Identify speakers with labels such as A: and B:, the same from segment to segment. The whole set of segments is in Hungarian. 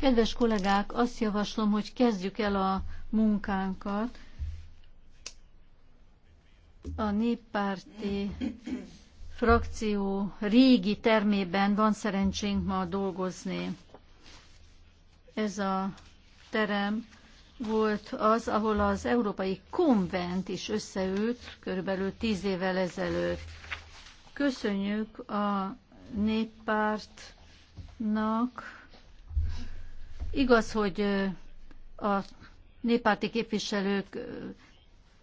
A: Kedves kollégák, azt javaslom, hogy kezdjük el a munkánkat. A néppárti frakció régi termében van szerencsénk ma dolgozni. Ez a terem volt az, ahol az Európai Konvent is összeült körülbelül tíz évvel ezelőtt. Köszönjük a néppártnak. Igaz, hogy a néppárti képviselők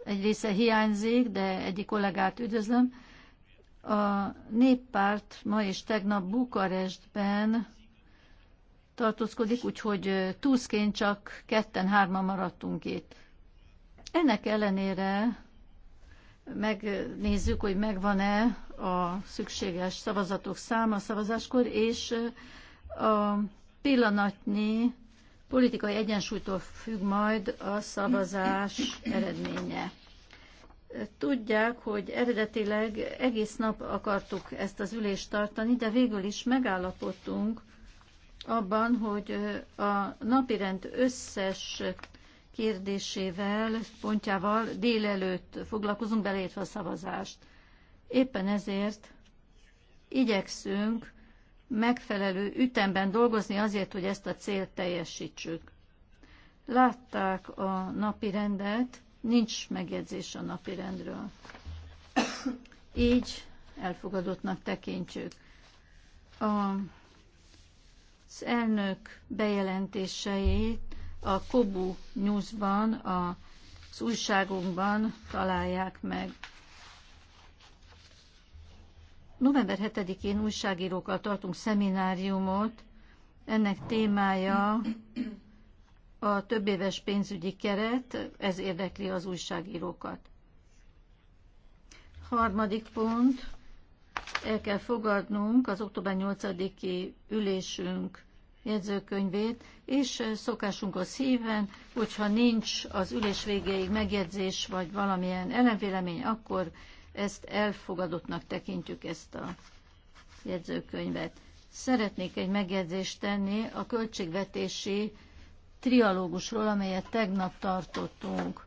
A: egy része hiányzik, de egyik kollégát üdvözlöm. A néppárt ma és tegnap Bukarestben tartózkodik, úgyhogy túszként csak ketten-hárman maradtunk itt. Ennek ellenére megnézzük, hogy megvan-e a szükséges szavazatok száma szavazáskor, és a pillanatnyi politikai egyensúlytól függ majd a szavazás eredménye. Tudják, hogy eredetileg egész nap akartuk ezt az ülést tartani, de végül is megállapodtunk abban, hogy a napirend összes kérdésével, pontjával délelőtt foglalkozunk, beleértve a szavazást. Éppen ezért igyekszünk megfelelő ütemben dolgozni azért, hogy ezt a célt teljesítsük. Látták a napi rendet, nincs megjegyzés a napi rendről. Így elfogadottnak tekintjük. A, az elnök bejelentéseit a Kobu Newsban, az újságunkban találják meg. November 7-én újságírókkal tartunk szemináriumot. Ennek témája a többéves pénzügyi keret, ez érdekli az újságírókat. Harmadik pont, el kell fogadnunk az október 8-i ülésünk jegyzőkönyvét, és a szíven, hogyha nincs az ülés végéig megjegyzés, vagy valamilyen ellenvélemény, akkor ezt elfogadottnak tekintjük ezt a jegyzőkönyvet. Szeretnék egy megjegyzést tenni a költségvetési trialógusról, amelyet tegnap tartottunk.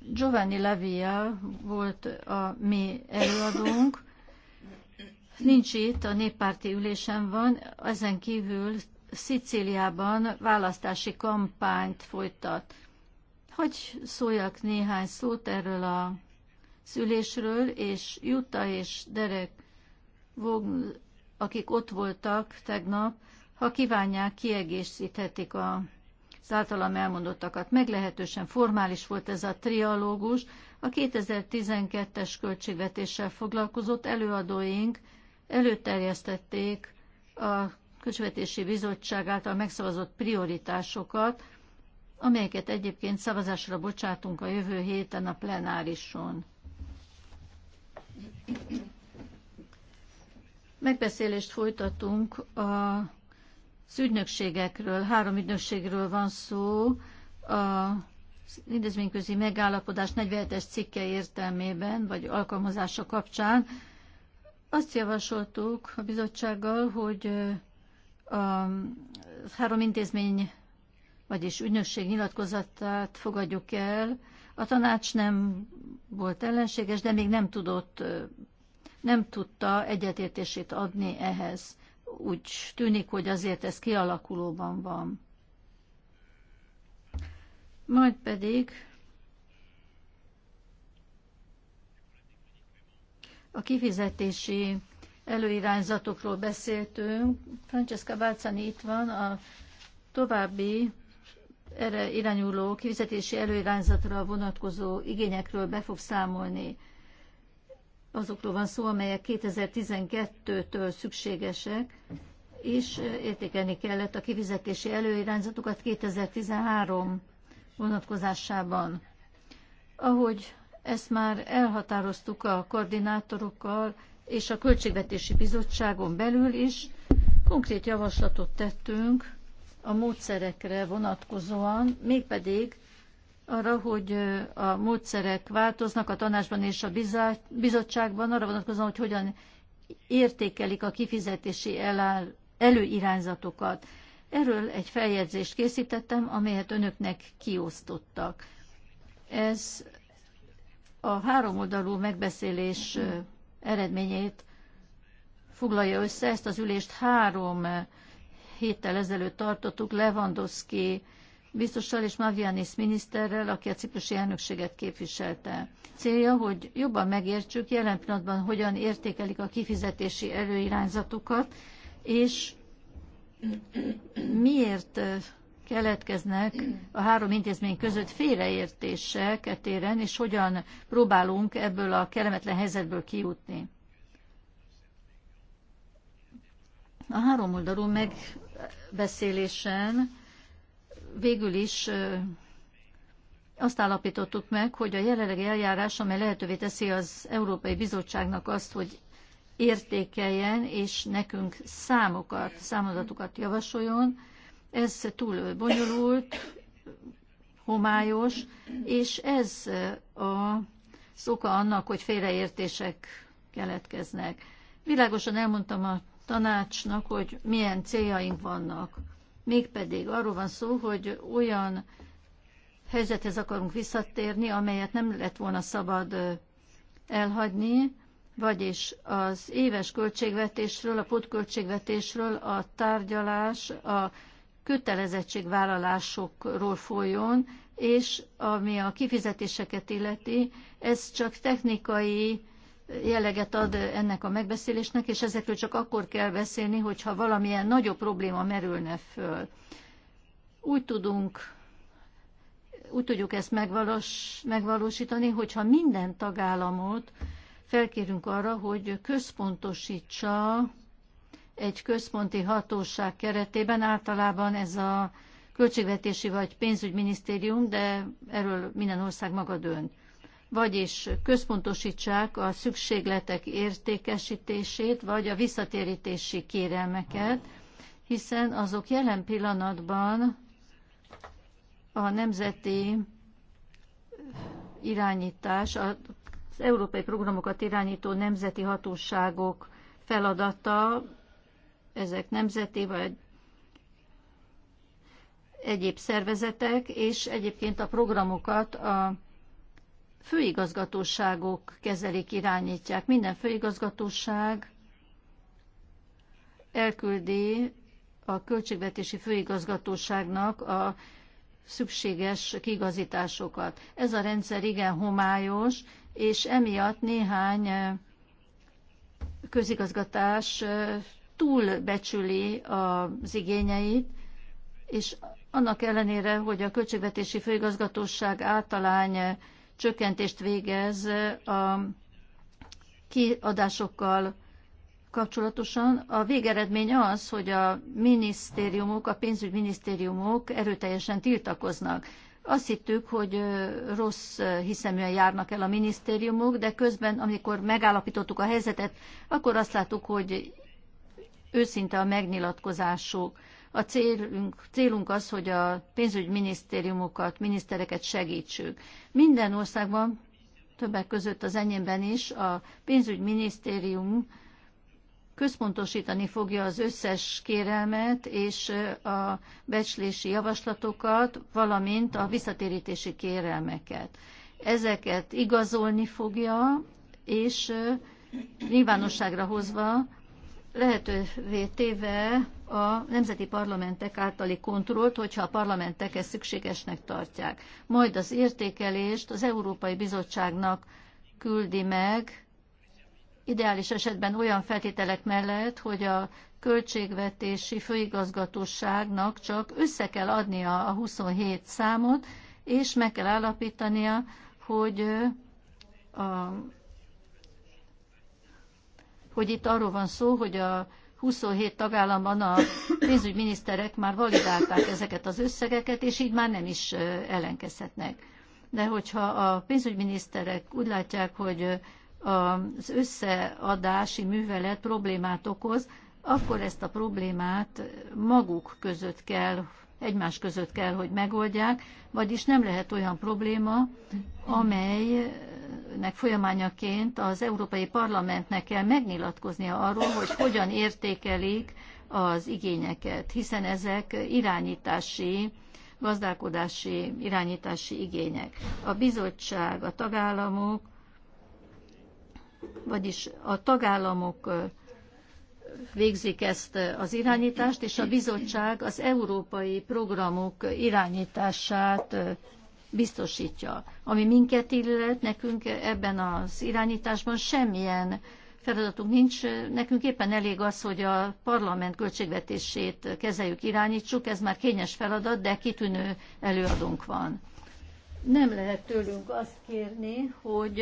A: Giovanni Lavia volt a mi előadónk, nincs itt, a néppárti ülésen van, ezen kívül Szicíliában választási kampányt folytat. Hogy szóljak néhány szót erről a szülésről, és Jutta és Derek Vogn, akik ott voltak tegnap, ha kívánják, kiegészíthetik a az általam elmondottakat. Meglehetősen formális volt ez a trialógus. A 2012-es költségvetéssel foglalkozott előadóink előterjesztették a közvetési Bizottság által megszavazott prioritásokat, amelyeket egyébként szavazásra bocsátunk a jövő héten a plenárison. Megbeszélést folytatunk a az ügynökségekről, három ügynökségről van szó, az intézményközi megállapodás 47-es cikke értelmében, vagy alkalmazása kapcsán, azt javasoltuk a bizottsággal, hogy a három intézmény, vagyis ügynökség nyilatkozatát fogadjuk el. A tanács nem volt ellenséges, de még nem tudott, nem tudta egyetértését adni ehhez. Úgy tűnik, hogy azért ez kialakulóban van. Majd pedig A kifizetési előirányzatokról beszéltünk. Francesca Bálcani itt van, a további erre irányuló kifizetési előirányzatra vonatkozó igényekről be fog számolni. Azokról van szó, amelyek 2012-től szükségesek, és értékelni kellett a kifizetési előirányzatokat 2013 vonatkozásában. Ahogy ezt már elhatároztuk a koordinátorokkal és a Költségvetési Bizottságon belül is. Konkrét javaslatot tettünk a módszerekre vonatkozóan, mégpedig arra, hogy a módszerek változnak a tanácsban és a bizottságban, arra vonatkozóan, hogy hogyan értékelik a kifizetési elár, előirányzatokat. Erről egy feljegyzést készítettem, amelyet önöknek kiosztottak. Ez a háromoldalú megbeszélés eredményét foglalja össze. Ezt az ülést három héttel ezelőtt tartottuk Lewandowski biztossal és Mavianis miniszterrel, aki a ciprusi elnökséget képviselte. Célja, hogy jobban megértsük jelen pillanatban, hogyan értékelik a kifizetési előirányzatokat, és miért keletkeznek a három intézmény között félreértések etéren, és hogyan próbálunk ebből a kellemetlen helyzetből kijutni. A három oldalú megbeszélésen végül is azt állapítottuk meg, hogy a jelenlegi eljárás, amely lehetővé teszi az Európai Bizottságnak azt, hogy értékeljen és nekünk számokat, számadatokat javasoljon, ez túl bonyolult, homályos, és ez a szoka annak, hogy félreértések keletkeznek. Világosan elmondtam a tanácsnak, hogy milyen céljaink vannak. Mégpedig arról van szó, hogy olyan helyzethez akarunk visszatérni, amelyet nem lett volna szabad elhagyni, vagyis az éves költségvetésről, a pótköltségvetésről a tárgyalás, a kötelezettségvállalásokról folyjon, és ami a kifizetéseket illeti, ez csak technikai jelleget ad ennek a megbeszélésnek, és ezekről csak akkor kell beszélni, hogyha valamilyen nagyobb probléma merülne föl. Úgy tudunk úgy tudjuk ezt megvalós, megvalósítani, hogyha minden tagállamot felkérünk arra, hogy központosítsa egy központi hatóság keretében. Általában ez a költségvetési vagy pénzügyminisztérium, de erről minden ország maga dönt. Vagyis központosítsák a szükségletek értékesítését, vagy a visszatérítési kérelmeket, hiszen azok jelen pillanatban a nemzeti irányítás, az európai programokat irányító nemzeti hatóságok feladata ezek nemzeti vagy egyéb szervezetek, és egyébként a programokat a főigazgatóságok kezelik, irányítják. Minden főigazgatóság elküldi a költségvetési főigazgatóságnak a szükséges kigazításokat. Ez a rendszer igen homályos, és emiatt néhány közigazgatás túlbecsüli az igényeit, és annak ellenére, hogy a Költségvetési Főigazgatóság általány csökkentést végez a kiadásokkal kapcsolatosan, a végeredmény az, hogy a minisztériumok, a pénzügyminisztériumok erőteljesen tiltakoznak. Azt hittük, hogy rossz hiszeműen járnak el a minisztériumok, de közben, amikor megállapítottuk a helyzetet, akkor azt láttuk, hogy őszinte a megnyilatkozásuk. A célunk, célunk az, hogy a pénzügyminisztériumokat, minisztereket segítsük. Minden országban, többek között az enyémben is, a pénzügyminisztérium központosítani fogja az összes kérelmet és a becslési javaslatokat, valamint a visszatérítési kérelmeket. Ezeket igazolni fogja, és nyilvánosságra hozva lehetővé téve a nemzeti parlamentek általi kontrollt, hogyha a parlamentek ezt szükségesnek tartják. Majd az értékelést az Európai Bizottságnak küldi meg, ideális esetben olyan feltételek mellett, hogy a költségvetési főigazgatóságnak csak össze kell adnia a 27 számot, és meg kell állapítania, hogy a hogy itt arról van szó, hogy a 27 tagállamban a pénzügyminiszterek már validálták ezeket az összegeket, és így már nem is ellenkezhetnek. De hogyha a pénzügyminiszterek úgy látják, hogy az összeadási művelet problémát okoz, akkor ezt a problémát maguk között kell, egymás között kell, hogy megoldják, vagyis nem lehet olyan probléma, amely ennek folyamányaként az Európai Parlamentnek kell megnyilatkoznia arról, hogy hogyan értékelik az igényeket, hiszen ezek irányítási, gazdálkodási irányítási igények. A bizottság, a tagállamok, vagyis a tagállamok végzik ezt az irányítást, és a bizottság az európai programok irányítását biztosítja. Ami minket illet, nekünk ebben az irányításban semmilyen feladatunk nincs. Nekünk éppen elég az, hogy a parlament költségvetését kezeljük, irányítsuk. Ez már kényes feladat, de kitűnő előadónk van. Nem lehet tőlünk azt kérni, hogy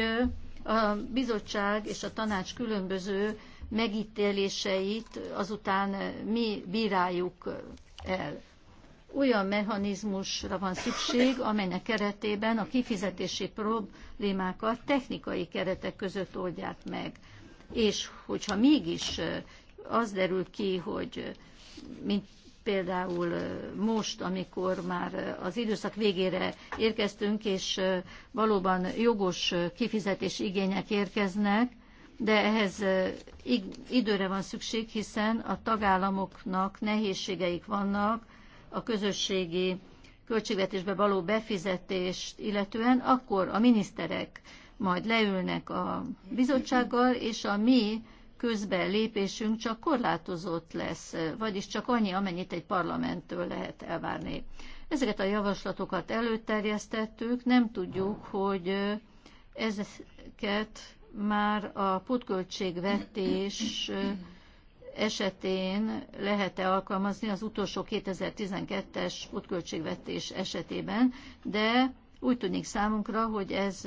A: a bizottság és a tanács különböző megítéléseit azután mi bíráljuk el olyan mechanizmusra van szükség, amelynek keretében a kifizetési problémákat technikai keretek között oldják meg. És hogyha mégis az derül ki, hogy mint például most, amikor már az időszak végére érkeztünk, és valóban jogos kifizetés igények érkeznek, de ehhez időre van szükség, hiszen a tagállamoknak nehézségeik vannak, a közösségi költségvetésbe való befizetést illetően, akkor a miniszterek majd leülnek a bizottsággal, és a mi közben lépésünk csak korlátozott lesz, vagyis csak annyi, amennyit egy parlamenttől lehet elvárni. Ezeket a javaslatokat előterjesztettük, nem tudjuk, hogy ezeket már a pótköltségvetés esetén lehet-e alkalmazni az utolsó 2012-es útköltségvetés esetében, de úgy tűnik számunkra, hogy ez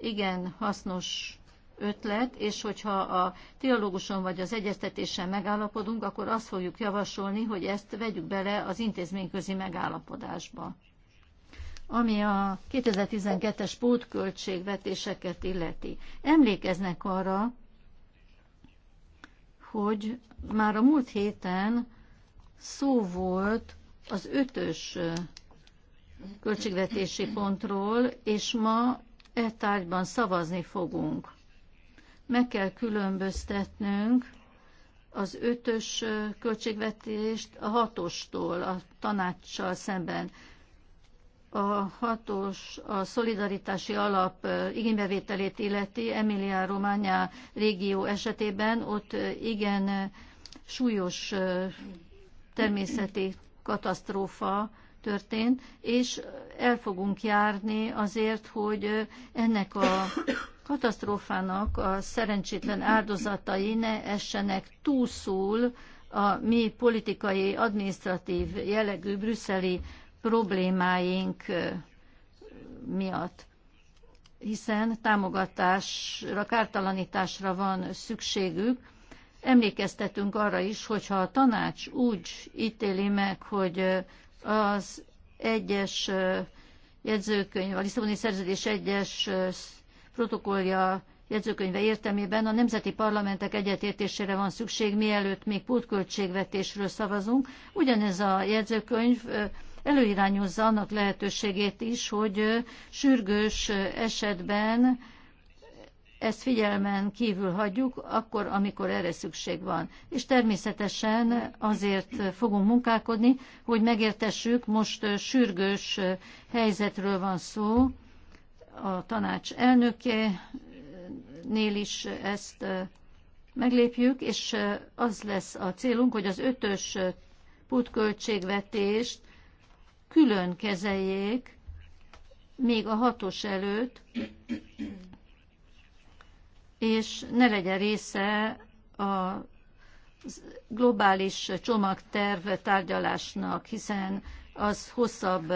A: igen hasznos ötlet, és hogyha a dialóguson vagy az egyeztetésen megállapodunk, akkor azt fogjuk javasolni, hogy ezt vegyük bele az intézményközi megállapodásba. Ami a 2012-es pótköltségvetéseket illeti. Emlékeznek arra, hogy már a múlt héten szó volt az ötös költségvetési pontról, és ma e tárgyban szavazni fogunk. Meg kell különböztetnünk az ötös költségvetést a hatostól, a tanácssal szemben a hatos, a szolidaritási alap igénybevételét illeti Emilia Románia régió esetében, ott igen súlyos
B: természeti
A: katasztrófa történt, és el fogunk járni azért, hogy ennek a katasztrófának a szerencsétlen áldozatai ne essenek túlszul a mi politikai, adminisztratív jellegű brüsszeli problémáink miatt, hiszen támogatásra, kártalanításra van szükségük. Emlékeztetünk arra is, hogyha a tanács úgy ítéli meg, hogy az egyes jegyzőkönyv, a Lisszaboni Szerződés egyes protokollja jegyzőkönyve értelmében a nemzeti parlamentek egyetértésére van szükség, mielőtt még pótköltségvetésről szavazunk. Ugyanez a jegyzőkönyv előirányozza annak lehetőségét is, hogy sürgős esetben ezt figyelmen kívül hagyjuk, akkor, amikor erre szükség van. És természetesen azért fogunk munkálkodni, hogy megértessük, most sürgős helyzetről van szó, a tanács elnökénél is ezt meglépjük, és az lesz a célunk, hogy az ötös putköltségvetést külön kezeljék, még a hatos előtt, és ne legyen része a globális csomagterv tárgyalásnak, hiszen az hosszabb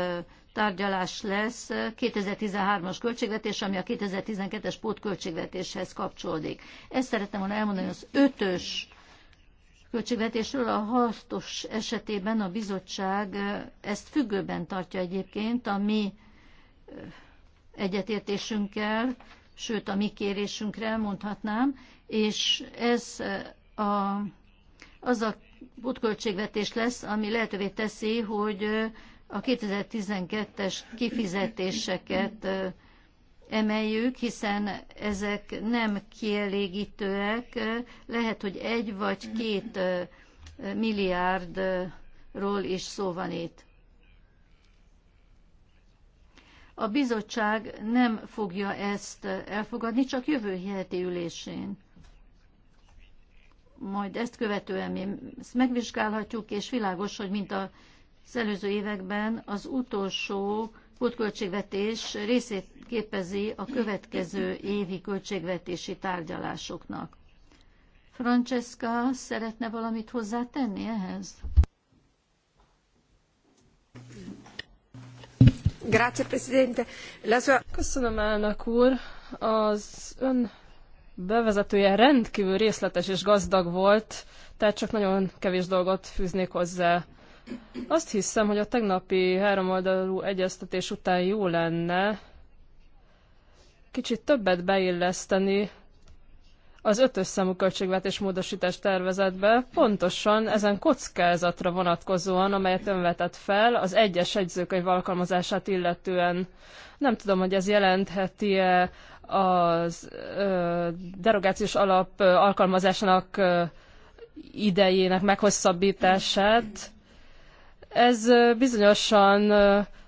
A: tárgyalás lesz 2013-as költségvetés, ami a 2012-es pótköltségvetéshez kapcsolódik. Ezt szerettem volna elmondani az ötös költségvetésről a hasztos esetében a bizottság ezt függőben tartja egyébként a mi egyetértésünkkel, sőt a mi kérésünkre mondhatnám, és ez a, az a útköltségvetés lesz, ami lehetővé teszi, hogy a 2012-es kifizetéseket emeljük, hiszen ezek nem kielégítőek. Lehet, hogy egy vagy két milliárdról is szó van itt. A bizottság nem fogja ezt elfogadni, csak jövő heti ülésén. Majd ezt követően mi ezt megvizsgálhatjuk, és világos, hogy mint az előző években az utolsó pótköltségvetés részét képezi a következő évi költségvetési tárgyalásoknak. Francesca szeretne valamit hozzátenni ehhez? Grazie, Presidente.
B: La sua... Köszönöm, elnök úr. Az ön bevezetője rendkívül részletes és gazdag volt, tehát csak nagyon kevés dolgot fűznék hozzá. Azt hiszem, hogy a tegnapi háromoldalú egyeztetés után jó lenne kicsit többet beilleszteni az ötös számú költségvetés módosítás tervezetbe, pontosan ezen kockázatra vonatkozóan, amelyet önvetett fel, az egyes egyzőkönyv alkalmazását illetően. Nem tudom, hogy ez jelentheti-e az ö, derogációs alap alkalmazásának ö, idejének meghosszabbítását, ez bizonyosan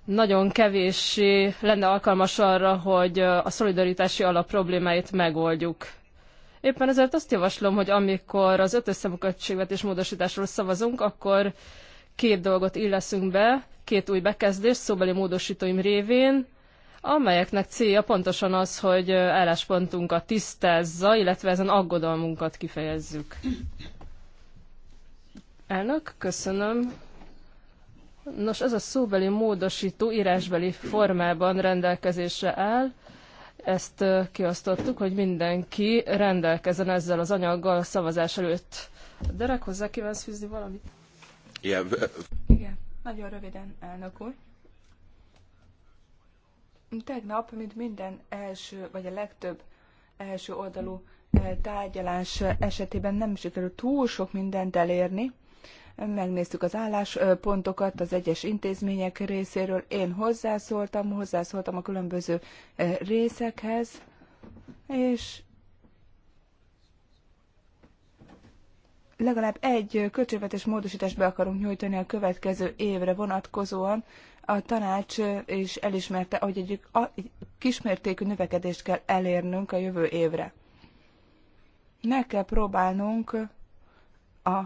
B: nagyon kevés lenne alkalmas arra, hogy a szolidaritási alap problémáit megoldjuk. Éppen ezért azt javaslom, hogy amikor az ötös számú költségvetés módosításról szavazunk, akkor két dolgot illeszünk be, két új bekezdést szóbeli módosítóim révén, amelyeknek célja pontosan az, hogy álláspontunkat tisztázza, illetve ezen aggodalmunkat kifejezzük. Elnök, köszönöm. Nos, ez a szóbeli módosító írásbeli formában rendelkezésre áll. Ezt kiosztottuk, hogy mindenki rendelkezzen ezzel az anyaggal szavazás előtt. Derek, hozzá kívánsz fűzni valamit? Igen. Igen, nagyon röviden, elnök úr.
C: Tegnap, mint minden első, vagy a legtöbb első oldalú eh, tárgyalás eh, esetében nem sikerült túl sok mindent elérni, megnéztük az álláspontokat az egyes intézmények részéről. Én hozzászóltam, hozzászóltam a különböző részekhez, és legalább egy költségvetés módosítást be akarunk nyújtani a következő évre vonatkozóan. A tanács is elismerte, hogy egy kismértékű növekedést kell elérnünk a jövő évre. Meg kell próbálnunk a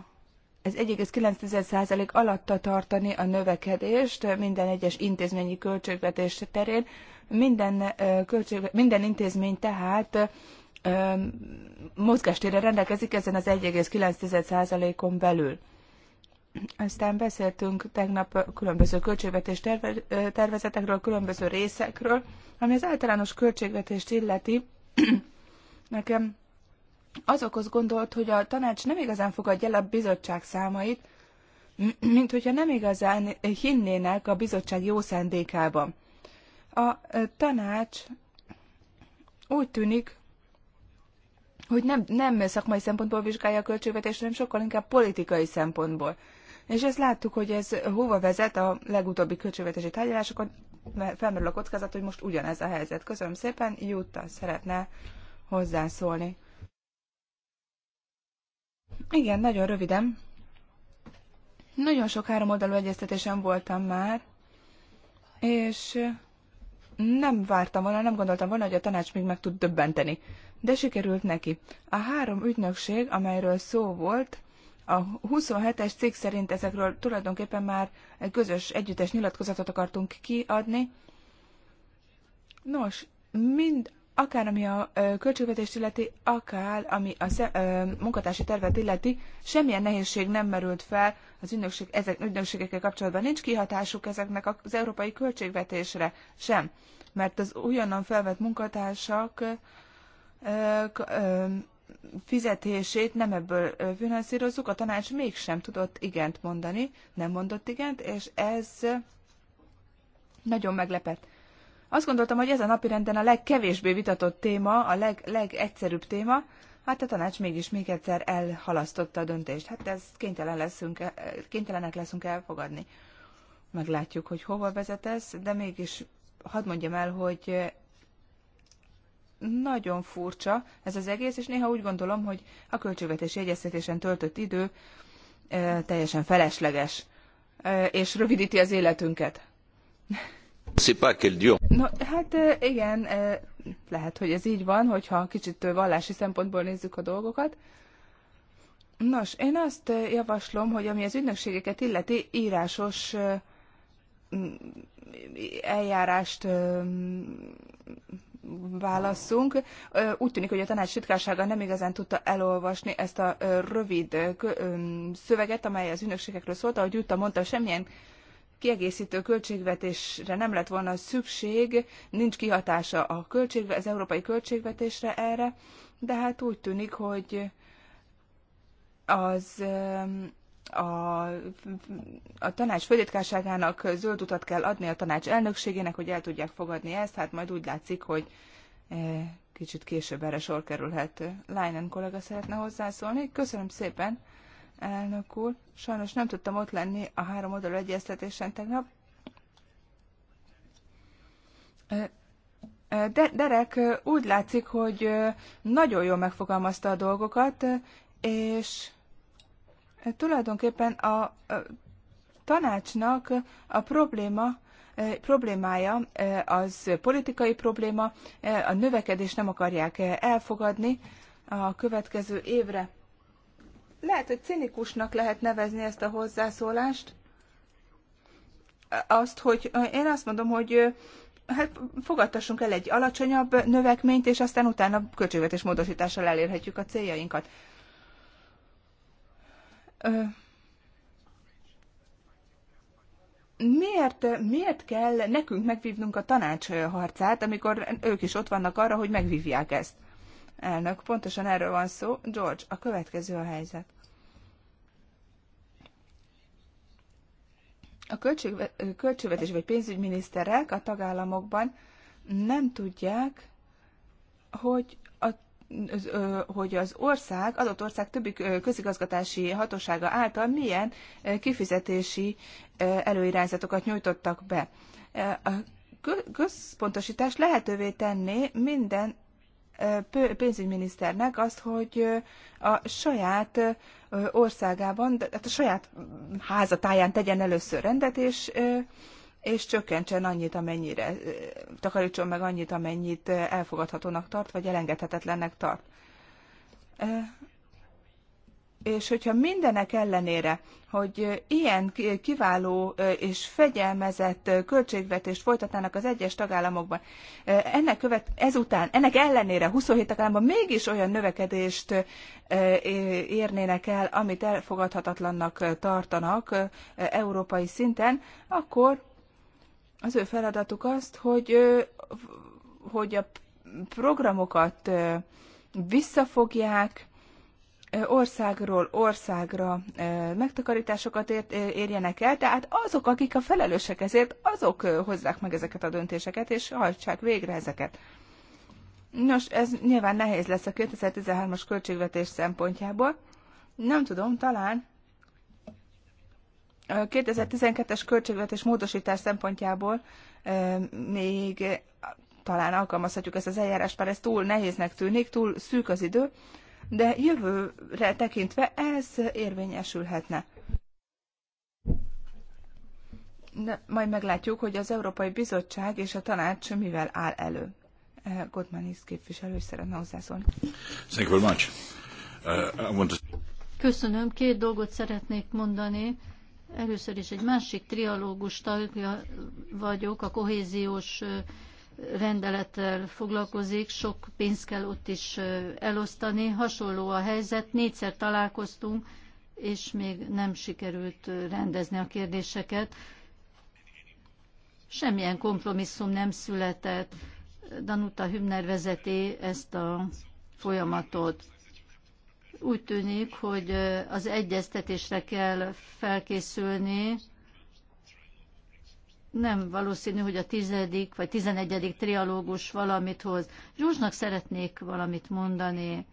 C: ez 1,9% alatta tartani a növekedést minden egyes intézményi költségvetés terén. Minden, költség, minden intézmény tehát mozgástére rendelkezik ezen az 1,9%-on belül. Aztán beszéltünk tegnap különböző költségvetés tervezetekről, különböző részekről, ami az általános költségvetést illeti. Nekem azokhoz gondolt, hogy a tanács nem igazán fogadja el a bizottság számait, mint hogyha nem igazán hinnének a bizottság jó szándékában. A tanács úgy tűnik, hogy nem, nem szakmai szempontból vizsgálja a költségvetést, hanem sokkal inkább politikai szempontból. És ezt láttuk, hogy ez hova vezet a legutóbbi költségvetési tárgyalásokon, felmerül a kockázat, hogy most ugyanez a helyzet. Köszönöm szépen, Jutta szeretne hozzászólni. Igen, nagyon röviden. Nagyon sok háromoldalú egyeztetésen voltam már, és nem vártam volna, nem gondoltam volna, hogy a tanács még meg tud döbbenteni. De sikerült neki. A három ügynökség, amelyről szó volt, a 27-es cikk szerint ezekről tulajdonképpen már egy közös együttes nyilatkozatot akartunk kiadni. Nos, mind akár ami a költségvetést illeti, akár ami a munkatársi tervet illeti, semmilyen nehézség nem merült fel az ügynökség, ezek ügynökségekkel kapcsolatban. Nincs kihatásuk ezeknek az európai költségvetésre sem, mert az újonnan felvett munkatársak fizetését nem ebből finanszírozzuk, a tanács mégsem tudott igent mondani, nem mondott igent, és ez nagyon meglepett. Azt gondoltam, hogy ez a napirenden a legkevésbé vitatott téma, a leg, legegyszerűbb téma, hát a tanács mégis még egyszer elhalasztotta a döntést. Hát ez kénytelen leszünk, e, kénytelenek leszünk elfogadni. Meglátjuk, hogy hova vezet ez, de mégis hadd mondjam el, hogy nagyon furcsa ez az egész, és néha úgy gondolom, hogy a költségvetési egyeztetésen töltött idő e, teljesen felesleges, e, és rövidíti az életünket. No, hát igen, lehet, hogy ez így van, hogyha kicsit vallási szempontból nézzük a dolgokat. Nos, én azt javaslom, hogy ami az ügynökségeket illeti, írásos eljárást válaszunk. Úgy tűnik, hogy a tanács titkársága nem igazán tudta elolvasni ezt a rövid szöveget, amely az ügynökségekről szólt. Ahogy Jutta mondta, semmilyen kiegészítő költségvetésre nem lett volna szükség, nincs kihatása a költségve, az európai költségvetésre erre, de hát úgy tűnik, hogy az a, a tanács főtitkárságának zöld utat kell adni a tanács elnökségének, hogy el tudják fogadni ezt, hát majd úgy látszik, hogy e, kicsit később erre sor kerülhet. Leinen kollega szeretne hozzászólni. Köszönöm szépen! elnök úr. Sajnos nem tudtam ott lenni a három oldalú egyeztetésen tegnap. De Derek úgy látszik, hogy nagyon jól megfogalmazta a dolgokat, és tulajdonképpen a tanácsnak a probléma, problémája az politikai probléma, a növekedést nem akarják elfogadni a következő évre. Lehet, hogy cinikusnak lehet nevezni ezt a hozzászólást. Azt, hogy én azt mondom, hogy hát fogadtassunk el egy alacsonyabb növekményt, és aztán utána költségvetés módosítással elérhetjük a céljainkat. Miért, miért kell nekünk megvívnunk a tanács harcát, amikor ők is ott vannak arra, hogy megvívják ezt? Elnök, pontosan erről van szó. George, a következő a helyzet. A költségvetés vagy pénzügyminiszterek a tagállamokban nem tudják, hogy a hogy az ország, adott ország többi közigazgatási hatósága által milyen kifizetési előirányzatokat nyújtottak be. A központosítás lehetővé tenné minden pénzügyminiszternek azt, hogy a saját országában, tehát a saját mm, házatáján tegyen először rendet, és, és csökkentsen annyit, amennyire, takarítson meg annyit, amennyit elfogadhatónak tart, vagy elengedhetetlennek tart és hogyha mindenek ellenére, hogy ilyen kiváló és fegyelmezett költségvetést folytatnának az egyes tagállamokban, ennek követ, ezután, ennek ellenére 27 tagállamban mégis olyan növekedést érnének el, amit elfogadhatatlannak tartanak európai szinten, akkor az ő feladatuk azt, hogy, hogy a programokat visszafogják, országról országra megtakarításokat érjenek el, tehát azok, akik a felelősek ezért, azok hozzák meg ezeket a döntéseket, és hajtsák végre ezeket. Nos, ez nyilván nehéz lesz a 2013-as költségvetés szempontjából. Nem tudom, talán a 2012-es költségvetés módosítás szempontjából még talán alkalmazhatjuk ezt az eljárást, mert ez túl nehéznek tűnik, túl szűk az idő, de jövőre tekintve ez érvényesülhetne. De majd meglátjuk, hogy az Európai Bizottság és a tanács mivel
A: áll elő. Eh, Gottmanis képviselő is szeretne hozzászólni.
D: Thank you very much. Uh, I want
A: Köszönöm. Két dolgot szeretnék mondani. Először is egy másik trialógus tagja vagyok, a kohéziós eh, rendelettel foglalkozik, sok pénzt kell ott is elosztani. Hasonló a helyzet, négyszer találkoztunk, és még nem sikerült rendezni a kérdéseket. Semmilyen kompromisszum nem született. Danuta Hübner vezeti ezt a folyamatot. Úgy tűnik, hogy az egyeztetésre kell felkészülni, nem valószínű, hogy a tizedik vagy tizenegyedik trialógus valamit hoz. Zsuzsnak szeretnék valamit mondani.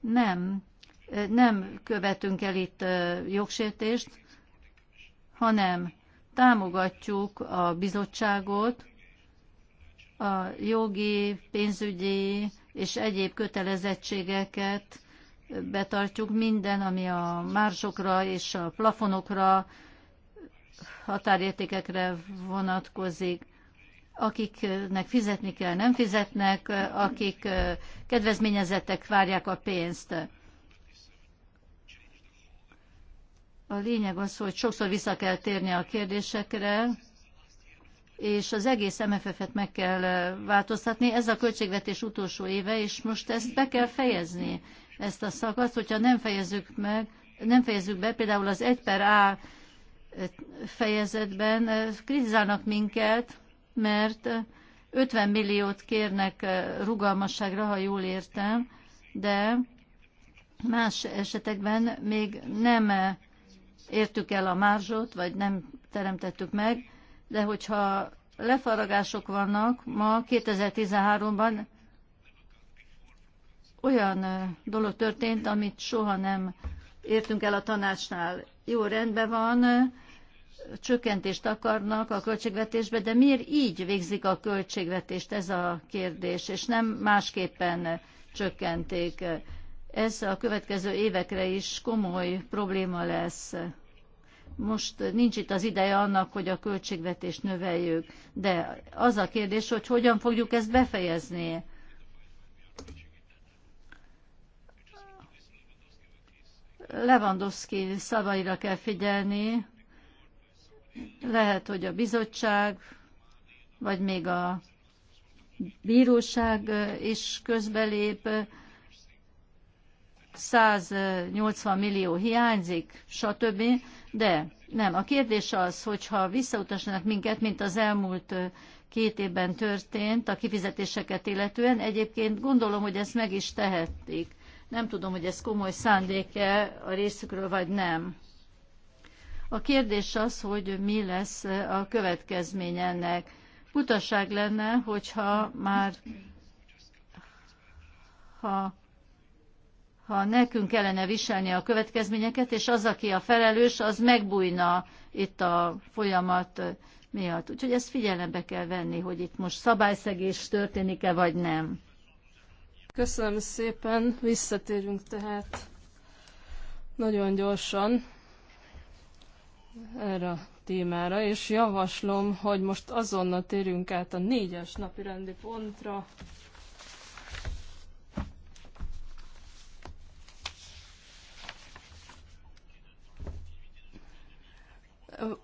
A: Nem, nem követünk el itt jogsértést, hanem támogatjuk a bizottságot a jogi, pénzügyi és egyéb kötelezettségeket betartjuk minden, ami a másokra és a plafonokra határértékekre vonatkozik. Akiknek fizetni kell, nem fizetnek, akik kedvezményezettek, várják a pénzt. A lényeg az, hogy sokszor vissza kell térni a kérdésekre, és az egész MFF-et meg kell változtatni. Ez a költségvetés utolsó éve, és most ezt be kell fejezni, ezt a szakaszt. Hogyha nem fejezzük meg, nem fejezzük be, például az 1 per A fejezetben kritizálnak minket, mert 50 milliót kérnek rugalmasságra, ha jól értem, de más esetekben még nem értük el a márzsot, vagy nem teremtettük meg, de hogyha lefaragások vannak ma 2013-ban, olyan dolog történt, amit soha nem értünk el a tanácsnál. Jó, rendben van, csökkentést akarnak a költségvetésbe, de miért így végzik a költségvetést, ez a kérdés, és nem másképpen csökkenték. Ez a következő évekre is komoly probléma lesz. Most nincs itt az ideje annak, hogy a költségvetést növeljük, de az a kérdés, hogy hogyan fogjuk ezt befejezni. Lewandowski szavaira kell figyelni. Lehet, hogy a bizottság, vagy még a bíróság is közbelép. 180 millió hiányzik, stb. De nem, a kérdés az, hogyha visszautasnak minket, mint az elmúlt két évben történt a kifizetéseket illetően, egyébként gondolom, hogy ezt meg is tehették. Nem tudom, hogy ez komoly szándéke a részükről, vagy nem. A kérdés az, hogy mi lesz a következmény ennek. Butaság lenne, hogyha már ha, ha nekünk kellene viselni a következményeket, és az, aki a felelős, az megbújna itt a folyamat miatt. Úgyhogy ezt figyelembe kell venni, hogy itt most szabályszegés történik-e, vagy nem. Köszönöm szépen, visszatérünk
B: tehát nagyon gyorsan erre a témára, és javaslom, hogy most azonnal térjünk át a négyes napi rendi pontra,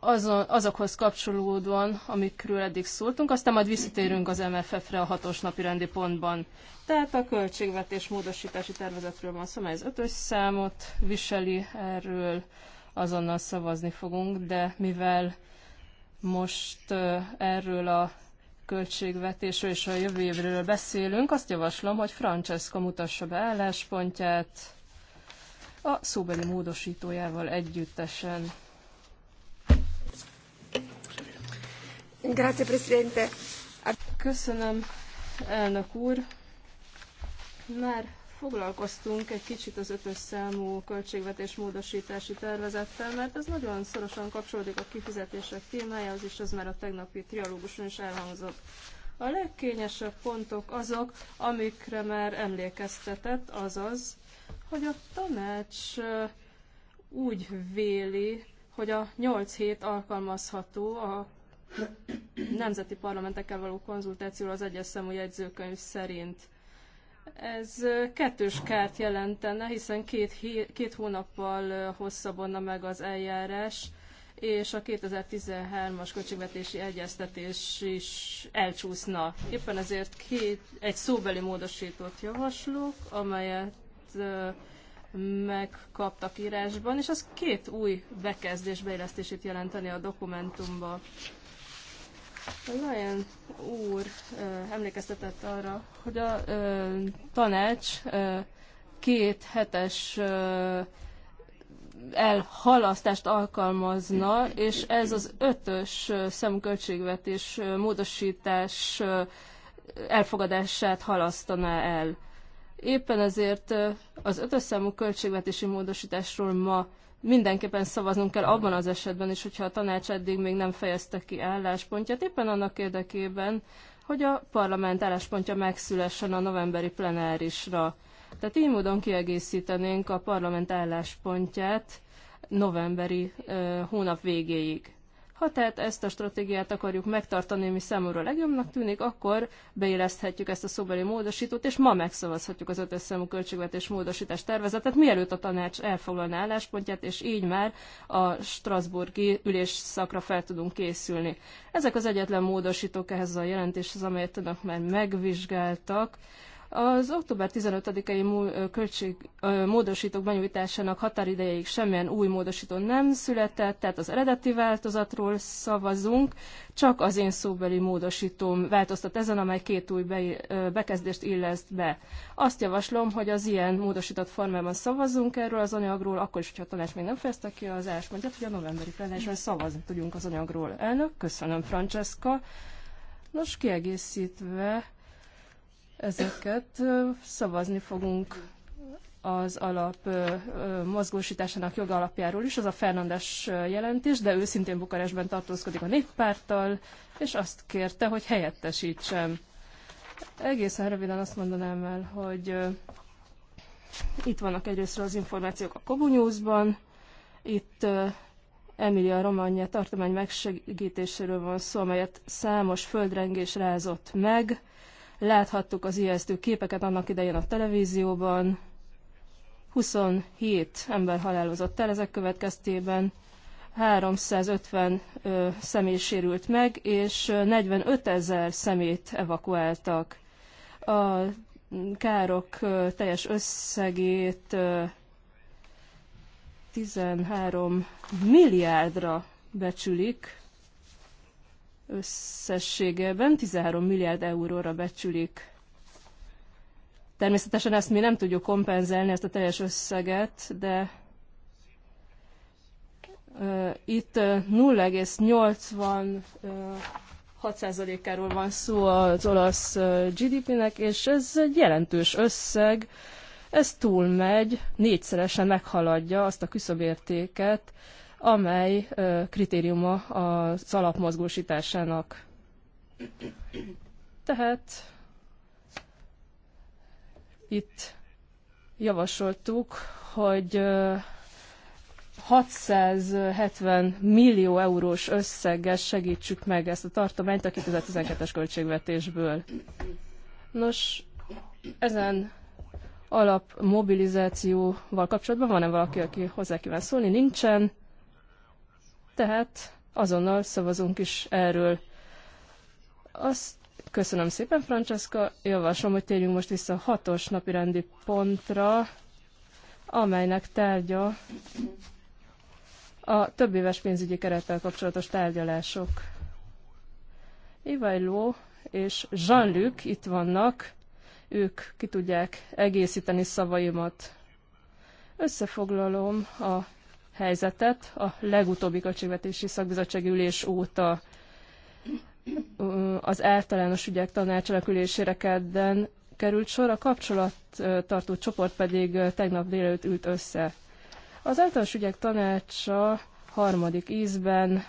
B: azon, azokhoz kapcsolódóan, amikről eddig szóltunk, aztán majd visszatérünk az MFF-re a hatos napi rendi pontban. Tehát a költségvetés módosítási tervezetről van szó, mely az ötös számot viseli, erről azonnal szavazni fogunk, de mivel most erről a költségvetésről és a jövő évről beszélünk, azt javaslom, hogy Francesca mutassa be álláspontját a szóbeli módosítójával együttesen. Köszönöm, elnök úr. Már foglalkoztunk egy kicsit az ötös számú költségvetés módosítási tervezettel, mert ez nagyon szorosan kapcsolódik a kifizetések témájához, és ez már a tegnapi trialóguson is elhangzott. A legkényesebb pontok azok, amikre már emlékeztetett, azaz, hogy a tanács úgy véli, hogy a 8 hét alkalmazható a nemzeti parlamentekkel való konzultációra az egyes számú jegyzőkönyv szerint. Ez kettős kárt jelentene, hiszen két, két hónappal hosszabbonna meg az eljárás, és a 2013-as költségvetési egyeztetés is elcsúszna. Éppen ezért két, egy szóbeli módosítót javaslok, amelyet megkaptak írásban, és az két új bekezdés beillesztését jelenteni a dokumentumba. Lion úr emlékeztetett arra, hogy a ö, tanács ö, két hetes ö, elhalasztást alkalmazna, és ez az ötös szemköltségvetés módosítás elfogadását halasztaná el. Éppen ezért az ötös számú költségvetési módosításról ma mindenképpen szavaznunk kell abban az esetben is, hogyha a tanács eddig még nem fejezte ki álláspontját, éppen annak érdekében, hogy a parlament álláspontja megszülessen a novemberi plenárisra. Tehát így módon kiegészítenénk a parlament álláspontját novemberi ö, hónap végéig. Ha tehát ezt a stratégiát akarjuk megtartani, ami számomra legjobbnak tűnik, akkor beilleszthetjük ezt a szóbeli módosítót, és ma megszavazhatjuk az ötös számú költségvetés módosítás tervezetet, mielőtt a tanács elfoglalna álláspontját, és így már a Strasburgi ülésszakra fel tudunk készülni. Ezek az egyetlen módosítók ehhez a jelentéshez, amelyet önök már megvizsgáltak. Az október 15-i költségmódosítók benyújtásának határidejéig semmilyen új módosító nem született, tehát az eredeti változatról szavazunk, csak az én szóbeli módosítóm változtat ezen, amely két új be, bekezdést illeszt be. Azt javaslom, hogy az ilyen módosított formában szavazzunk erről az anyagról, akkor is, hogyha a tanács még nem fejezte ki az első, álláspontját, hogy a novemberi plenárisban szavazni tudjunk az anyagról. Elnök, köszönöm, Francesca. Nos, kiegészítve ezeket. Szavazni fogunk az alap mozgósításának jogalapjáról is, az a Fernandes jelentés, de ő szintén Bukarestben tartózkodik a néppárttal, és azt kérte, hogy helyettesítsem. Egészen röviden azt mondanám el, hogy itt vannak egyrészt az információk a Kobu News-ban, itt Emilia Romagna tartomány megsegítéséről van szó, amelyet számos földrengés rázott meg, Láthattuk az ijesztő képeket annak idején a televízióban. 27 ember halálozott el ezek következtében, 350 ö, személy sérült meg, és 45 ezer szemét evakuáltak. A károk ö, teljes összegét ö, 13 milliárdra becsülik, összességében 13 milliárd euróra becsülik. Természetesen ezt mi nem tudjuk kompenzálni, ezt a teljes összeget, de uh, itt uh, 0,86%-áról van szó az olasz GDP-nek, és ez egy jelentős összeg, ez túlmegy, négyszeresen meghaladja azt a küszöbértéket, uh, amely kritériuma az alapmozgósításának. Tehát itt javasoltuk, hogy 670 millió eurós összeggel segítsük meg ezt a tartományt a 2012-es költségvetésből. Nos, ezen alap mobilizációval kapcsolatban van-e valaki, aki hozzá kíván szólni? Nincsen tehát azonnal szavazunk is erről. Azt köszönöm szépen, Francesca. Javaslom, hogy térjünk most vissza a hatos napi rendi pontra, amelynek tárgya a több éves pénzügyi kerettel kapcsolatos tárgyalások. Ivajló és Jean-Luc itt vannak, ők ki tudják egészíteni szavaimat. Összefoglalom a helyzetet a legutóbbi költségvetési szakbizottsági ülés óta az általános ügyek tanácsalakülésére kedden került sor, a kapcsolattartó csoport pedig tegnap délelőtt ült össze. Az általános ügyek tanácsa harmadik ízben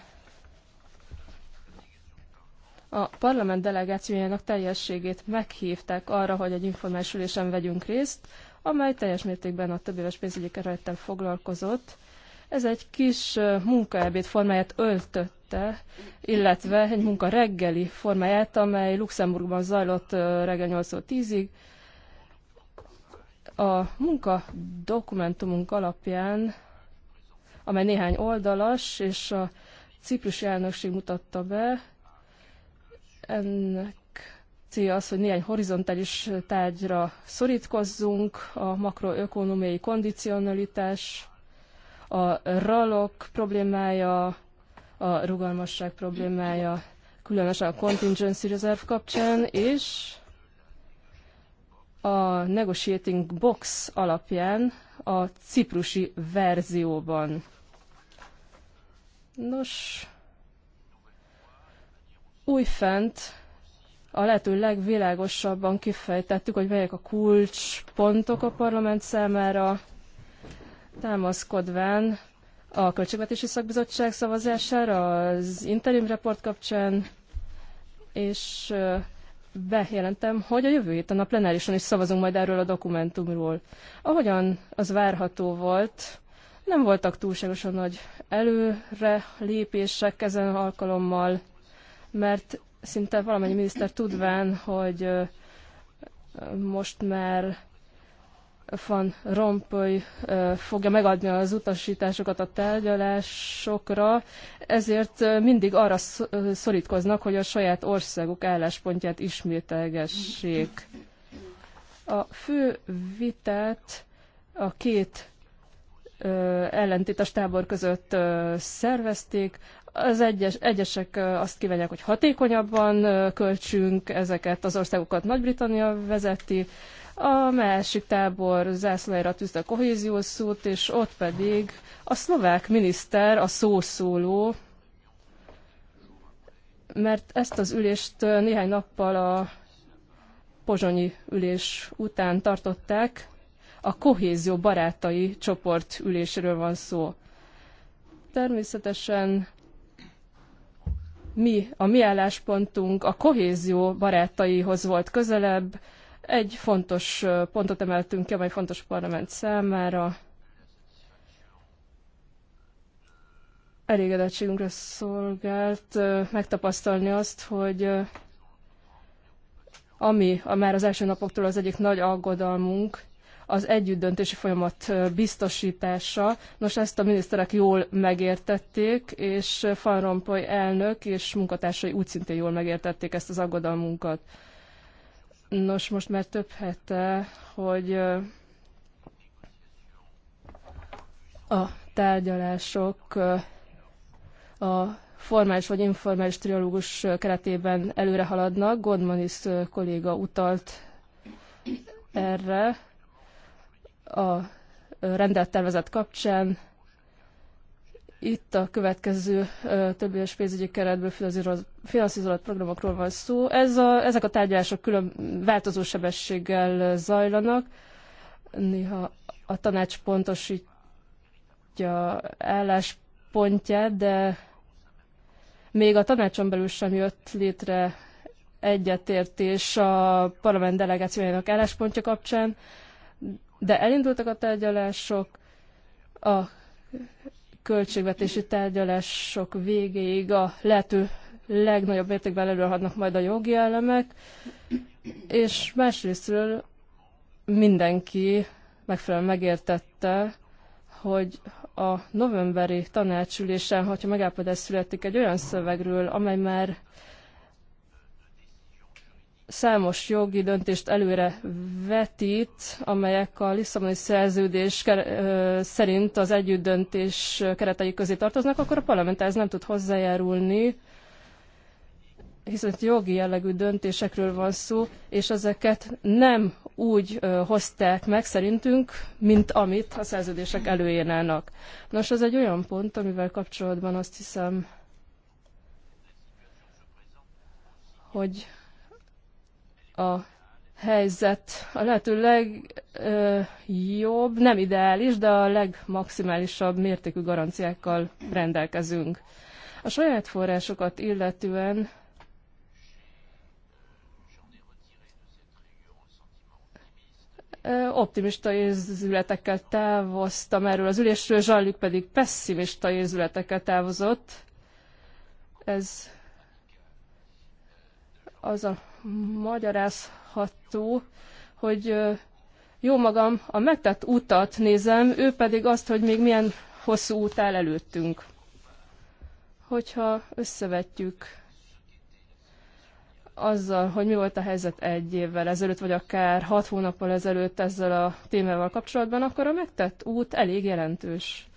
B: a parlament delegációjának teljességét meghívták arra, hogy egy informális ülésen vegyünk részt, amely teljes mértékben a többéves pénzügyi kerülettel foglalkozott, ez egy kis munkaebéd formáját öltötte, illetve egy munka reggeli formáját, amely Luxemburgban zajlott reggel 8-10-ig. A munka dokumentumunk alapján, amely néhány oldalas, és a ciprusi elnökség mutatta be, ennek célja az, hogy néhány horizontális tárgyra szorítkozzunk, a makroökonomiai kondicionalitás, a ralok problémája, a rugalmasság problémája, különösen a contingency reserve kapcsán, és a negotiating box alapján a ciprusi verzióban. Nos, újfent a lehető legvilágosabban kifejtettük, hogy melyek a kulcspontok a parlament számára, támaszkodván a Költségvetési Szakbizottság szavazására az interim report kapcsán, és bejelentem, hogy a jövő héten a plenárison is szavazunk majd erről a dokumentumról. Ahogyan az várható volt, nem voltak túlságosan nagy előre lépések ezen alkalommal, mert szinte valamennyi miniszter tudván, hogy most már van Rompuy fogja megadni az utasításokat a tárgyalásokra, ezért mindig arra szorítkoznak, hogy a saját országuk álláspontját ismételgessék. A fő vitát a két ellentétes tábor között szervezték. Az egyes, egyesek azt kívánják, hogy hatékonyabban költsünk ezeket az országokat Nagy-Britannia vezeti, a másik tábor zászlajra tűzte a kohéziós szót, és ott pedig a szlovák miniszter, a szószóló, mert ezt az ülést néhány nappal a pozsonyi ülés után tartották, a kohézió barátai csoport üléséről van szó. Természetesen mi, a mi álláspontunk a kohézió barátaihoz volt közelebb, egy fontos pontot emeltünk ki, amely fontos a parlament számára. Elégedettségünkre szolgált megtapasztalni azt, hogy ami a már az első napoktól az egyik nagy aggodalmunk, az együttdöntési folyamat biztosítása. Nos, ezt a miniszterek jól megértették, és Van Rompuy elnök és munkatársai úgy szintén jól megértették ezt az aggodalmunkat. Nos, most már több hete, hogy a tárgyalások a formális vagy informális triológus keretében előre haladnak. Godmanis kolléga utalt erre a rendelt tervezet kapcsán itt a következő több éves pénzügyi keretből finanszírozott programokról van szó. Ez a, ezek a tárgyalások külön változó sebességgel zajlanak. Néha a tanács pontosítja álláspontját, de még a tanácson belül sem jött létre egyetértés a parlament delegációjának álláspontja kapcsán, de elindultak a tárgyalások, a költségvetési tárgyalások végéig a lehető legnagyobb mértékben előadnak majd a jogi elemek, és másrésztről mindenki megfelelően megértette, hogy a novemberi tanácsülésen, hogyha megállapodás születik egy olyan szövegről, amely már számos jogi döntést előre vetít, amelyek a Lisszaboni szerződés szerint az együttdöntés keretei közé tartoznak, akkor a parlament ez nem tud hozzájárulni, hiszen itt jogi jellegű döntésekről van szó, és ezeket nem úgy hozták meg szerintünk, mint amit a szerződések előírnának. Nos, ez egy olyan pont, amivel kapcsolatban azt hiszem, hogy a helyzet a lehető legjobb, nem ideális, de a legmaximálisabb mértékű garanciákkal rendelkezünk. A saját forrásokat illetően optimista érzületekkel távoztam erről az ülésről, Zsallik pedig pessimista érzületekkel távozott. Ez az a magyarázható, hogy jó magam a megtett utat nézem, ő pedig azt, hogy még milyen hosszú út áll előttünk. Hogyha összevetjük azzal, hogy mi volt a helyzet egy évvel ezelőtt, vagy akár hat hónappal ezelőtt ezzel a témával kapcsolatban, akkor a megtett út elég jelentős.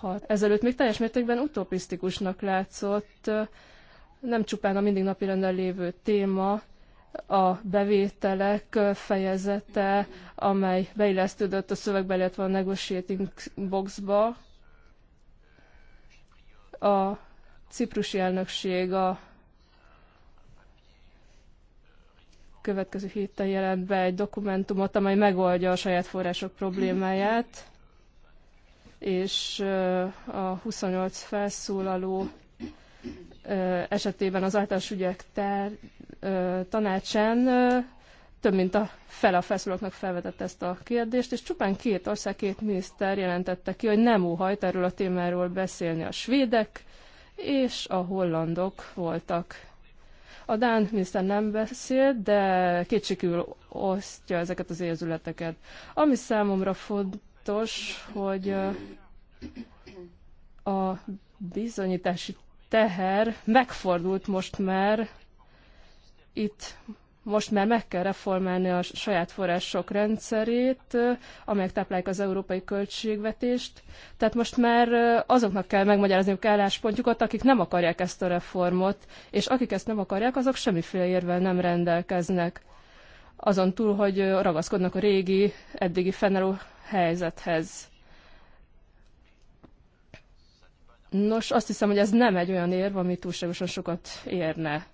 B: hat ezelőtt még teljes mértékben utopisztikusnak látszott, nem csupán a mindig napirenden lévő téma, a bevételek fejezete, amely beillesztődött a szövegbe, illetve a negotiating boxba. A ciprusi elnökség a következő héten jelent be egy dokumentumot, amely megoldja a saját források problémáját és a 28 felszólaló esetében az általános ügyek ter, tanácsán több mint a fele a felszólalóknak felvetett ezt a kérdést, és csupán két ország, két miniszter jelentette ki, hogy nem óhajt erről a témáról beszélni a svédek, és a hollandok voltak. A Dán miniszter nem beszélt, de kétségül osztja ezeket az érzületeket. Ami számomra font, sajnálatos, hogy a bizonyítási teher megfordult most már, itt most már meg kell reformálni a saját források rendszerét, amelyek táplálják az európai költségvetést. Tehát most már azoknak kell megmagyarázniuk álláspontjukat, akik nem akarják ezt a reformot, és akik ezt nem akarják, azok semmiféle érvel nem rendelkeznek azon túl, hogy ragaszkodnak a régi, eddigi fennálló helyzethez. Nos, azt hiszem, hogy ez nem egy olyan érv, ami túlságosan sokat érne.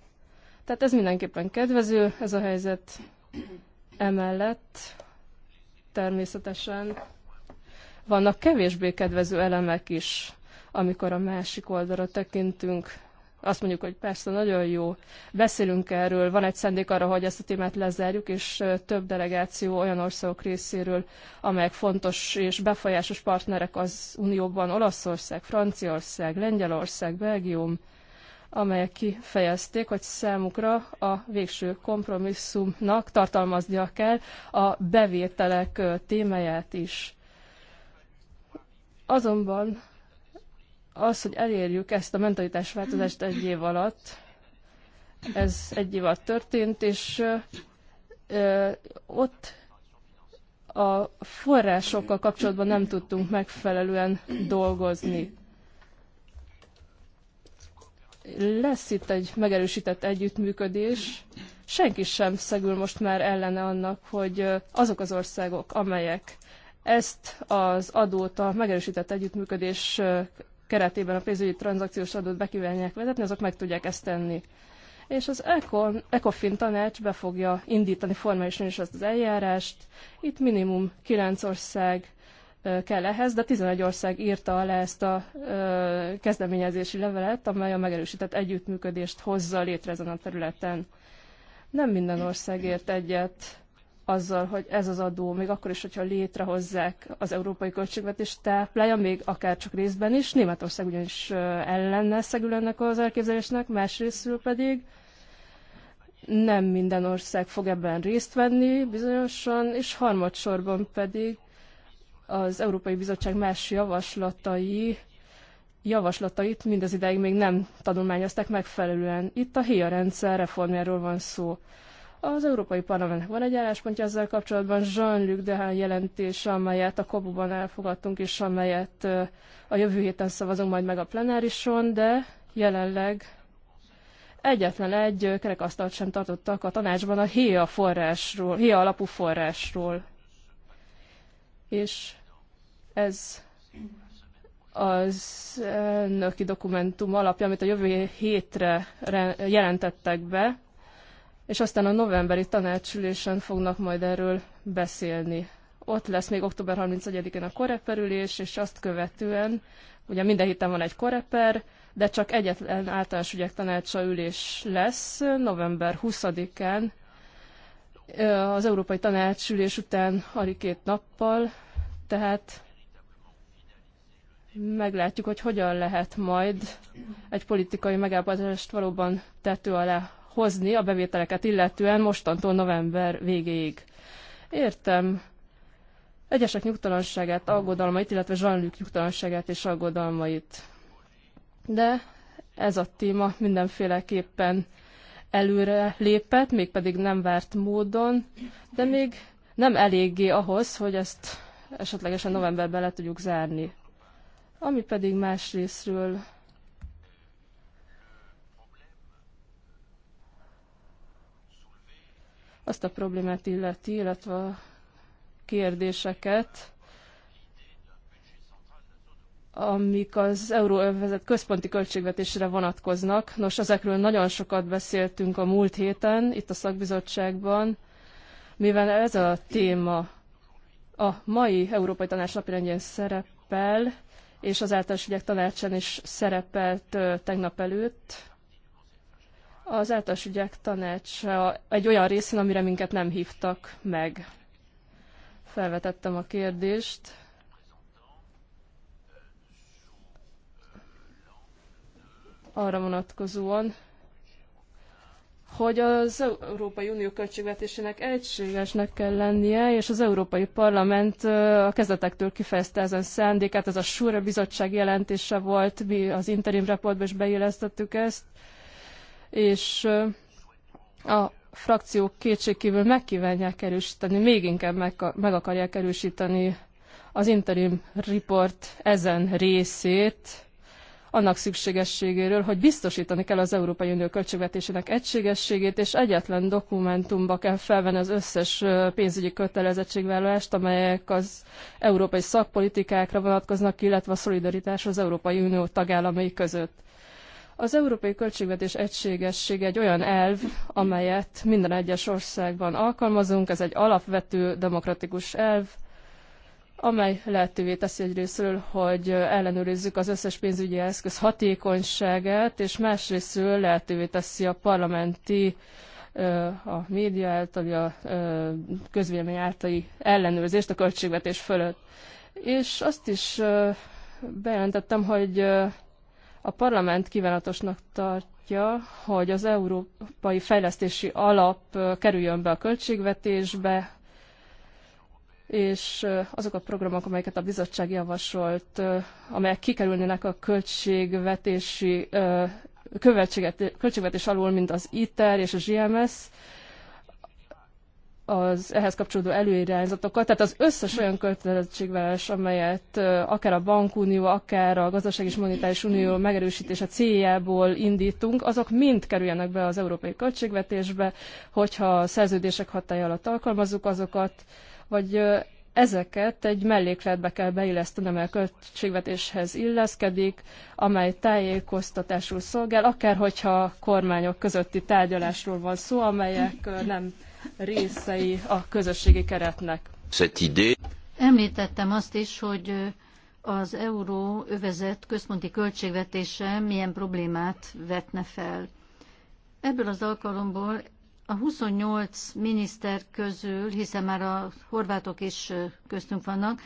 B: Tehát ez mindenképpen kedvező, ez a helyzet emellett természetesen vannak kevésbé kedvező elemek is, amikor a másik oldalra tekintünk azt mondjuk, hogy persze nagyon jó, beszélünk erről, van egy szendék arra, hogy ezt a témát lezárjuk, és több delegáció olyan országok részéről, amelyek fontos és befolyásos partnerek az Unióban, Olaszország, Franciaország, Lengyelország, Belgium, amelyek kifejezték, hogy számukra a végső kompromisszumnak tartalmaznia kell a bevételek témáját is. Azonban az, hogy elérjük ezt a változást egy év alatt, ez egy év alatt történt, és ott a forrásokkal kapcsolatban nem tudtunk megfelelően dolgozni. Lesz itt egy megerősített együttműködés. Senki sem szegül most már ellene annak, hogy azok az országok, amelyek ezt az adót a megerősített együttműködés keretében a pénzügyi tranzakciós adót be kívánják vezetni, azok meg tudják ezt tenni. És az ECON, ECOFIN tanács be fogja indítani formálisan is ezt az eljárást. Itt minimum 9 ország kell ehhez, de 11 ország írta alá ezt a ö, kezdeményezési levelet, amely a megerősített együttműködést hozza létre ezen a területen. Nem minden ország ért egyet azzal, hogy ez az adó, még akkor is, hogyha létrehozzák az európai költségvetés táplálja, még akár csak részben is. Németország ugyanis ellenne szegül ennek az elképzelésnek, másrésztről pedig nem minden ország fog ebben részt venni bizonyosan, és harmadsorban pedig az Európai Bizottság más javaslatai javaslatait mindez ideig még nem tanulmányozták megfelelően. Itt a HIA rendszer reformjáról van szó. Az Európai Parlamentnek van egy álláspontja ezzel kapcsolatban, Jean-Luc Dehaene jelentése, amelyet a Kobuban elfogadtunk, és amelyet a jövő héten szavazunk majd meg a plenárison, de jelenleg egyetlen egy kerekasztalt sem tartottak a tanácsban a hia forrásról, hia alapú forrásról. És ez az elnöki dokumentum alapja, amit a jövő hétre jelentettek be, és aztán a novemberi tanácsülésen fognak majd erről beszélni. Ott lesz még október 31-én a koreperülés, és azt követően, ugye minden héten van egy koreper, de csak egyetlen általános ügyek tanácsa ülés lesz november 20-án, az Európai Tanácsülés után alig két nappal, tehát meglátjuk, hogy hogyan lehet majd egy politikai megállapodást valóban tető alá hozni a bevételeket illetően mostantól november végéig. Értem egyesek nyugtalanságát, aggodalmait, illetve zsanlők nyugtalanságát és aggodalmait. De ez a téma mindenféleképpen előre lépett, mégpedig nem várt módon, de még nem eléggé ahhoz, hogy ezt esetlegesen novemberben le tudjuk zárni. Ami pedig más részről azt a problémát illeti, illetve a kérdéseket, amik az euróövezet központi költségvetésre vonatkoznak. Nos, ezekről nagyon sokat beszéltünk a múlt héten itt a szakbizottságban, mivel ez a téma a mai Európai Tanács napirendjén szerepel, és az általános ügyek tanácsán is szerepelt tegnap előtt, az általános ügyek tanácsa egy olyan részén, amire minket nem hívtak meg. Felvetettem a kérdést. Arra vonatkozóan, hogy az Európai Unió költségvetésének egységesnek kell lennie, és az Európai Parlament a kezdetektől kifejezte ezen szándékát, ez a Súra Bizottság jelentése volt, mi az interim reportban is beillesztettük ezt, és a frakciók kétségkívül megkívánják erősíteni, még inkább meg, meg akarják erősíteni az interim report ezen részét, annak szükségességéről, hogy biztosítani kell az Európai Unió költségvetésének egységességét, és egyetlen dokumentumba kell felvenni az összes pénzügyi kötelezettségvállalást, amelyek az európai szakpolitikákra vonatkoznak, illetve a szolidaritás az Európai Unió tagállamai között. Az európai költségvetés egységessége egy olyan elv, amelyet minden egyes országban alkalmazunk, ez egy alapvető demokratikus elv, amely lehetővé teszi egyrésztről, hogy ellenőrizzük az összes pénzügyi eszköz hatékonyságát, és másrésztről lehetővé teszi a parlamenti a média által, a közvélemény általi ellenőrzést a költségvetés fölött. És azt is bejelentettem, hogy a parlament kívánatosnak tartja, hogy az Európai Fejlesztési Alap kerüljön be a költségvetésbe, és azok a programok, amelyeket a bizottság javasolt, amelyek kikerülnének a költségvetési költségvetés alól, mint az ITER és a GMS, az ehhez kapcsolódó előirányzatokat, tehát az összes olyan kötelezettségvállalás, amelyet akár a bankunió, akár a gazdaság és monetáris unió megerősítése céljából indítunk, azok mind kerüljenek be az európai költségvetésbe, hogyha a szerződések hatája alatt alkalmazzuk azokat, vagy ezeket egy mellékletbe kell beilleszteni, amely a költségvetéshez illeszkedik, amely tájékoztatásul szolgál, akár hogyha kormányok közötti tárgyalásról van szó, amelyek nem részei a közösségi keretnek.
A: Említettem azt is, hogy az euró övezet központi költségvetése milyen problémát vetne fel. Ebből az alkalomból a 28 miniszter közül, hiszen már a horvátok is köztünk vannak,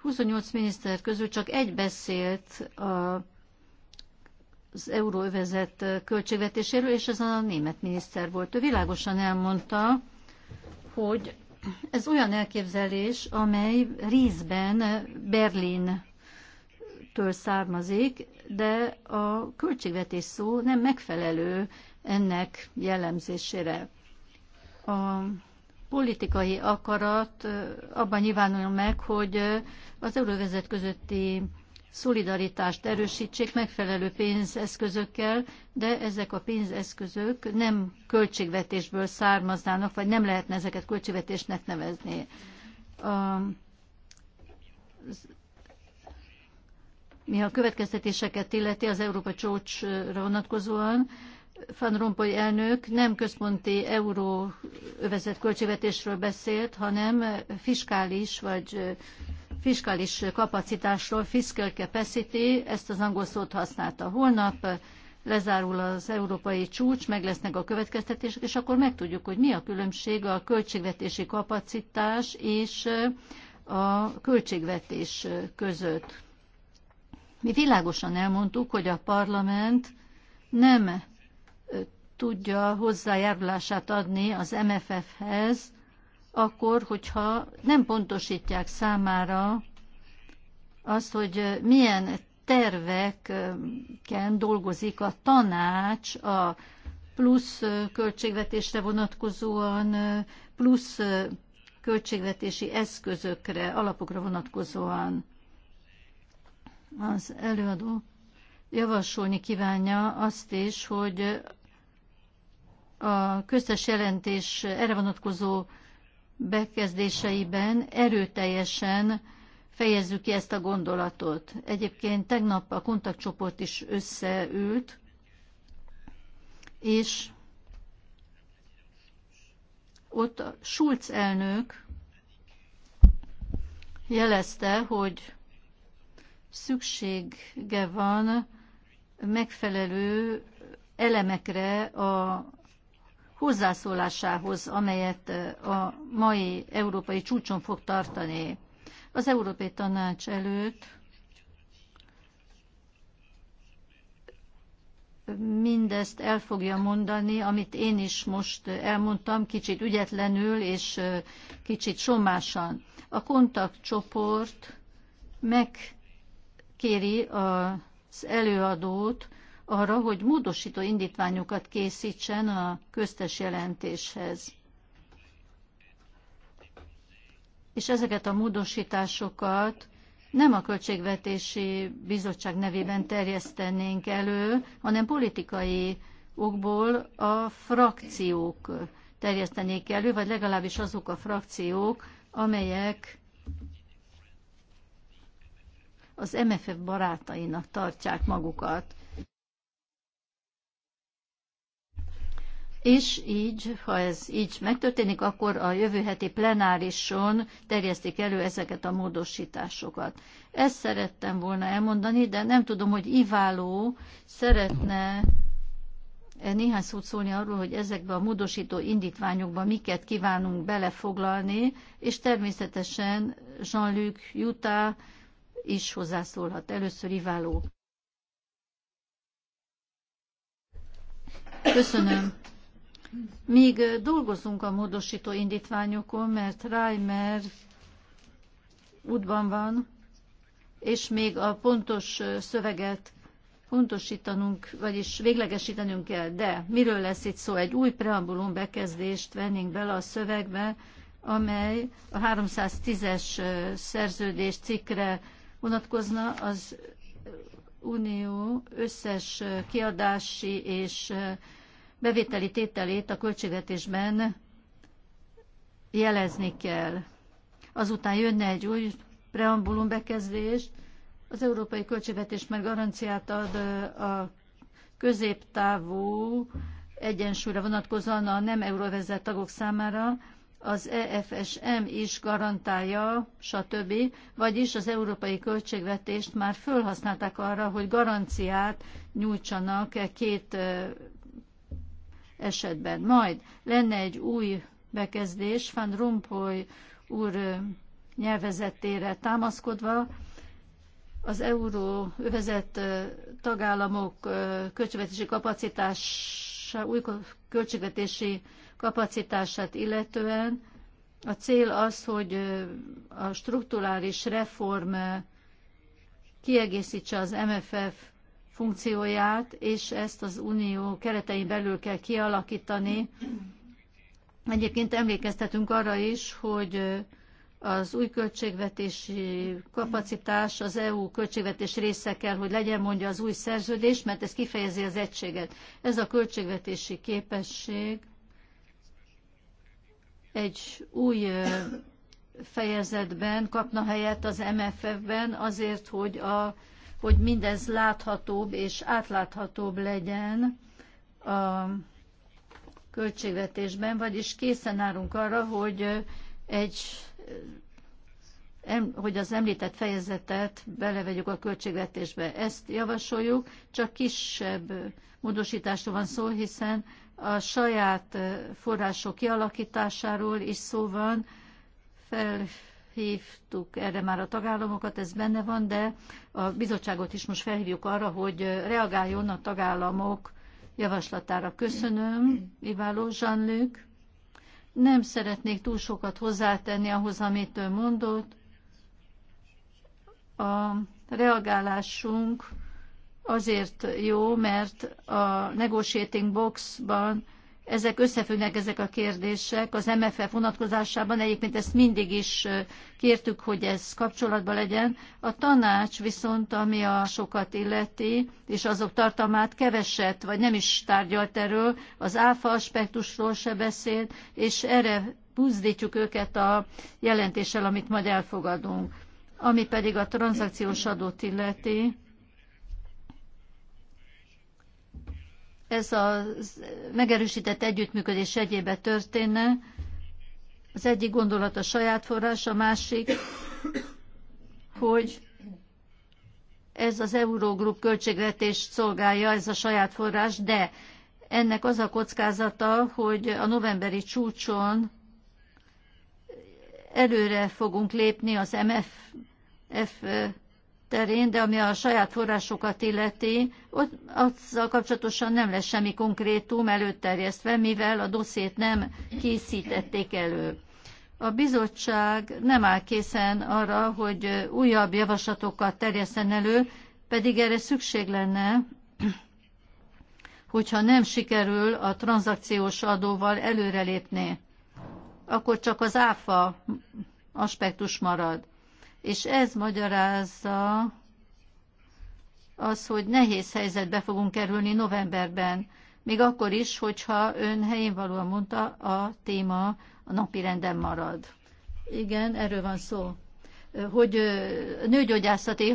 A: 28 miniszter közül csak egy beszélt a az euróövezet költségvetéséről, és ez a német miniszter volt. Ő világosan elmondta, hogy ez olyan elképzelés, amely részben Berlin től származik, de a költségvetés szó nem megfelelő ennek jellemzésére. A politikai akarat abban nyilvánul meg, hogy az euróvezet közötti szolidaritást erősítsék megfelelő pénzeszközökkel, de ezek a pénzeszközök nem költségvetésből származnának, vagy nem lehetne ezeket költségvetésnek nevezni. A, mi a következtetéseket illeti az Európa csócsra vonatkozóan, Van Rompuy elnök nem központi euróövezet költségvetésről beszélt, hanem fiskális vagy fiskális kapacitásról, fiscal capacity, ezt az angol szót használta. Holnap lezárul az európai csúcs, meg lesznek a következtetések, és akkor megtudjuk, hogy mi a különbség a költségvetési kapacitás és a költségvetés között. Mi világosan elmondtuk, hogy a parlament nem tudja hozzájárulását adni az MFF-hez, akkor, hogyha nem pontosítják számára azt, hogy milyen terveken dolgozik a tanács, a plusz költségvetésre vonatkozóan, plusz költségvetési eszközökre, alapokra vonatkozóan. Az előadó javasolni kívánja azt is, hogy a köztes jelentés erre vonatkozó bekezdéseiben erőteljesen fejezzük ki ezt a gondolatot. Egyébként tegnap a kontaktcsoport is összeült, és ott a Schulz elnök jelezte, hogy szüksége van megfelelő elemekre a hozzászólásához, amelyet a mai európai csúcson fog tartani. Az Európai Tanács előtt mindezt el fogja mondani, amit én is most elmondtam, kicsit ügyetlenül és kicsit somásan. A kontaktcsoport megkéri az előadót, arra, hogy módosító indítványokat készítsen a köztes jelentéshez. És ezeket a módosításokat nem a Költségvetési Bizottság nevében terjesztenénk elő, hanem politikai okból a frakciók terjesztenék elő, vagy legalábbis azok a frakciók, amelyek az MFF barátainak tartják magukat. és így, ha ez így megtörténik, akkor a jövő heti plenárison terjesztik elő ezeket a módosításokat. Ezt szerettem volna elmondani, de nem tudom, hogy Iváló szeretne néhány szót szólni arról, hogy ezekbe a módosító indítványokba miket kívánunk belefoglalni, és természetesen Jean-Luc Juta is hozzászólhat. Először Iváló. Köszönöm, Míg dolgozunk a módosító indítványokon, mert Reimer útban van, és még a pontos szöveget pontosítanunk, vagyis véglegesítenünk kell, de miről lesz itt szó? Egy új preambulum bekezdést vennénk bele a szövegbe, amely a 310-es szerződés cikkre vonatkozna, az Unió összes kiadási és bevételi tételét a költségvetésben jelezni kell. Azután jönne egy új preambulum bekezdés, az európai költségvetés meg garanciát ad a középtávú egyensúlyra vonatkozóan a nem euróvezet tagok számára, az EFSM is garantálja, stb. Vagyis az európai költségvetést már fölhasználták arra, hogy garanciát nyújtsanak e két esetben. Majd lenne egy új bekezdés, Van Rompuy úr nyelvezetére támaszkodva, az euró övezett tagállamok költségvetési kapacitása, új költségvetési kapacitását illetően a cél az, hogy a strukturális reform kiegészítse az MFF funkcióját, és ezt az unió keretein belül kell kialakítani. Egyébként emlékeztetünk arra is, hogy az új költségvetési kapacitás az EU költségvetés része kell, hogy legyen mondja az új szerződés, mert ez kifejezi az egységet. Ez a költségvetési képesség egy új fejezetben kapna helyet az MFF-ben azért, hogy a hogy mindez láthatóbb és átláthatóbb legyen a költségvetésben, vagyis készen állunk arra, hogy egy hogy az említett fejezetet belevegyük a költségvetésbe. Ezt javasoljuk, csak kisebb módosításról van szó, hiszen a saját források kialakításáról is szó van, fel hívtuk erre már a tagállamokat, ez benne van, de a bizottságot is most felhívjuk arra, hogy reagáljon a tagállamok javaslatára. Köszönöm, Iváló Zsanlők. Nem szeretnék túl sokat hozzátenni ahhoz, amit ő mondott. A reagálásunk azért jó, mert a negotiating boxban ezek összefüggnek ezek a kérdések az MFF vonatkozásában, egyébként ezt mindig is kértük, hogy ez kapcsolatban legyen. A tanács viszont, ami a sokat illeti, és azok tartalmát keveset, vagy nem is tárgyalt erről, az áfa aspektusról se beszélt, és erre buzdítjuk őket a jelentéssel, amit majd elfogadunk. Ami pedig a tranzakciós adót illeti, ez a megerősített együttműködés egyébe történne. Az egyik gondolat a saját forrás, a másik, hogy ez az Eurogroup költségvetés szolgálja, ez a saját forrás, de ennek az a kockázata, hogy a novemberi csúcson előre fogunk lépni az MFF terén, de ami a saját forrásokat illeti, ott azzal kapcsolatosan nem lesz semmi konkrétum előterjesztve, mivel a dossziét nem készítették elő. A bizottság nem áll készen arra, hogy újabb javaslatokat terjeszten elő, pedig erre szükség lenne, hogyha nem sikerül a tranzakciós adóval előrelépni, akkor csak az áfa aspektus marad és ez magyarázza az, hogy nehéz helyzetbe fogunk kerülni novemberben, még akkor is, hogyha ön helyén valóan mondta, a téma a napi renden marad. Igen, erről van szó. Hogy nőgyógyászati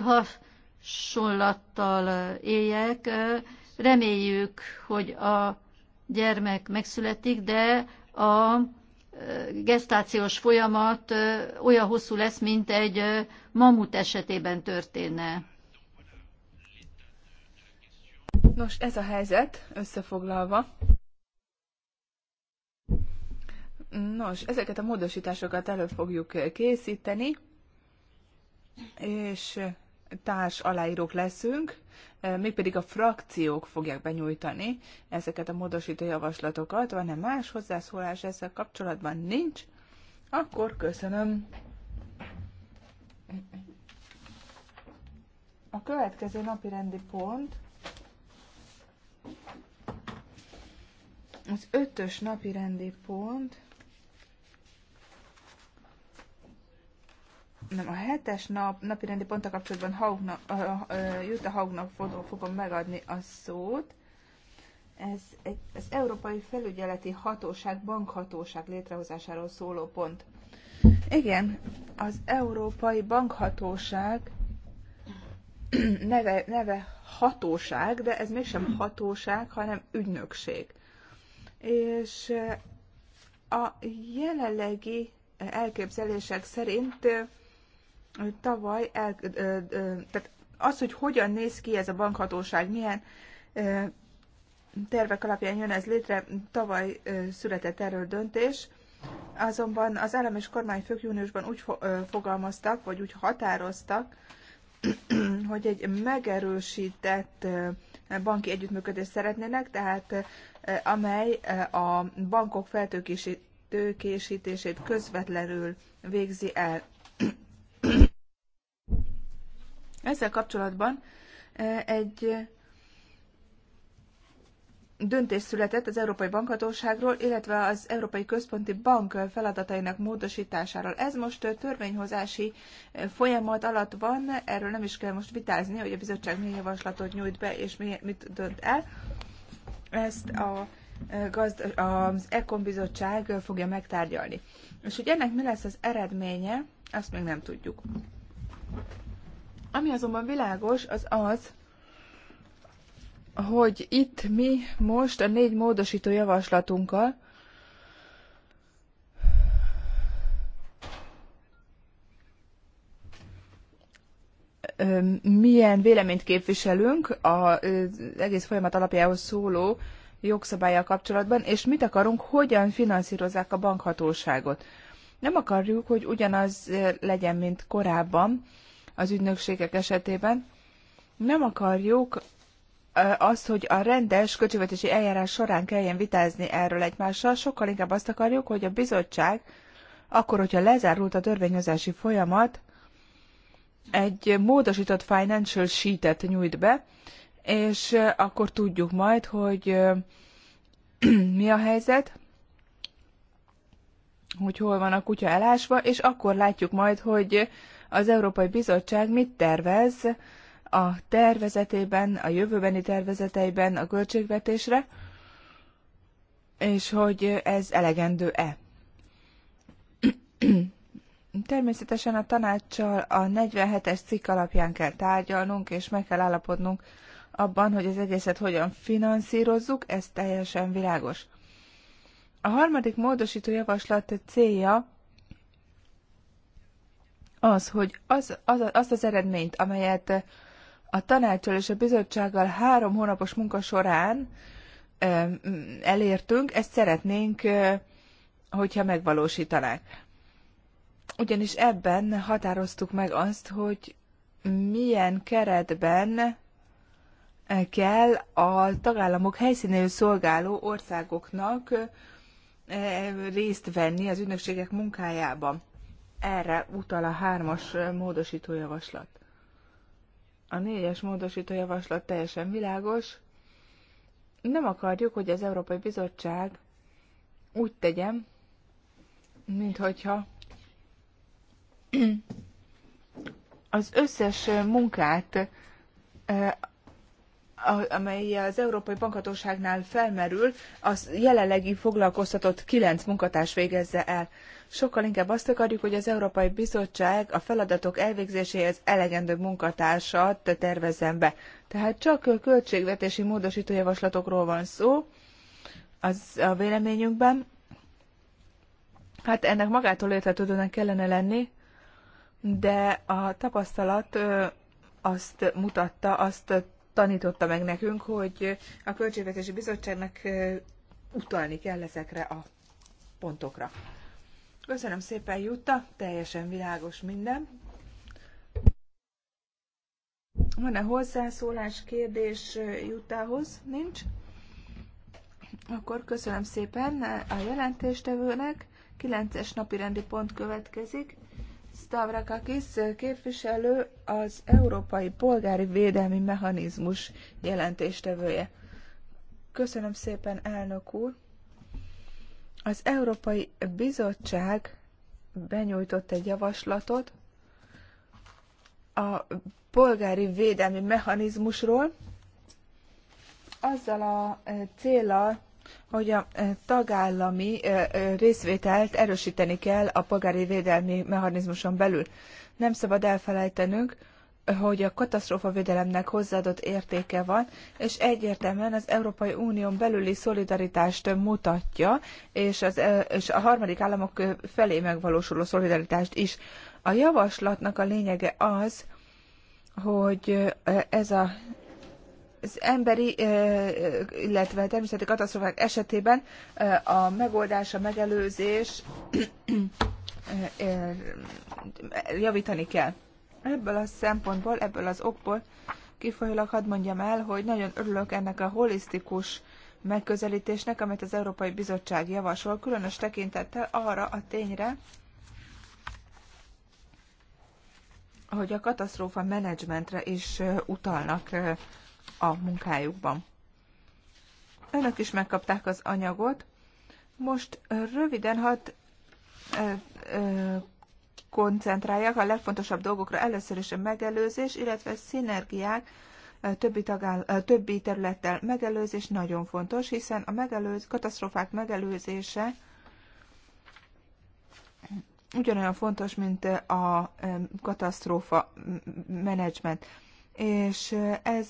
A: hasonlattal éljek, reméljük, hogy a gyermek megszületik, de a gestációs folyamat olyan hosszú lesz, mint egy mamut esetében történne.
C: Nos, ez a helyzet összefoglalva. Nos, ezeket a módosításokat elő fogjuk készíteni, és társ aláírók leszünk mégpedig a frakciók fogják benyújtani ezeket a módosító javaslatokat. Van-e más hozzászólás ezzel kapcsolatban? Nincs. Akkor köszönöm. A következő napi rendi pont az ötös napi rendi pont nem a hetes nap, napi rendi a kapcsolatban Haugna, Jutta Haugnak fogom megadni a szót. Ez egy, az Európai Felügyeleti Hatóság, bankhatóság létrehozásáról szóló pont. Igen, az Európai Bankhatóság neve, neve hatóság, de ez mégsem hatóság, hanem ügynökség. És eh, a jelenlegi eh, elképzelések szerint eh, tavaly, el, ö, ö, tehát az, hogy hogyan néz ki ez a bankhatóság, milyen ö, tervek alapján jön ez létre, tavaly ö, született erről döntés, azonban az állam és kormányfők júniusban úgy fo, ö, fogalmaztak, vagy úgy határoztak, hogy egy megerősített banki együttműködést szeretnének, tehát amely a bankok feltőkésítését közvetlenül végzi el. Ezzel kapcsolatban e, egy e, döntés született az Európai Bankhatóságról, illetve az Európai Központi Bank feladatainak módosításáról. Ez most e, törvényhozási folyamat alatt van, erről nem is kell most vitázni, hogy a bizottság milyen javaslatot nyújt be és mit dönt el. Ezt a gazd- az ECOM bizottság fogja megtárgyalni. És hogy ennek mi lesz az eredménye, azt még nem tudjuk. Ami azonban világos, az az, hogy itt mi most a négy módosító javaslatunkkal milyen véleményt képviselünk az egész folyamat alapjához szóló jogszabályjal kapcsolatban, és mit akarunk, hogyan finanszírozzák a bankhatóságot. Nem akarjuk, hogy ugyanaz legyen, mint korábban, az ügynökségek esetében. Nem akarjuk azt, hogy a rendes költségvetési eljárás során kelljen vitázni erről egymással, sokkal inkább azt akarjuk, hogy a bizottság, akkor, hogyha lezárult a törvényhozási folyamat, egy módosított financial sheet-et nyújt be, és akkor tudjuk majd, hogy mi a helyzet, hogy hol van a kutya elásva, és akkor látjuk majd, hogy az Európai Bizottság mit tervez a tervezetében, a jövőbeni tervezeteiben a költségvetésre, és hogy ez elegendő-e. Természetesen a tanácssal a 47-es cikk alapján kell tárgyalnunk, és meg kell állapodnunk abban, hogy az egészet hogyan finanszírozzuk, ez teljesen világos. A harmadik módosító javaslat célja az, hogy az, az, azt az eredményt, amelyet a tanácsal és a bizottsággal három hónapos munka során elértünk, ezt szeretnénk, hogyha megvalósítanák. Ugyanis ebben határoztuk meg azt, hogy milyen keretben kell a tagállamok helyszínén szolgáló országoknak részt venni az ügynökségek munkájában erre utal a hármas módosítójavaslat. A négyes módosítójavaslat teljesen világos. Nem akarjuk, hogy az Európai Bizottság úgy tegyen, minthogyha az összes munkát, amely az Európai Bankhatóságnál felmerül, az jelenlegi foglalkoztatott kilenc munkatárs végezze el sokkal inkább azt akarjuk, hogy az Európai Bizottság a feladatok elvégzéséhez elegendő munkatársat tervezzen be. Tehát csak költségvetési módosító javaslatokról van szó az a véleményünkben. Hát ennek magától értetődőnek kellene lenni, de a tapasztalat azt mutatta, azt tanította meg nekünk, hogy a Költségvetési Bizottságnak utalni kell ezekre a pontokra. Köszönöm szépen, Jutta, teljesen világos minden. Van-e hozzászólás, kérdés Juttához? Nincs? Akkor köszönöm szépen a jelentéstevőnek. 9-es napi rendi pont következik. Stavrakakis képviselő az Európai Polgári Védelmi Mechanizmus jelentéstevője. Köszönöm szépen, elnök úr! Az Európai Bizottság benyújtott egy javaslatot a polgári védelmi mechanizmusról, azzal a e, célra, hogy a e, tagállami e, részvételt erősíteni kell a polgári védelmi mechanizmuson belül. Nem szabad elfelejtenünk, hogy a katasztrófavédelemnek hozzáadott értéke van, és egyértelműen az Európai Unión belüli szolidaritást mutatja, és, az, és a harmadik államok felé megvalósuló szolidaritást is. A javaslatnak a lényege az, hogy ez a az emberi, illetve természeti katasztrófák esetében a megoldás, a megelőzés javítani kell. Ebből a szempontból, ebből az okból kifolyólag hadd mondjam el, hogy nagyon örülök ennek a holisztikus megközelítésnek, amit az Európai Bizottság javasol, különös tekintettel arra a tényre, hogy a katasztrófa menedzsmentre is utalnak a munkájukban. Önök is megkapták az anyagot. Most röviden hadd koncentráljak a legfontosabb dolgokra, először is a megelőzés, illetve szinergiák többi, tagáll, többi területtel. Megelőzés nagyon fontos, hiszen a megelőz, katasztrófák megelőzése ugyanolyan fontos, mint a katasztrófa menedzsment. És ez,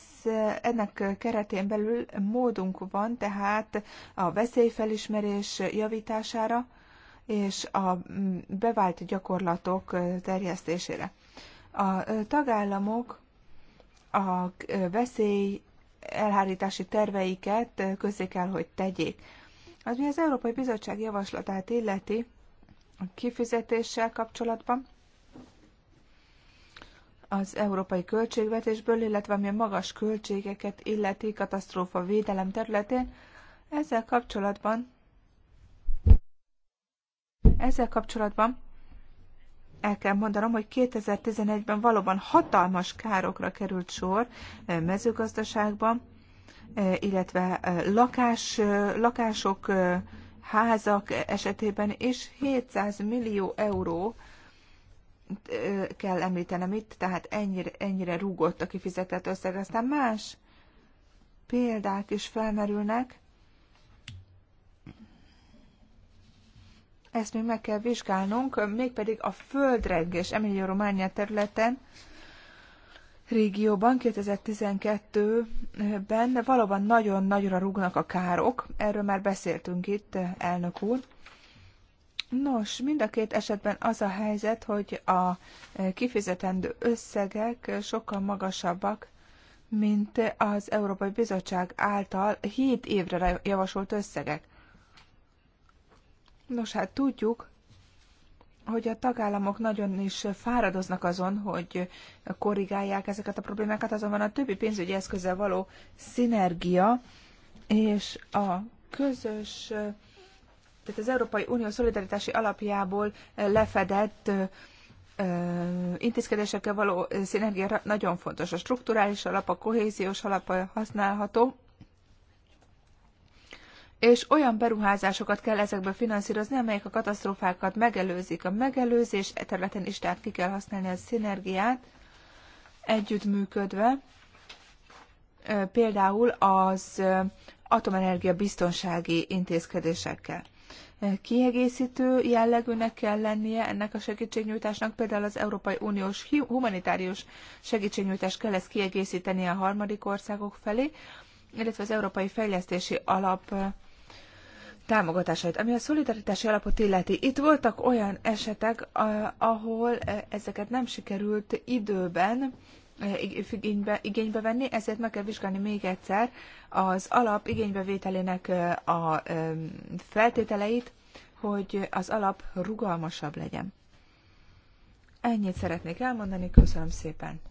C: ennek keretén belül módunk van tehát a veszélyfelismerés javítására, és a mm, bevált gyakorlatok terjesztésére. A tagállamok a veszély elhárítási terveiket közzé kell, hogy tegyék. Az mi az Európai Bizottság javaslatát illeti a kifizetéssel kapcsolatban, az európai költségvetésből, illetve ami a magas költségeket illeti katasztrófa védelem területén, ezzel kapcsolatban ezzel kapcsolatban el kell mondanom, hogy 2011-ben valóban hatalmas károkra került sor eh, mezőgazdaságban, eh, illetve eh, lakás, lakások, házak esetében, és 700 millió euró kell említenem itt, tehát ennyire, ennyire rúgott a kifizetett összeg. Aztán más példák is felmerülnek, Ezt még meg kell vizsgálnunk, mégpedig a földrengés Emilia Románia területen, régióban 2012-ben valóban nagyon nagyra rúgnak a károk, erről már beszéltünk itt, elnök úr. Nos, mind a két esetben az a helyzet, hogy a kifizetendő összegek sokkal magasabbak, mint az Európai Bizottság által 7 évre javasolt összegek. Nos, hát tudjuk, hogy a tagállamok nagyon is fáradoznak azon, hogy korrigálják ezeket a problémákat, azonban a többi pénzügyi eszközzel való szinergia és a közös, tehát az Európai Unió szolidaritási alapjából lefedett intézkedésekkel való szinergia nagyon fontos. A strukturális alap, a kohéziós alap használható, és olyan beruházásokat kell ezekbe finanszírozni, amelyek a katasztrófákat megelőzik. A megelőzés területen is, tehát ki kell használni a szinergiát, együttműködve, például az atomenergia biztonsági intézkedésekkel. Kiegészítő jellegűnek kell lennie ennek a segítségnyújtásnak, például az Európai Uniós humanitárius segítségnyújtást kell ezt kiegészíteni a harmadik országok felé, illetve az Európai Fejlesztési Alap támogatásait. Ami a szolidaritási alapot illeti, itt voltak olyan esetek, ahol e, ezeket nem sikerült időben e, igénybe, igénybe venni, ezért meg kell vizsgálni még egyszer az alap igénybevételének e, a feltételeit, hogy az alap rugalmasabb legyen. Ennyit szeretnék elmondani, köszönöm szépen.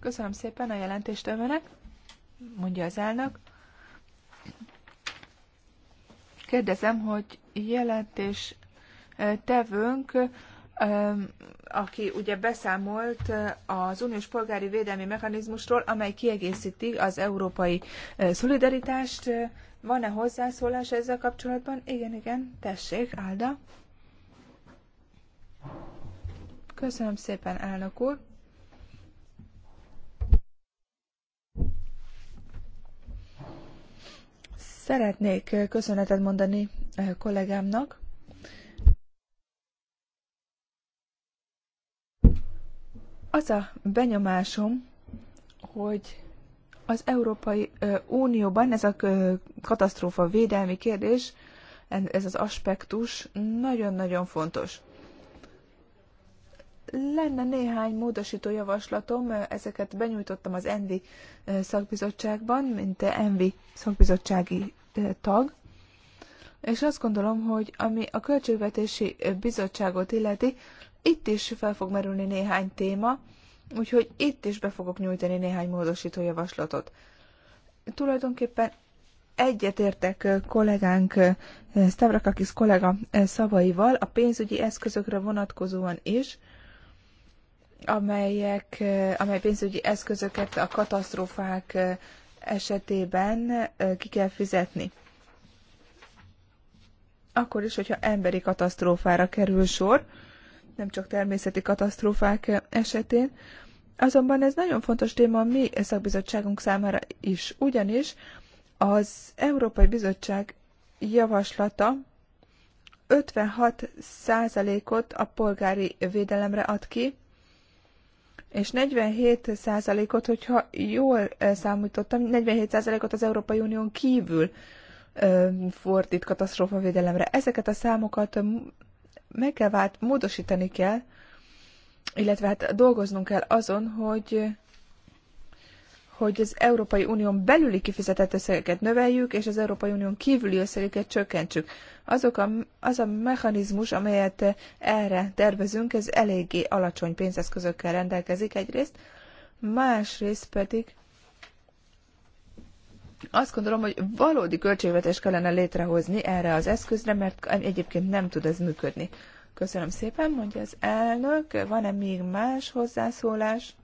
C: Köszönöm szépen a jelentéstevőnek, mondja az elnök. Kérdezem, hogy jelentés tevőnk, aki ugye beszámolt az uniós polgári védelmi mechanizmusról, amely kiegészíti az európai szolidaritást. Van-e hozzászólás ezzel kapcsolatban? Igen, igen, tessék, Álda. Köszönöm szépen, elnök úr. Szeretnék eh, köszönetet mondani eh, kollégámnak. Az a benyomásom, hogy az Európai eh, Unióban ez a katasztrófa védelmi kérdés, ez az aspektus nagyon-nagyon fontos. Lenne néhány módosító javaslatom, ezeket benyújtottam az ENVI szakbizottságban, mint ENVI szakbizottsági tag. És azt gondolom, hogy ami a Költségvetési Bizottságot illeti, itt is fel fog merülni néhány téma, úgyhogy itt is be fogok nyújtani néhány módosító javaslatot. Tulajdonképpen egyetértek kollégánk, Stavrakakis kollega szavaival a pénzügyi eszközökre vonatkozóan is, amelyek, amely pénzügyi eszközöket a katasztrófák esetében ki kell fizetni. Akkor is, hogyha emberi katasztrófára kerül sor, nem csak természeti katasztrófák esetén. Azonban ez nagyon fontos téma a mi szakbizottságunk számára is, ugyanis az Európai Bizottság javaslata 56%-ot a polgári védelemre ad ki, és 47%-ot, hogyha jól eh, számítottam, 47%-ot az Európai Unión kívül fordít katasztrófavédelemre. Ezeket a számokat meg kell vált, módosítani kell, illetve hát dolgoznunk kell azon, hogy hogy az Európai Unión belüli kifizetett összegeket növeljük, és az Európai Unión kívüli összegeket csökkentsük. Azok a, az a mechanizmus, amelyet erre tervezünk, ez eléggé alacsony pénzeszközökkel rendelkezik egyrészt, másrészt pedig azt gondolom, hogy valódi költségvetést kellene létrehozni erre az eszközre, mert egyébként nem tud ez működni. Köszönöm szépen, mondja az elnök. Van-e még más hozzászólás?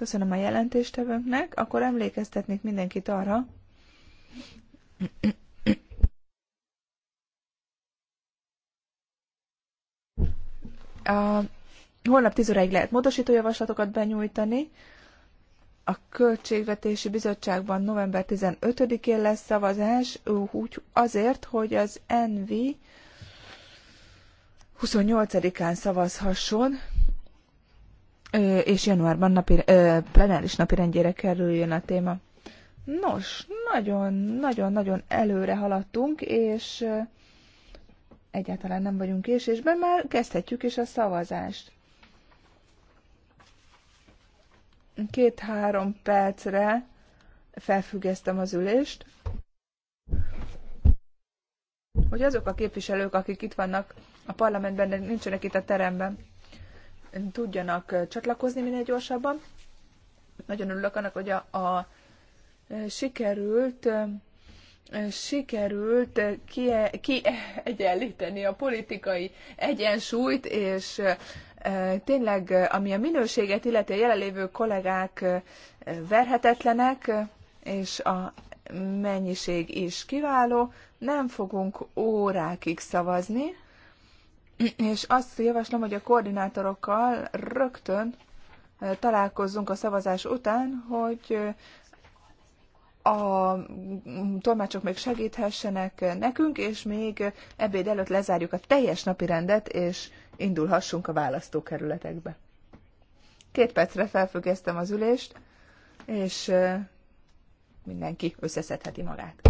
C: Köszönöm a jelentéstevőnknek. Akkor emlékeztetnék mindenkit arra, a, holnap 10 óráig lehet módosító javaslatokat benyújtani. A Költségvetési Bizottságban november 15-én lesz szavazás, úgy azért, hogy az NV 28-án szavazhasson, és januárban napi, plenáris napi rendjére kerüljön a téma. Nos, nagyon-nagyon-nagyon előre haladtunk, és egyáltalán nem vagyunk késésben, már kezdhetjük is a szavazást. Két-három percre felfüggesztem az ülést, hogy azok a képviselők, akik itt vannak a parlamentben, de nincsenek itt a teremben, tudjanak csatlakozni minél gyorsabban. Nagyon örülök annak, hogy a, a sikerült sikerült kiegyenlíteni ki a politikai egyensúlyt, és tényleg, ami a minőséget illeti, a jelenlévő kollégák verhetetlenek, és a mennyiség is kiváló, nem fogunk órákig szavazni, és azt javaslom, hogy a koordinátorokkal rögtön találkozzunk a szavazás után, hogy a tolmácsok még segíthessenek nekünk, és még ebéd előtt lezárjuk a teljes napi rendet, és indulhassunk a választókerületekbe. Két percre felfüggesztem az ülést, és mindenki összeszedheti magát.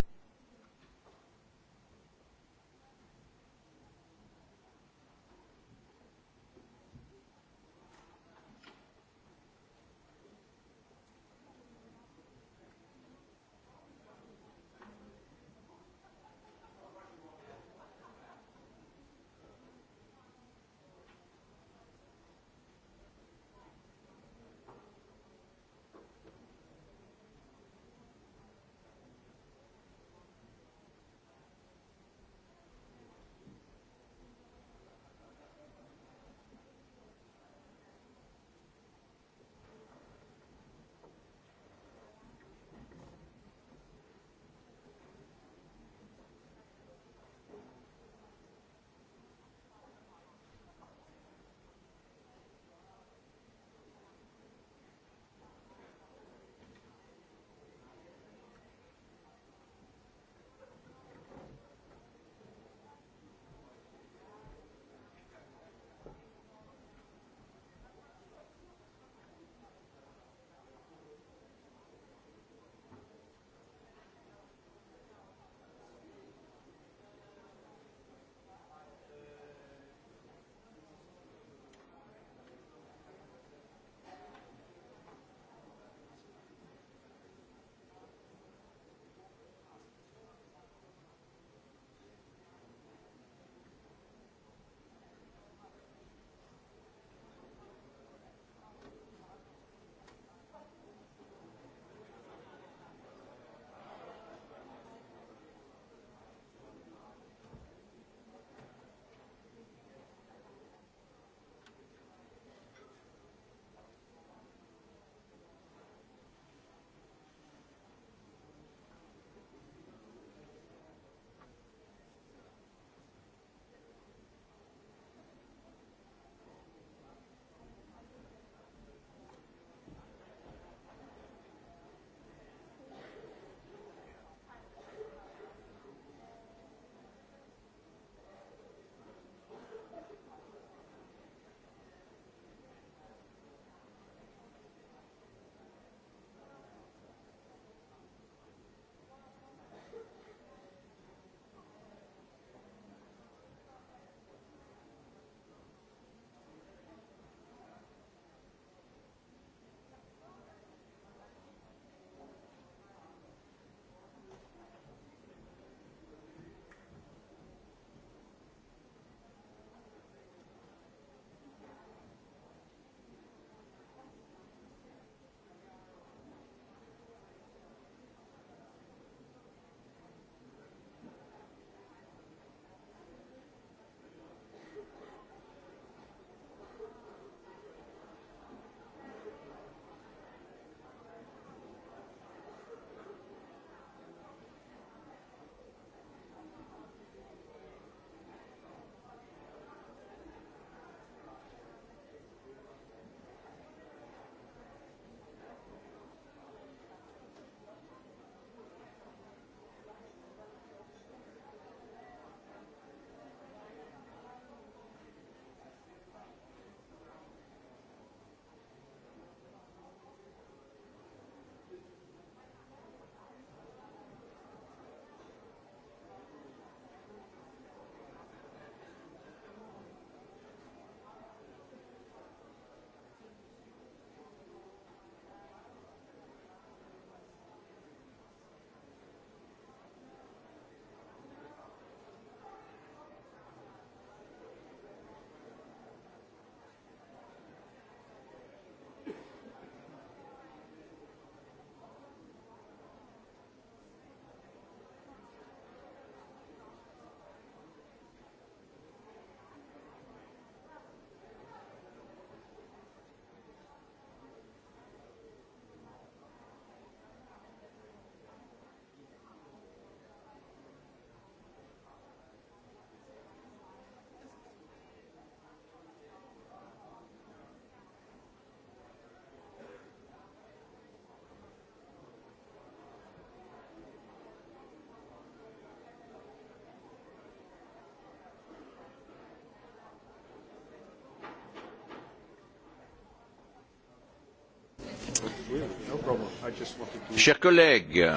D: Chers collègues,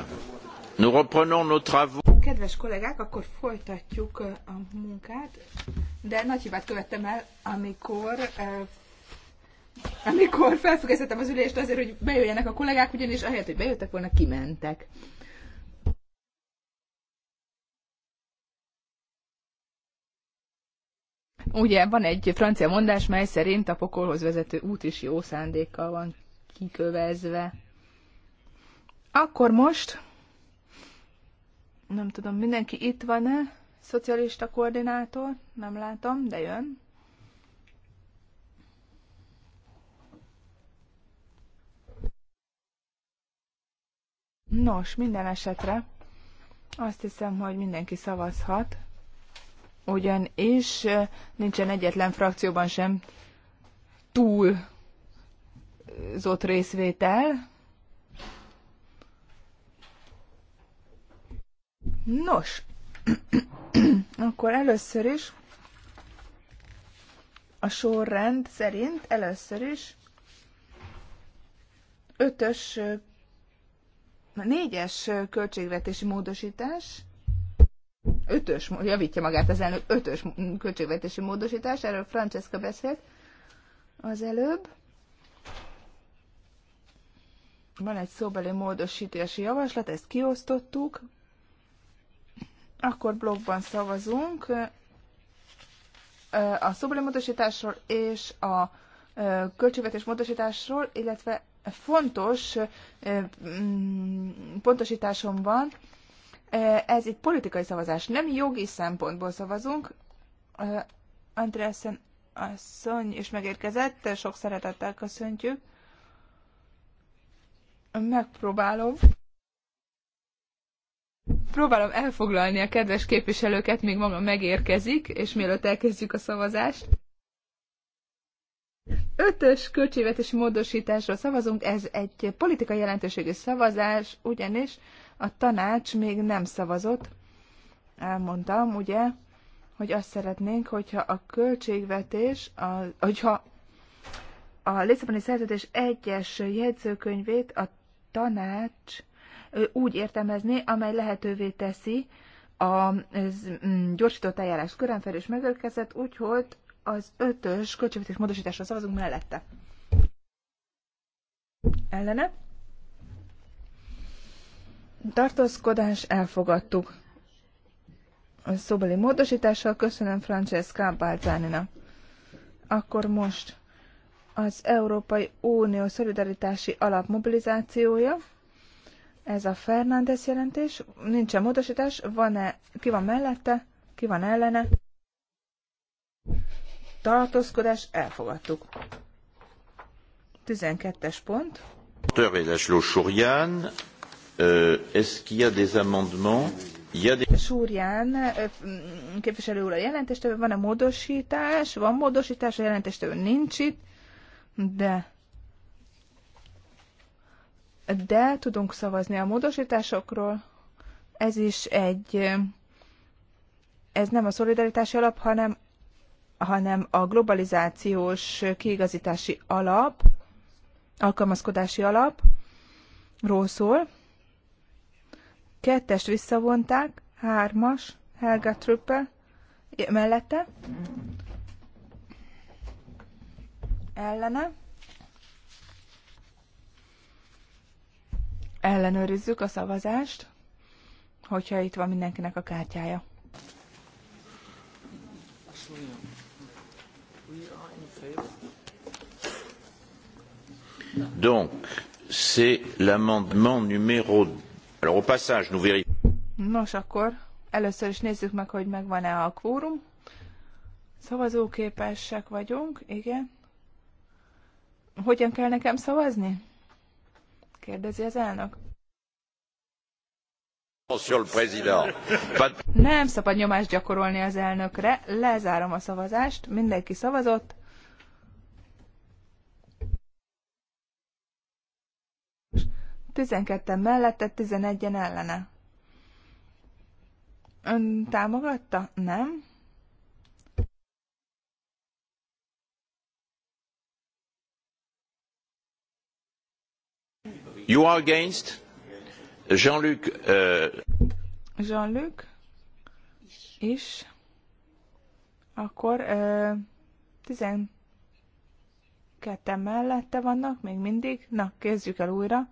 D: nous reprenons nos travaux.
C: Kedves kollégák, akkor folytatjuk eh, a munkát, de nagy hibát követtem el, amikor eh, amikor felfüggesztettem az ülést azért, hogy bejöjjenek a kollégák, ugyanis ahelyett, hogy bejöttek volna, kimentek. Ugye van egy francia mondás, mely szerint a pokolhoz vezető út is jó szándékkal van kikövezve. Akkor most, nem tudom, mindenki itt van-e? Szocialista koordinátor? Nem látom, de jön. Nos, minden esetre azt hiszem, hogy mindenki szavazhat, ugyanis nincsen egyetlen frakcióban sem túl zott részvétel. Nos, akkor először is a sorrend szerint először is ötös, négyes költségvetési módosítás, ötös, javítja magát az elnök, ötös költségvetési módosítás, erről Francesca beszélt az előbb. Van egy szóbeli módosítási javaslat, ezt kiosztottuk. Akkor blogban szavazunk a szóbeli módosításról és a költségvetés módosításról, illetve fontos mm, pontosításom van, ez egy politikai szavazás, nem jogi szempontból szavazunk. Andreasen asszony is megérkezett, sok szeretettel köszöntjük megpróbálom. Próbálom elfoglalni a kedves képviselőket, még maga megérkezik, és mielőtt elkezdjük a szavazást. Ötös költségvetési módosításról szavazunk, ez egy politikai jelentőségű szavazás, ugyanis a tanács még nem szavazott. Elmondtam, ugye, hogy azt szeretnénk, hogyha a költségvetés, a, hogyha a Lisszaboni Szerződés egyes jegyzőkönyvét a tanács úgy értelmezni, amely lehetővé teszi a mm, gyorsított eljárás körön fel is megérkezett, úgyhogy az ötös költségvetés módosításra szavazunk mellette. Ellene? Tartózkodás elfogadtuk. A szóbeli módosítással köszönöm Francesca Balzánina. Akkor most az Európai Unió szolidaritási alap mobilizációja, ez a Fernández jelentés, nincsen módosítás, van-e, ki van mellette, ki van ellene? Tartózkodás, elfogadtuk. 12-es pont.
D: Törvényes Súrján, euh, est-ce qu'il y a des amendements?
C: Súrján euh, képviselő úr a jelentéstevő, van-e módosítás? Van módosítás, a jelentéstevő nincs itt de de tudunk szavazni a módosításokról. Ez is egy, ez nem a szolidaritási alap, hanem, hanem a globalizációs kiigazítási alap, alkalmazkodási alapról szól. Kettest visszavonták, hármas, Helga Trüppel, mellette, ellene. Ellenőrizzük a szavazást, hogyha itt van mindenkinek a kártyája.
D: Donc, c'est l'amendement numéro... Alors, au passage, nous vérifions...
C: Nos, akkor először is nézzük meg, hogy megvan-e a kvórum. Szavazóképesek vagyunk, igen. Hogyan kell nekem szavazni? Kérdezi az elnök. Nem szabad nyomást gyakorolni az elnökre. Lezárom a szavazást. Mindenki szavazott. Tizenketten mellette, tizenegyen ellene. Ön támogatta? Nem?
D: You are against? Jean-Luc. Uh...
C: Jean-Luc is. Akkor uh, 12 mellette vannak még mindig. Na, kezdjük el újra.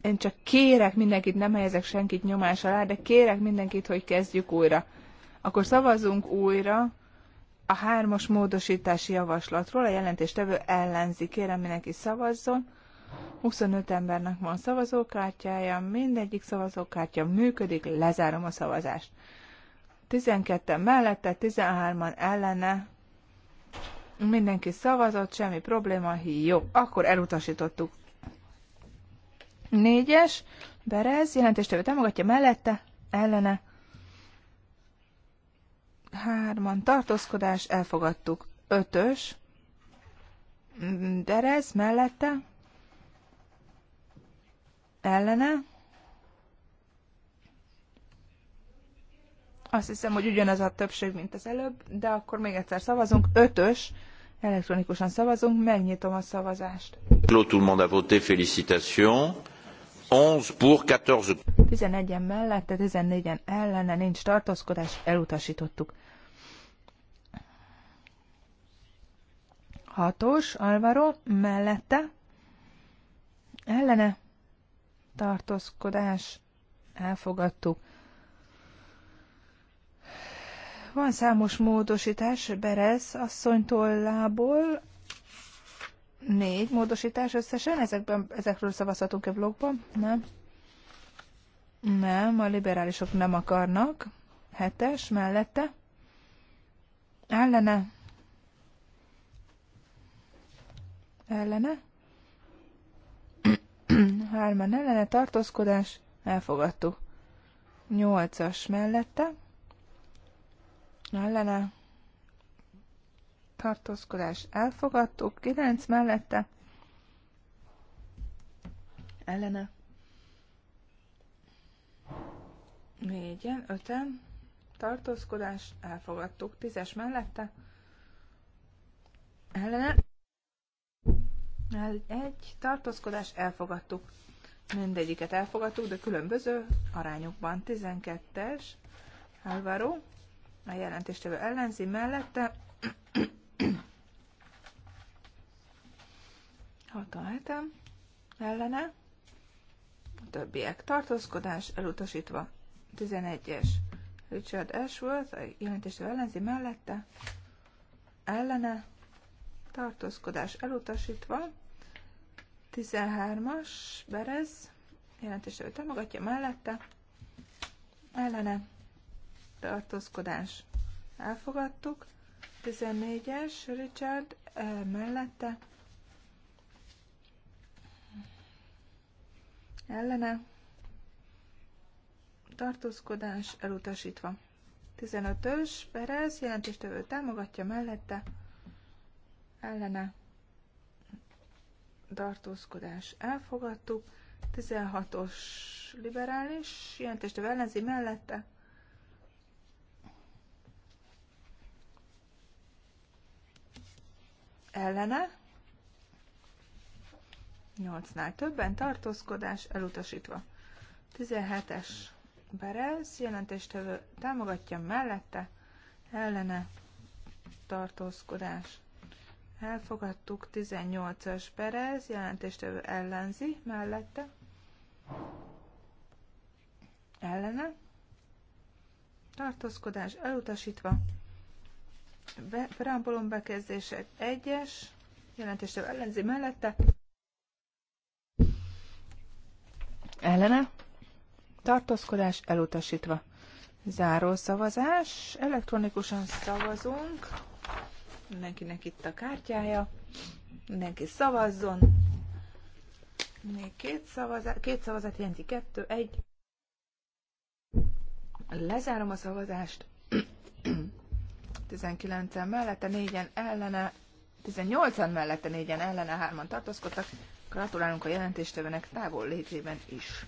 C: Én csak kérek mindenkit, nem helyezek senkit nyomás alá, de kérek mindenkit, hogy kezdjük újra. Akkor szavazunk újra a hármas módosítási javaslatról a jelentéstevő ellenzi. Kérem, mindenki szavazzon. 25 embernek van szavazókártyája, mindegyik szavazókártya működik, lezárom a szavazást. 12 mellette, 13-an ellene, mindenki szavazott, semmi probléma, jó, akkor elutasítottuk. Négyes, Berez, jelentéstevő támogatja mellette, ellene, hárman tartózkodás, elfogadtuk. Ötös, derez mellette, ellene. Azt hiszem, hogy ugyanaz a többség, mint az előbb, de akkor még egyszer szavazunk. Ötös, elektronikusan szavazunk, megnyitom a szavazást.
D: tout le monde a voté, félicitations. 11 pour 14.
C: 11-en mellette, 14-en ellene nincs tartózkodás, elutasítottuk. Hatos, Alvaro, mellette, ellene, tartózkodás, elfogadtuk. Van számos módosítás Berez asszony tollából, négy módosítás összesen, ezekben, ezekről szavazhatunk-e blogban? Nem. Nem, a liberálisok nem akarnak. Hetes mellette. Ellene. Ellene. Hárman ellene tartózkodás. Elfogadtuk. Nyolcas mellette. Ellene tartózkodás elfogadtuk, 9 mellette ellene. Négyen, öten, tartózkodás, elfogadtuk. Tízes mellette, ellene, el, egy, tartózkodás, elfogadtuk. Mindegyiket elfogadtuk, de különböző arányokban. 12-es, Álvaro, a jelentéstevő ellenzi mellette, 67-en ellene, a többiek tartózkodás elutasítva. 11-es Richard Ashworth, a jelentésű ellenzi mellette, ellene, tartózkodás elutasítva. 13-as Berez, jelentésű támogatja mellette, ellene, tartózkodás elfogadtuk. 14-es Richard eh, mellette, ellene, tartózkodás elutasítva. 15-ös Perez jelentéstevő támogatja mellette, ellene, tartózkodás elfogadtuk. 16-os liberális jelentéstevő ellenzi mellette, ellene, 8-nál többen, tartózkodás elutasítva. 17-es Berez jelentéstevő támogatja mellette, ellene tartózkodás. Elfogadtuk 18-as Berez jelentéstevő ellenzi mellette, ellene tartózkodás elutasítva. Be, preambulum bekezdések 1-es jelentéstevő ellenzi mellette, ellene, tartózkodás elutasítva. Záró szavazás, elektronikusan szavazunk, mindenkinek itt a kártyája, mindenki szavazzon, még két szavazat, két szavazat jelenti kettő, egy. Lezárom a szavazást. 19-en mellette, négyen ellene, 18 en mellette, négyen ellene, 3-an tartózkodtak. Gratulálunk a jelentéstevőnek távol létében is.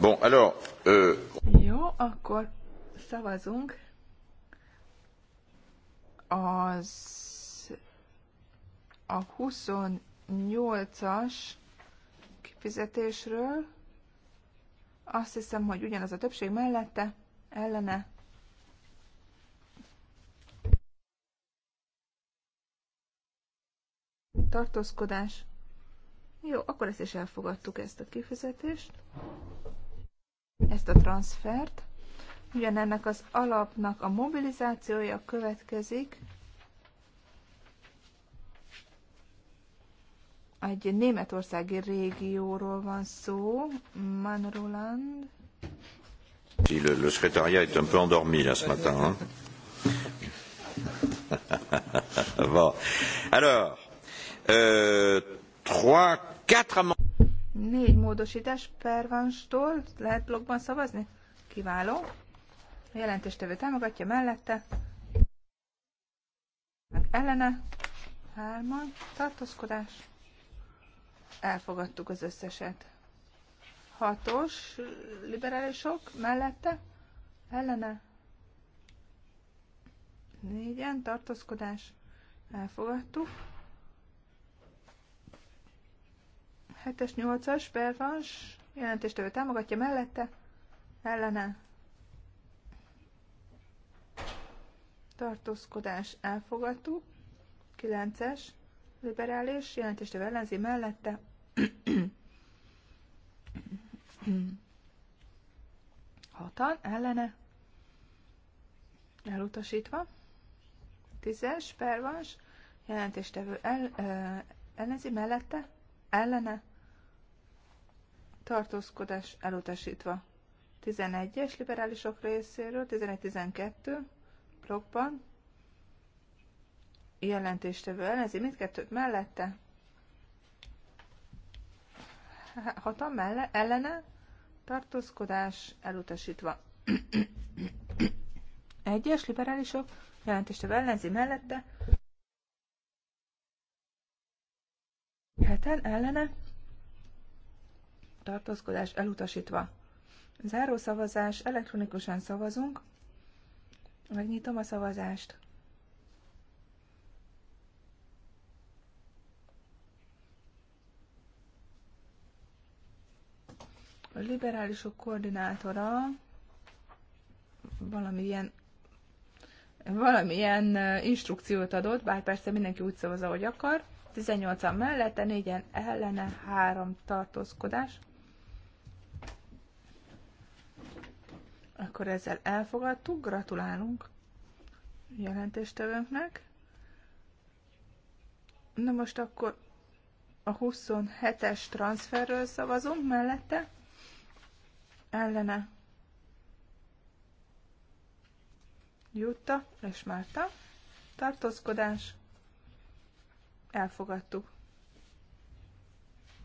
D: Bon, alors, euh...
C: Jó, akkor szavazunk az a 28-as kifizetésről, azt hiszem, hogy ugyanaz a többség mellette, ellene. Tartózkodás. Jó, akkor ezt is elfogadtuk, ezt a kifizetést, ezt a transfert. Ugyanennek az alapnak a mobilizációja következik. Egy németországi régióról van szó, Manroland.
D: Si, le, le secrétariat est un peu endormi là ce matin. Hein? bon. Alors, euh, trois, quatre amendements.
C: Négy módosítás pervanstól lehet blogban szavazni? Kiváló. A jelentéstevő támogatja mellette. Meg ellene. Hárman. Tartózkodás elfogadtuk az összeset. Hatos, liberálisok, mellette, ellene, négyen, tartózkodás, elfogadtuk. 7-es, 8-as, pervans, jelentéstevő támogatja mellette, ellene, tartózkodás, elfogadtuk. 9-es, liberális, jelentéstől ellenzi mellette. Hatan, ellene. Elutasítva. Tízes, pervans, jelentéstevő el, ö, ellenzi mellette. Ellene. Tartózkodás elutasítva. 11-es liberálisok részéről, 11-12 blokkban, jelentéstevő ellenzi, mindkettőt mellette. Hatam melle, ellene, tartózkodás elutasítva. Egyes liberálisok, jelentéstevő ellenzi mellette. Heten ellene, tartózkodás elutasítva. Záró szavazás, elektronikusan szavazunk. Megnyitom a szavazást. a liberálisok koordinátora valamilyen valamilyen instrukciót adott, bár persze mindenki úgy szavaz, ahogy akar. 18-an mellette, 4-en ellene, 3 tartózkodás. Akkor ezzel elfogadtuk, gratulálunk jelentéstevőnknek. Na most akkor a 27-es transferről szavazunk mellette ellene Jutta és Márta tartózkodás elfogadtuk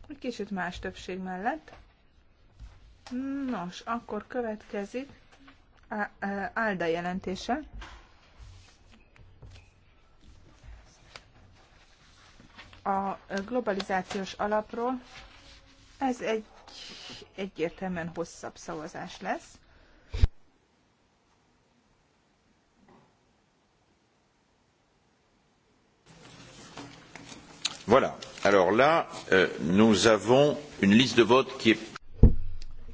C: egy kicsit más többség mellett nos, akkor következik Álda jelentése a globalizációs alapról. Ez egy egyértelműen hosszabb szavazás lesz.
D: Voilà. Alors là, euh, nous avons une liste de vote qui est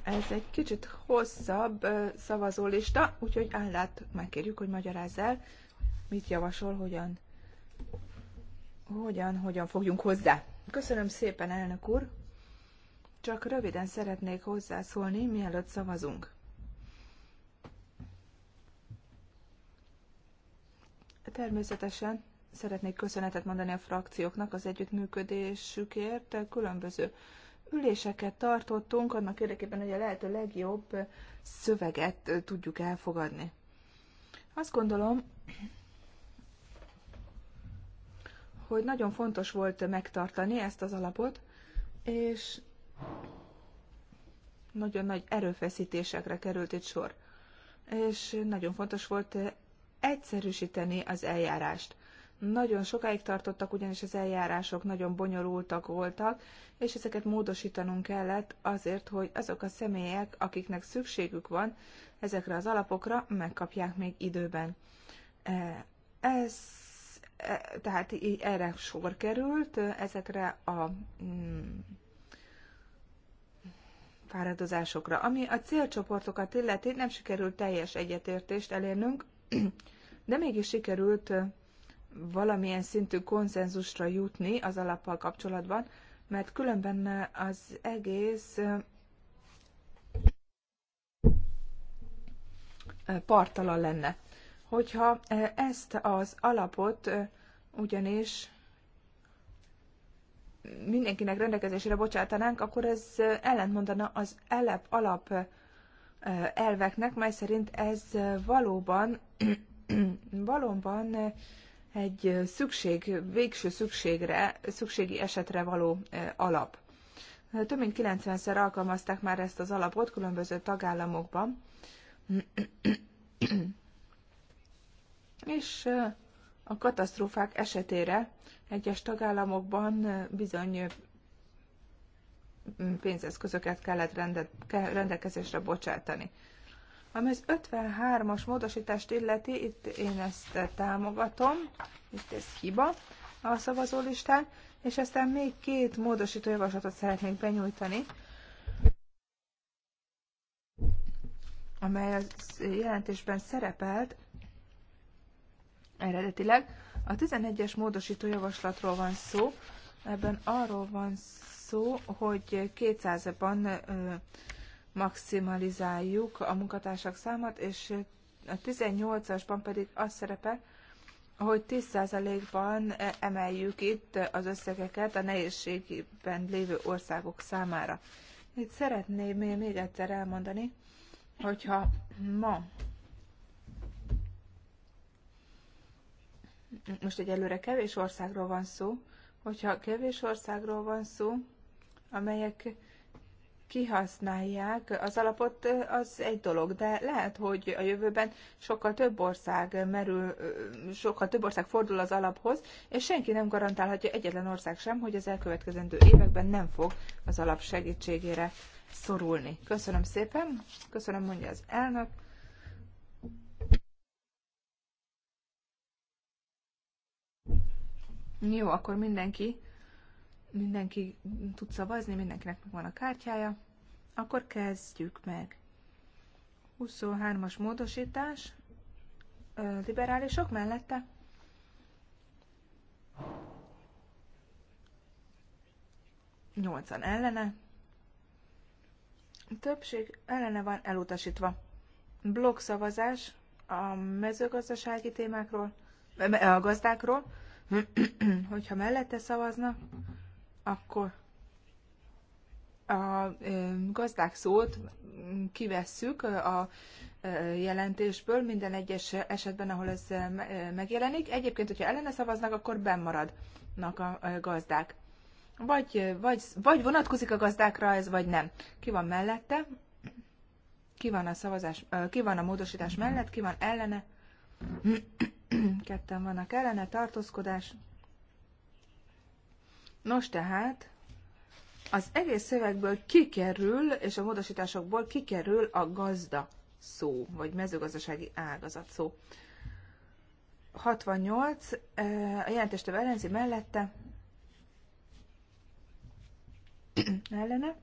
C: ez egy kicsit hosszabb szavazólista, úgyhogy állát megkérjük, hogy magyarázz el, mit javasol, hogyan, hogyan, hogyan fogjunk hozzá. Köszönöm szépen, elnök úr! Csak röviden szeretnék hozzászólni, mielőtt szavazunk. Természetesen szeretnék köszönetet mondani a frakcióknak az együttműködésükért. Különböző üléseket tartottunk, annak érdekében, hogy a lehető legjobb szöveget tudjuk elfogadni. Azt gondolom, hogy nagyon fontos volt megtartani ezt az alapot, és nagyon nagy erőfeszítésekre került itt sor, és nagyon fontos volt egyszerűsíteni az eljárást. Nagyon sokáig tartottak, ugyanis az eljárások nagyon bonyolultak voltak, és ezeket módosítanunk kellett azért, hogy azok a személyek, akiknek szükségük van ezekre az alapokra, megkapják még időben. E, ez, e, tehát erre sor került, ezekre a mm, fáradozásokra. Ami a célcsoportokat illeti, nem sikerült teljes egyetértést elérnünk, de mégis sikerült valamilyen szintű konszenzusra jutni az alappal kapcsolatban, mert különben az egész partalan lenne. Hogyha ezt az alapot ugyanis mindenkinek rendelkezésre bocsátanánk, akkor ez ellentmondana az elep alap elveknek, mely szerint ez valóban, valóban egy szükség, végső szükségre, szükségi esetre való alap. Több mint 90-szer alkalmazták már ezt az alapot különböző tagállamokban. És a katasztrófák esetére egyes tagállamokban bizony pénzeszközöket kellett rendelkezésre bocsátani. Ami az 53-as módosítást illeti, itt én ezt támogatom, itt ez hiba a szavazólistán, és aztán még két módosító javaslatot szeretnék benyújtani, amely a jelentésben szerepelt, eredetileg. A 11-es módosító javaslatról van szó, ebben arról van szó, hogy 200-ban maximalizáljuk a munkatársak számát, és a 18-asban pedig az szerepel, hogy 10%-ban emeljük itt az összegeket a nehézségben lévő országok számára. Itt szeretném még egyszer elmondani, hogyha ma most egy előre kevés országról van szó, hogyha kevés országról van szó, amelyek kihasználják az alapot, az egy dolog, de lehet, hogy a jövőben sokkal több ország merül, sokkal több ország fordul az alaphoz, és senki nem garantálhatja egyetlen ország sem, hogy az elkövetkezendő években nem fog az alap segítségére szorulni. Köszönöm szépen, köszönöm mondja az elnök. Jó, akkor mindenki, mindenki tud szavazni, mindenkinek megvan a kártyája. Akkor kezdjük meg. 23-as módosítás, liberálisok mellette. Nyolcan ellene. Többség ellene van elutasítva. Blokkszavazás a mezőgazdasági témákról, a gazdákról hogyha mellette szavaznak, akkor a gazdák szót kivesszük a jelentésből minden egyes esetben, ahol ez megjelenik. Egyébként, hogyha ellene szavaznak, akkor bennmaradnak a gazdák. Vagy, vagy, vagy vonatkozik a gazdákra ez, vagy nem. Ki van mellette? Ki van a szavazás, ki van a módosítás mellett, ki van ellene? Ketten vannak ellene, tartózkodás. Nos tehát, az egész szövegből kikerül, és a módosításokból kikerül a gazda szó, vagy mezőgazdasági ágazat szó. 68, eh, a jelentéstől ellenzi mellette, ellene,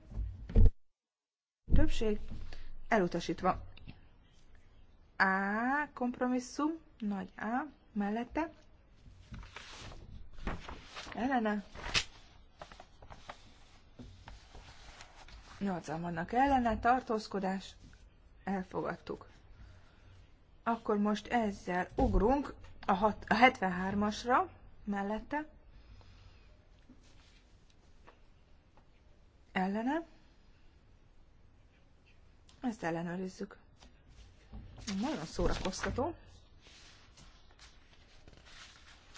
C: többség elutasítva. A kompromisszum, nagy A, mellette, ellene, nyolcan vannak ellene, tartózkodás, elfogadtuk. Akkor most ezzel ugrunk a, hat, a 73-asra, mellette, ellene, ezt ellenőrizzük nagyon szórakoztató.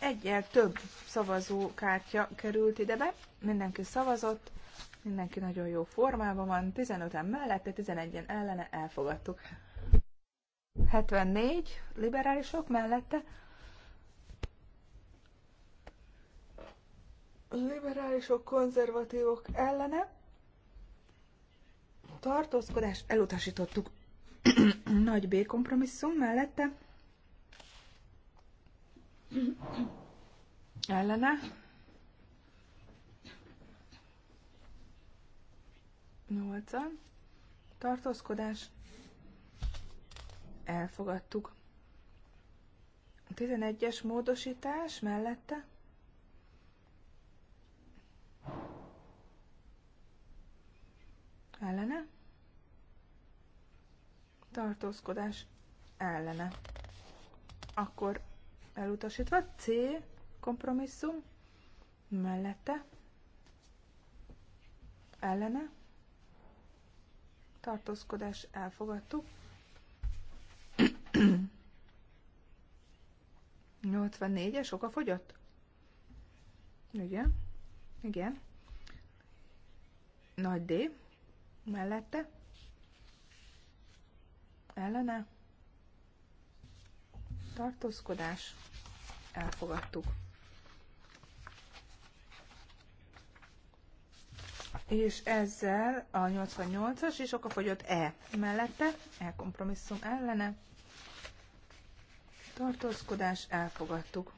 C: Egyel több szavazó kártya került ide be, mindenki szavazott, mindenki nagyon jó formában van, 15-en mellette, 11-en ellene elfogadtuk. 74 liberálisok mellette. Liberálisok, konzervatívok ellene. Tartózkodás elutasítottuk. Nagy B kompromisszum mellette. Ellene. Nyolcan. Tartózkodás. Elfogadtuk. 11-es módosítás mellette. Ellene tartózkodás ellene. Akkor elutasítva C kompromisszum mellette ellene tartózkodás elfogadtuk. 84-es oka fogyott? Igen. Igen. Nagy D mellette ellene tartózkodás elfogadtuk. És ezzel a 88-as és fogyott E mellette, E kompromisszum ellene, tartózkodás elfogadtuk.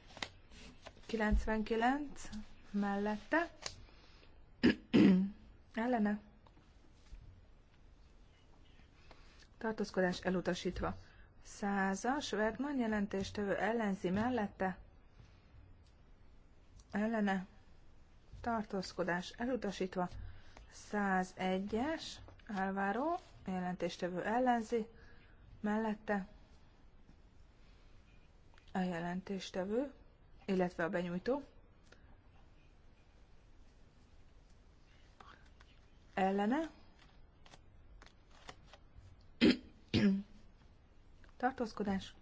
C: 99 mellette, ellene, tartózkodás elutasítva. Százas, Vertman jelentéstevő ellenzi mellette, ellene, tartózkodás elutasítva. 101-es, Álváró, jelentéstevő ellenzi, mellette a jelentéstevő, illetve a benyújtó, ellene, Tartózkodás.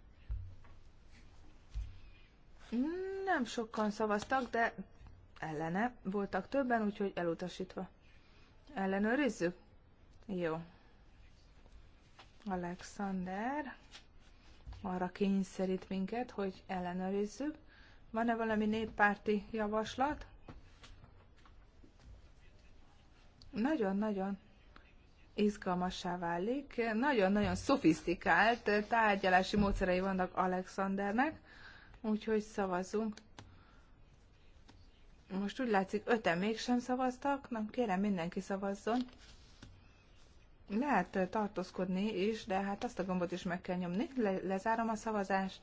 C: Nem sokan szavaztak, de ellene voltak többen, úgyhogy elutasítva. Ellenőrizzük? Jó. Alexander arra kényszerít minket, hogy ellenőrizzük. Van-e valami néppárti javaslat? Nagyon-nagyon izgalmassá válik. Nagyon-nagyon szofisztikált tárgyalási módszerei vannak Alexandernek, úgyhogy szavazunk. Most úgy látszik, öten mégsem szavaztak, nem kérem mindenki szavazzon. Lehet tartózkodni is, de hát azt a gombot is meg kell nyomni. Le- lezárom a szavazást.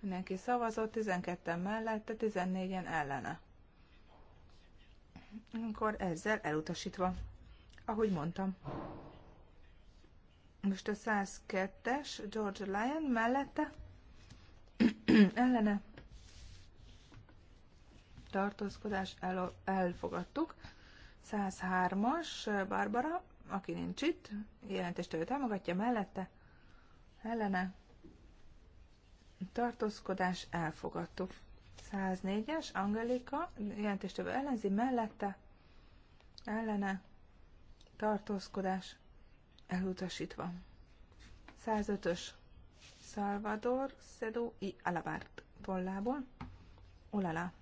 C: Mindenki szavazott, 12 mellette, 14-en ellene. Akkor ezzel elutasítva ahogy mondtam. Most a 102-es George Lyon mellette ellene tartózkodás el, elfogadtuk. 103-as Barbara, aki nincs itt, jelentéstől támogatja mellette, ellene tartózkodás elfogadtuk. 104-es Angelika jelentéstől ellenzi mellette, ellene tartózkodás elutasítva. 105-ös Salvador Cedo i Alabart tollából. Olala.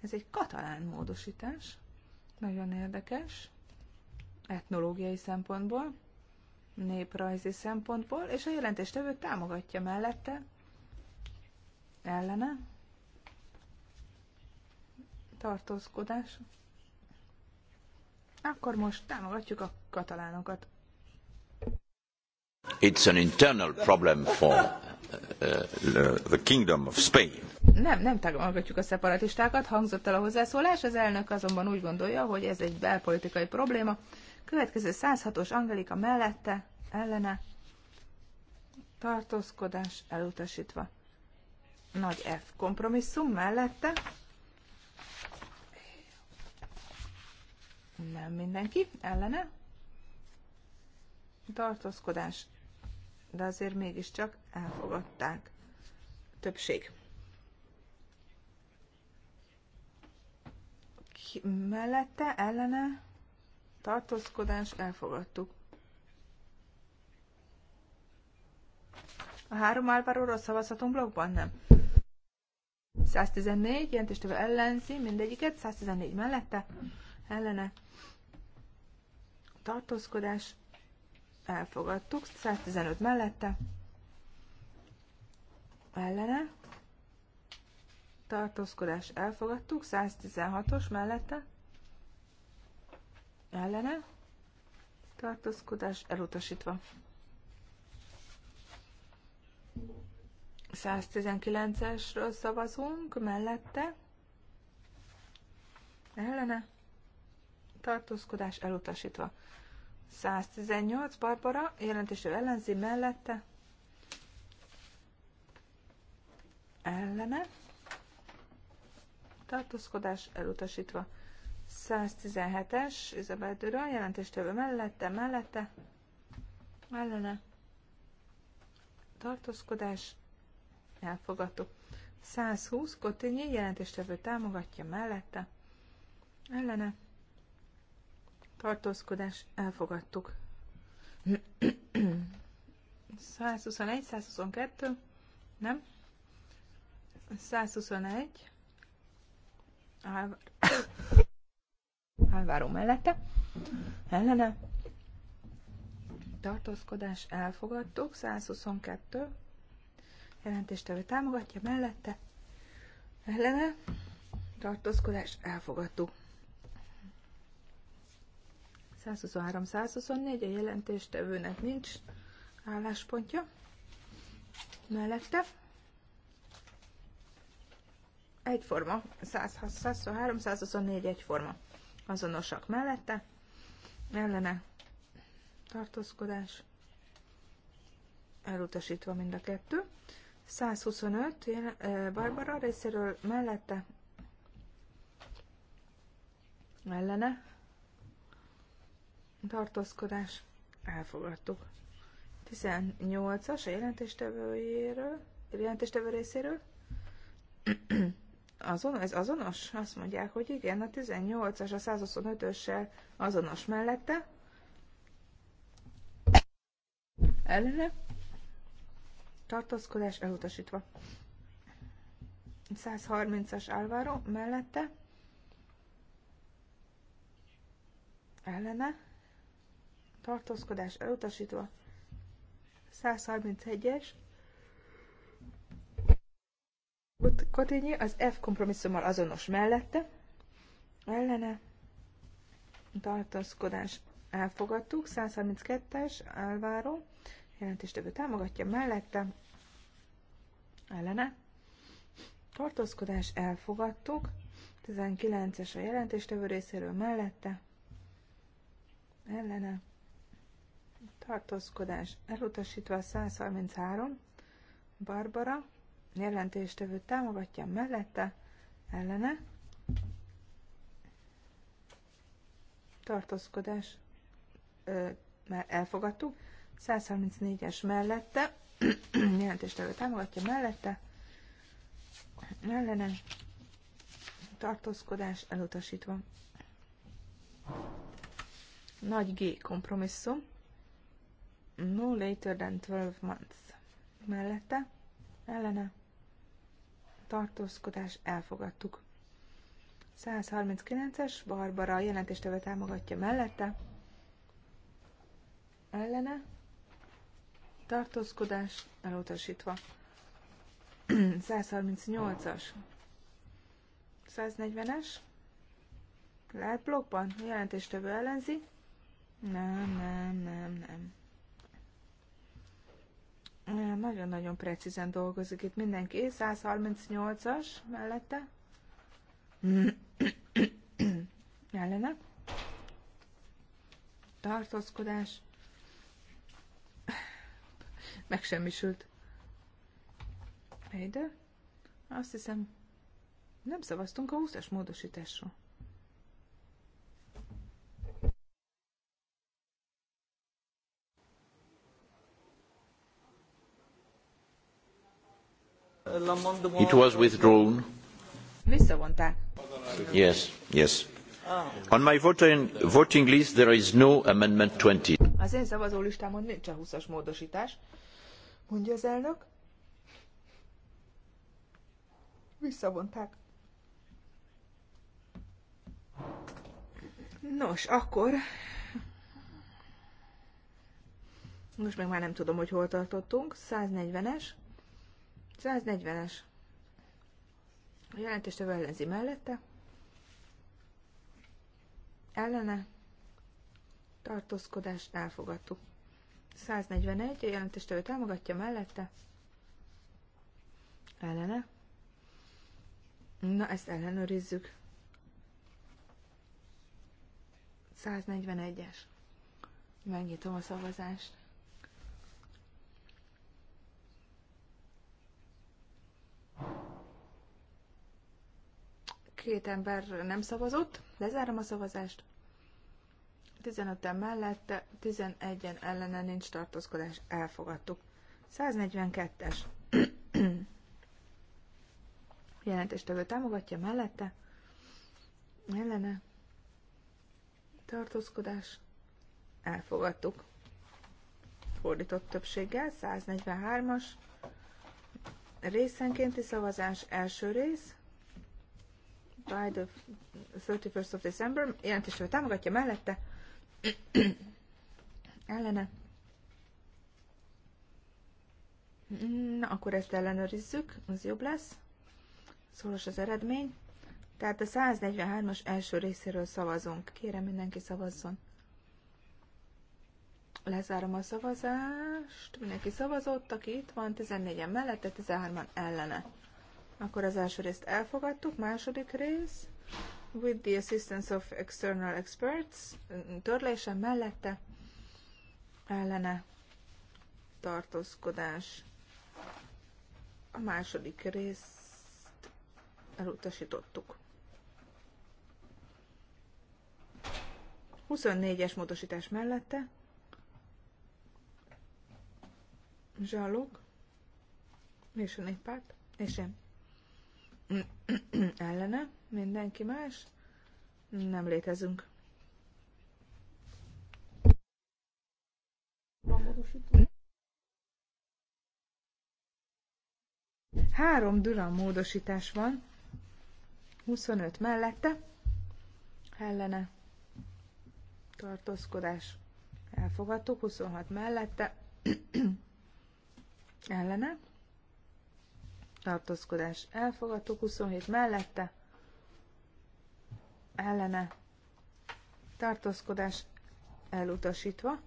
C: Ez egy katalán módosítás. Nagyon érdekes. Etnológiai szempontból, néprajzi szempontból, és a jelentéstevő támogatja mellette, ellene, tartózkodás, akkor most támogatjuk a katalánokat.
D: It's an internal problem for uh, uh, the Kingdom of Spain.
C: Nem, nem támogatjuk a szeparatistákat, hangzott el a hozzászólás, az elnök azonban úgy gondolja, hogy ez egy belpolitikai probléma. Következő 106-os Angelika mellette, ellene, tartózkodás elutasítva. Nagy F kompromisszum mellette, Nem mindenki. Ellene? Tartózkodás. De azért mégiscsak elfogadták. Többség. Ki, mellette, ellene, tartózkodás, elfogadtuk. A három Álvaróról szavazhatunk blogban? Nem. 114, jelentéstevő ellenzi mindegyiket, 114 mellette, ellene tartózkodás, elfogadtuk, 115 mellette, ellene, tartózkodás, elfogadtuk, 116-os mellette, ellene, tartózkodás, elutasítva. 119-esről szavazunk, mellette, ellene, tartózkodás elutasítva. 118 Barbara, jelentésű ellenzi mellette, ellene, tartózkodás elutasítva. 117-es Izabel Dürről, jelentéstől mellette, mellette, ellene, tartózkodás, elfogadó. 120 Kotinyi jelentéstevő támogatja mellette, ellene, tartózkodás, elfogadtuk. 121, 122, nem? 121, Álváró mellette, ellene, tartózkodás, elfogadtuk, 122, jelentéstevő támogatja mellette, ellene, tartózkodás, elfogadtuk. 123-124, a jelentéstevőnek nincs álláspontja mellette. Egyforma, 123-124 egyforma. Azonosak mellette, ellene tartózkodás, elutasítva mind a kettő. 125 Barbara részéről mellette, ellene tartózkodás, elfogadtuk. 18-as a jelentéstevőjéről, jelentéstevő részéről. Azon, ez azonos? Azt mondják, hogy igen, a 18-as a 125-össel azonos mellette. Ellene. Tartózkodás elutasítva. 130-as Álvaro mellette. Ellene tartózkodás elutasítva. 131-es. Kotinyi az F kompromisszummal azonos mellette, ellene, tartózkodás elfogadtuk, 132-es, elváró, jelentéstevő támogatja mellette, ellene, tartózkodás elfogadtuk, 19-es a jelentéstevő részéről mellette, ellene, tartózkodás elutasítva 133, Barbara, jelentéstevő támogatja mellette, ellene, tartózkodás, már elfogadtuk, 134-es mellette, jelentéstevő támogatja mellette, ellene, tartózkodás elutasítva. Nagy G kompromisszum no later than 12 months. Mellette, ellene, tartózkodás, elfogadtuk. 139-es, Barbara a jelentéstevő támogatja mellette, ellene, tartózkodás, elutasítva. 138-as, 140-es, lehet blokkban, jelentéstevő ellenzi, nem, nem, nem, nem. Nagyon-nagyon precízen dolgozik itt mindenki. 138-as mellette. Ellene. Tartózkodás. Megsemmisült. Ide. Azt hiszem, nem szavaztunk a 20-as módosításról.
D: It was withdrawn.
C: Visszavonták. Yes,
D: yes. Ah. On my voting, voting list there is no amendment 20.
C: Az én nincs a 20-as módosítás, mondja az elnök. Visszavonták. Nos, akkor... Most meg már nem tudom, hogy hol tartottunk. 140-es. 140-es. A jelentéstevő ellenzi mellette. Ellene. Tartózkodást elfogadtuk. 141, a jelentéstevő támogatja mellette. Ellene. Na, ezt ellenőrizzük. 141-es. Megnyitom a szavazást. Két ember nem szavazott. Lezárom a szavazást. 15-en mellette, 11-en ellene nincs tartózkodás. Elfogadtuk. 142-es. Jelentéstevő támogatja mellette. Ellene. Tartózkodás. Elfogadtuk. Fordított többséggel. 143-as részenkénti szavazás első rész, by the 31st of December, jelentésről támogatja mellette, ellene. Na, akkor ezt ellenőrizzük, az jobb lesz. Szoros az eredmény. Tehát a 143-as első részéről szavazunk. Kérem, mindenki szavazzon. Lezárom a szavazást. Mindenki szavazott, aki itt van, 14-en mellette, 13-an ellene. Akkor az első részt elfogadtuk, második rész, with the assistance of external experts, törlése mellette, ellene tartózkodás. A második részt elutasítottuk. 24-es módosítás mellette, zsalog, és a néppárt, és én ellene, mindenki más, nem létezünk. Három Duran módosítás van, 25 mellette, ellene, tartózkodás, elfogadtuk, 26 mellette, ellene, tartózkodás elfogadtuk, 27 mellette, ellene, tartózkodás elutasítva,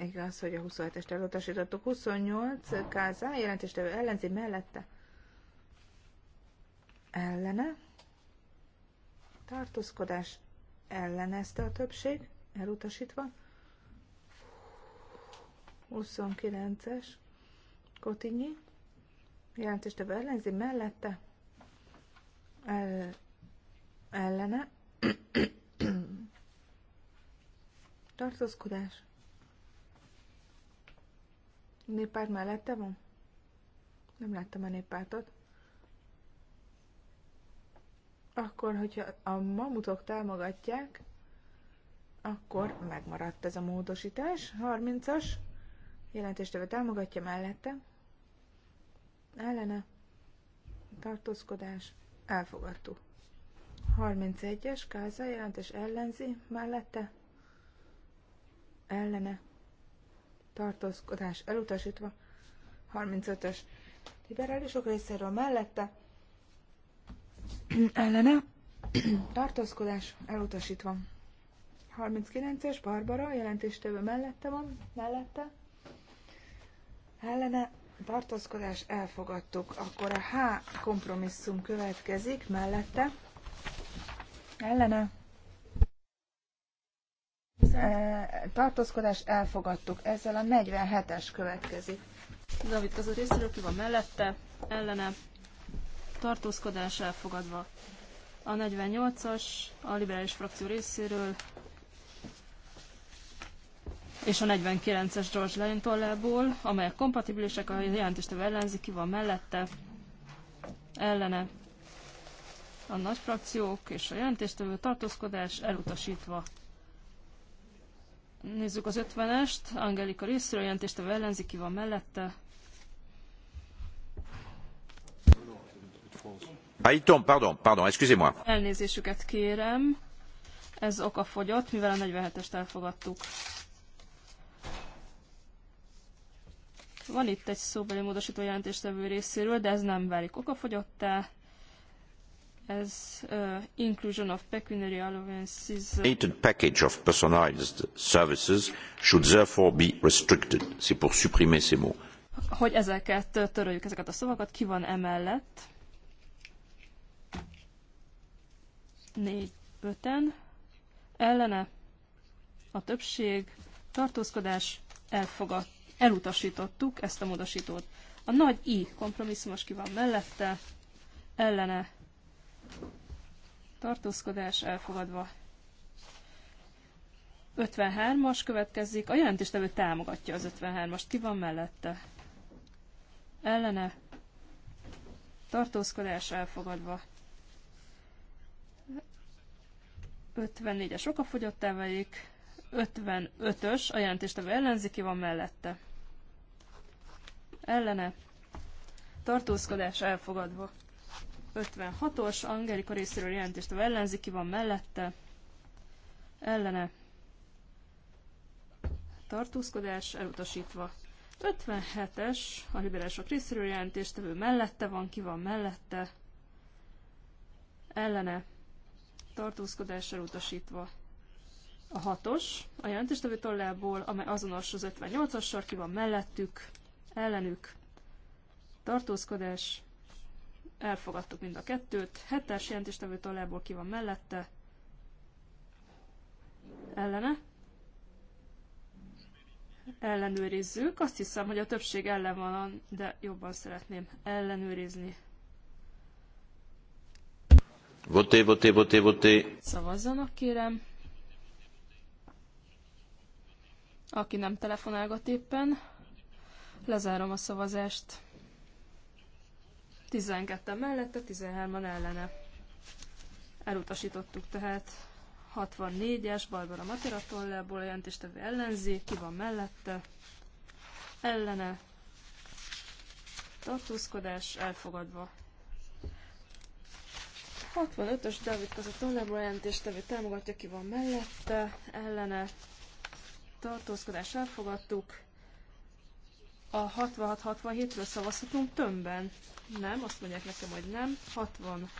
C: igaz, hogy a 27-est elutasítottuk, 28 kázá, jelentéstevő ellenzi mellette, ellene, tartózkodás ellenezte a többség, elutasítva, 29-es, Kotinyi, több ellenzi mellette, el, ellene, tartózkodás, néppárt mellette van? Nem láttam a néppártot. Akkor, hogyha a mamutok támogatják, akkor megmaradt ez a módosítás. 30-as jelentéstevő támogatja mellette ellene tartózkodás elfogadtuk. 31-es káza jelentés ellenzi mellette ellene tartózkodás elutasítva. 35-ös liberálisok részéről mellette ellene tartózkodás elutasítva. 39-es Barbara jelentéstevő mellette van, mellette ellene tartózkodás elfogadtuk. Akkor a H kompromisszum következik mellette. Ellene. E, tartózkodás elfogadtuk. Ezzel a 47-es következik.
B: a részéről ki van mellette, ellene. Tartózkodás elfogadva. A 48-as a liberális frakció részéről és a 49-es George Lane tollából, amelyek kompatibilisek a jelentéstevő ellenzi, ki van mellette, ellene a nagy frakciók és a jelentéstevő tartózkodás elutasítva. Nézzük az 50-est, Angelika részéről, jelentéstevő ellenzi, ki van mellette,
D: Ayton, ah, pardon, pardon, excusez-moi.
B: Elnézésüket kérem, ez oka fogyott, mivel a 47-est elfogadtuk. Van itt egy szóbeli módosító jelentéstevő részéről, de ez nem válik okafogyottá. Ez uh, inclusion of pecuniary allowances. Related
D: package of personalized services should therefore be restricted. C'est pour supprimer ces mots.
B: Hogy ezeket töröljük, ezeket a szavakat, ki van emellett? Négy, öten. Ellene a többség, tartózkodás, elfogadt. Elutasítottuk ezt a módosítót. A nagy I kompromisszumos ki van mellette, ellene tartózkodás elfogadva. 53-as következik, a jelentéstevő támogatja az 53-as, ki van mellette? Ellene tartózkodás elfogadva. 54-es okafogyottá válik, 55-ös, a jelentéstevő ellenzéki van mellette. Ellene. Tartózkodás elfogadva. 56-os, Angelika részéről jelentéstevő ellenzéki van mellette. Ellene. Tartózkodás elutasítva. 57-es, a liberálisok részéről jelentéstevő mellette van, ki van mellette. Ellene. Tartózkodás elutasítva a hatos a jelentéstevő tollából, amely azonos az 58-as sor, ki van mellettük, ellenük, tartózkodás, elfogadtuk mind a kettőt, hetes jelentéstevő tollából ki van mellette, ellene, ellenőrizzük, azt hiszem, hogy a többség ellen van, de jobban szeretném ellenőrizni.
D: Voté, voté, voté, voté.
B: Szavazzanak, kérem. aki nem telefonálgat éppen. Lezárom a szavazást. 12 mellette, 13-an ellene. Elutasítottuk tehát 64-es, Barbara Materatollából jelentéstevő ellenzi, ki van mellette, ellene, tartózkodás elfogadva. 65-ös David Kazatollából jelentéstevő támogatja, ki van mellette, ellene, tartózkodás elfogadtuk. A 66-67-ről szavazhatunk tömbben. Nem, azt mondják nekem, hogy nem. 66,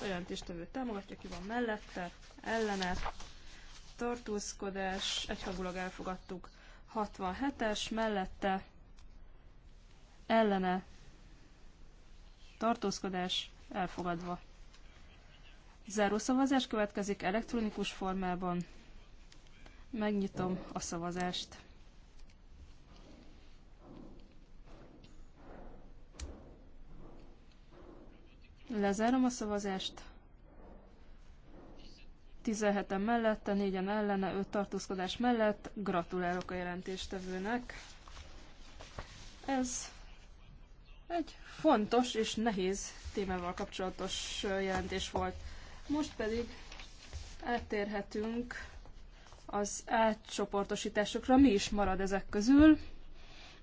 B: a jelentéstevő támogatja, ki van mellette, ellene. Tartózkodás, egyhangulag elfogadtuk. 67-es, mellette, ellene. Tartózkodás, elfogadva. Zárószavazás következik elektronikus formában. Megnyitom a szavazást. Lezárom a szavazást. 17-en mellette, 4-en ellene, 5 tartózkodás mellett. Gratulálok a jelentéstevőnek. Ez egy fontos és nehéz témával kapcsolatos jelentés volt. Most pedig áttérhetünk az átcsoportosításokra. Mi is marad ezek közül?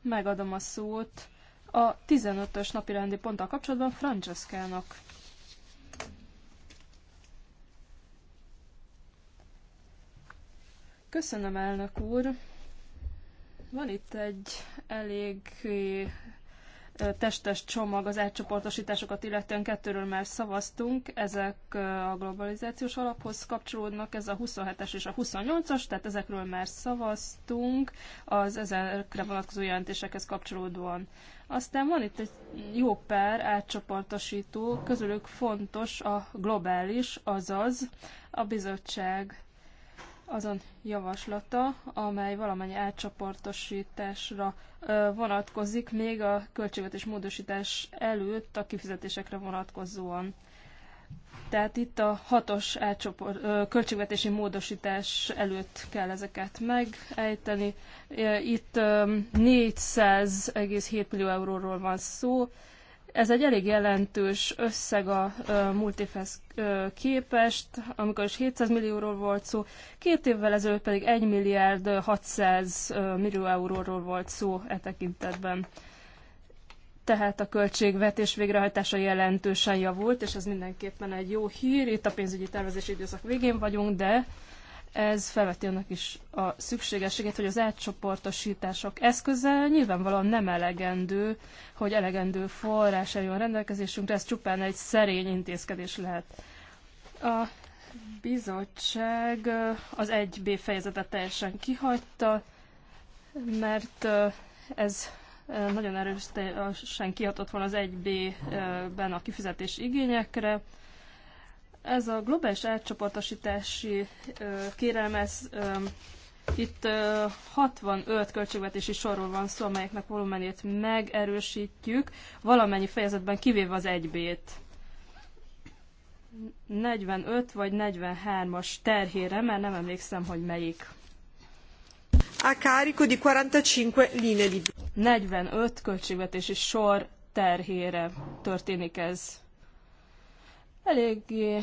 B: Megadom a szót a 15-ös napirendi ponttal kapcsolatban Francescának. Köszönöm, elnök úr. Van itt egy elég testes csomag az átcsoportosításokat illetően kettőről már szavaztunk, ezek a globalizációs alaphoz kapcsolódnak, ez a 27-es és a 28-as, tehát ezekről már szavaztunk az ezekre vonatkozó jelentésekhez kapcsolódóan. Aztán van itt egy jó pár átcsoportosító, közülük fontos a globális, azaz a bizottság azon javaslata, amely valamennyi átcsoportosításra vonatkozik, még a költségvetés módosítás előtt a kifizetésekre vonatkozóan. Tehát itt a hatos elcsoport, költségvetési módosítás előtt kell ezeket megejteni. Itt 400,7 millió euróról van szó, ez egy elég jelentős összeg a Multifesz képest, amikor is 700 millióról volt szó, két évvel ezelőtt pedig 1 milliárd 600 millió euróról volt szó e tekintetben. Tehát a költségvetés végrehajtása jelentősen javult, és ez mindenképpen egy jó hír. Itt a pénzügyi tervezési időszak végén vagyunk, de ez felveti annak is a szükségességét, hogy az átcsoportosítások eszköze nyilvánvalóan nem elegendő, hogy elegendő forrás eljön rendelkezésünkre, ez csupán egy szerény intézkedés lehet. A bizottság az 1B fejezetet teljesen kihagyta, mert ez nagyon erősen kihatott volna az 1B-ben a kifizetés igényekre, ez a globális átcsoportosítási kérelem, ez itt 65 költségvetési sorról van szó, amelyeknek volumenét megerősítjük, valamennyi fejezetben kivéve az egybét. 45 vagy 43-as terhére, mert nem emlékszem, hogy melyik. A carico di 45 linee di... 45 költségvetési sor terhére történik ez. Eléggé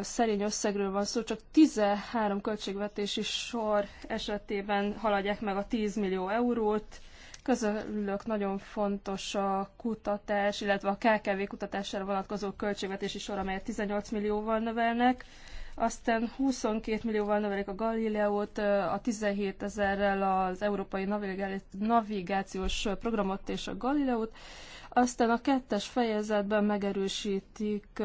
B: szerény összegről van szó, csak 13 költségvetési sor esetében haladják meg a 10 millió eurót. Közülök nagyon fontos a kutatás, illetve a KKV kutatására vonatkozó költségvetési sor, amelyet 18 millióval növelnek. Aztán 22 millióval növelik a Galileót, a 17 ezerrel az Európai Navigációs Programot és a Galileót, aztán a kettes fejezetben megerősítik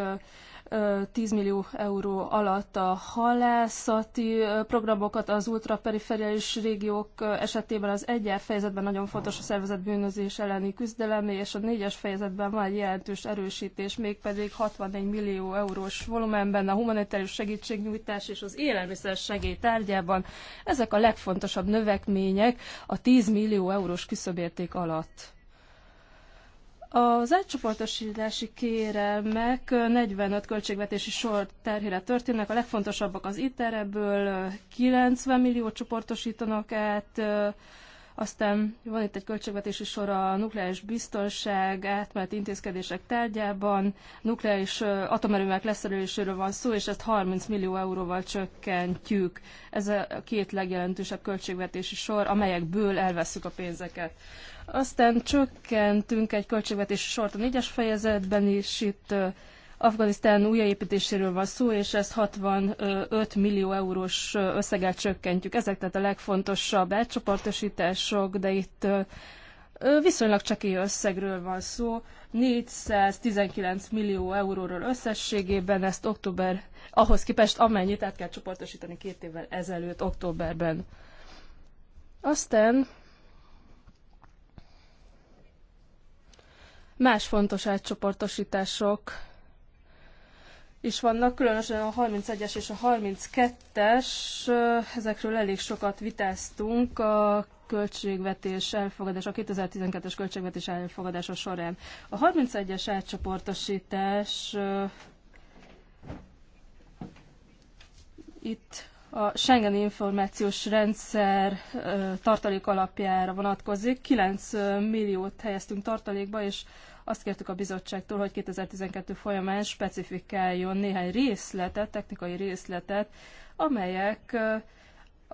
B: 10 millió euró alatt a halászati programokat az ultraperiferiális régiók esetében. Az egyes fejezetben nagyon fontos a szervezet bűnözés elleni küzdelem, és a négyes fejezetben van egy jelentős erősítés, mégpedig 64 millió eurós volumenben a humanitárius segítségnyújtás és az élelmiszer segély tárgyában. Ezek a legfontosabb növekmények a 10 millió eurós küszöbérték alatt. Az átcsoportosítási kérelmek 45 költségvetési sor terhére történnek, a legfontosabbak az ITER, 90 millió csoportosítanak át, aztán van itt egy költségvetési sor a nukleáris biztonság átmeneti intézkedések tárgyában, nukleáris atomerőmek leszereléséről van szó, és ezt 30 millió euróval csökkentjük. Ez a két legjelentősebb költségvetési sor, amelyekből elveszük a pénzeket. Aztán csökkentünk egy költségvetési sort a négyes fejezetben is, itt Afganisztán újjáépítéséről van szó, és ezt 65 millió eurós összeget csökkentjük. Ezek tehát a legfontosabb átcsoportosítások, de itt viszonylag csekély összegről van szó. 419 millió euróról összességében, ezt október, ahhoz képest amennyit át kell csoportosítani két évvel ezelőtt, októberben. Aztán Más fontos átcsoportosítások is vannak, különösen a 31-es és a 32-es, eh, ezekről elég sokat vitáztunk a költségvetés elfogadása, a 2012-es költségvetés elfogadása során. A 31-es átcsoportosítás eh, itt a Schengen információs rendszer tartalék alapjára vonatkozik. 9 milliót helyeztünk tartalékba, és azt kértük a bizottságtól, hogy 2012 folyamán specifikáljon néhány részletet, technikai részletet, amelyek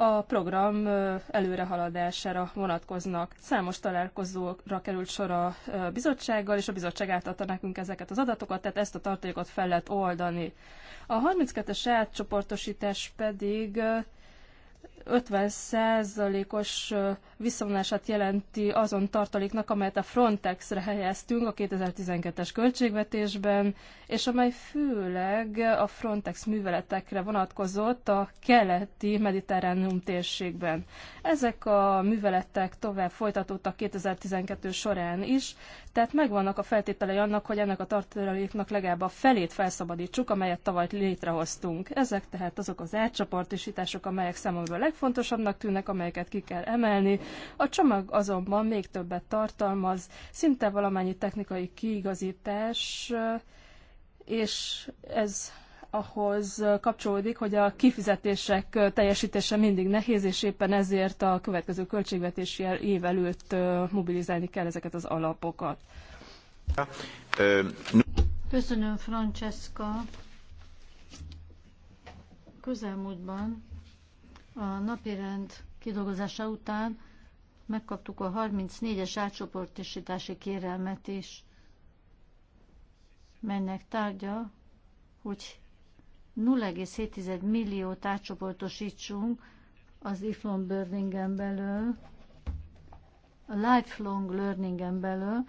B: a program előrehaladására vonatkoznak. Számos találkozóra került sor a bizottsággal, és a bizottság átadta nekünk ezeket az adatokat, tehát ezt a tartalékot fel lehet oldani. A 32-es átcsoportosítás pedig 50%-os visszavonását jelenti azon tartaléknak, amelyet a Frontexre helyeztünk a 2012-es költségvetésben, és amely főleg a Frontex műveletekre vonatkozott a keleti mediterránum térségben. Ezek a műveletek tovább folytatódtak 2012 során is, tehát megvannak a feltételei annak, hogy ennek a tartaléknak legalább a felét felszabadítsuk, amelyet tavaly létrehoztunk. Ezek tehát azok az átcsoportosítások, amelyek számomra legfontosabbnak tűnnek, amelyeket ki kell emelni. A csomag azonban még többet tartalmaz, szinte valamennyi technikai kiigazítás, és ez ahhoz kapcsolódik, hogy a kifizetések teljesítése mindig nehéz, és éppen ezért a következő költségvetési év előtt mobilizálni kell ezeket az alapokat.
A: Köszönöm, Francesca. Közelmúltban a napirend kidolgozása után megkaptuk a 34-es átcsoportosítási kérelmet is, mennek tárgya, hogy 0,7 milliót átcsoportosítsunk az Iflon Burningen belül, a Lifelong Learningen belül.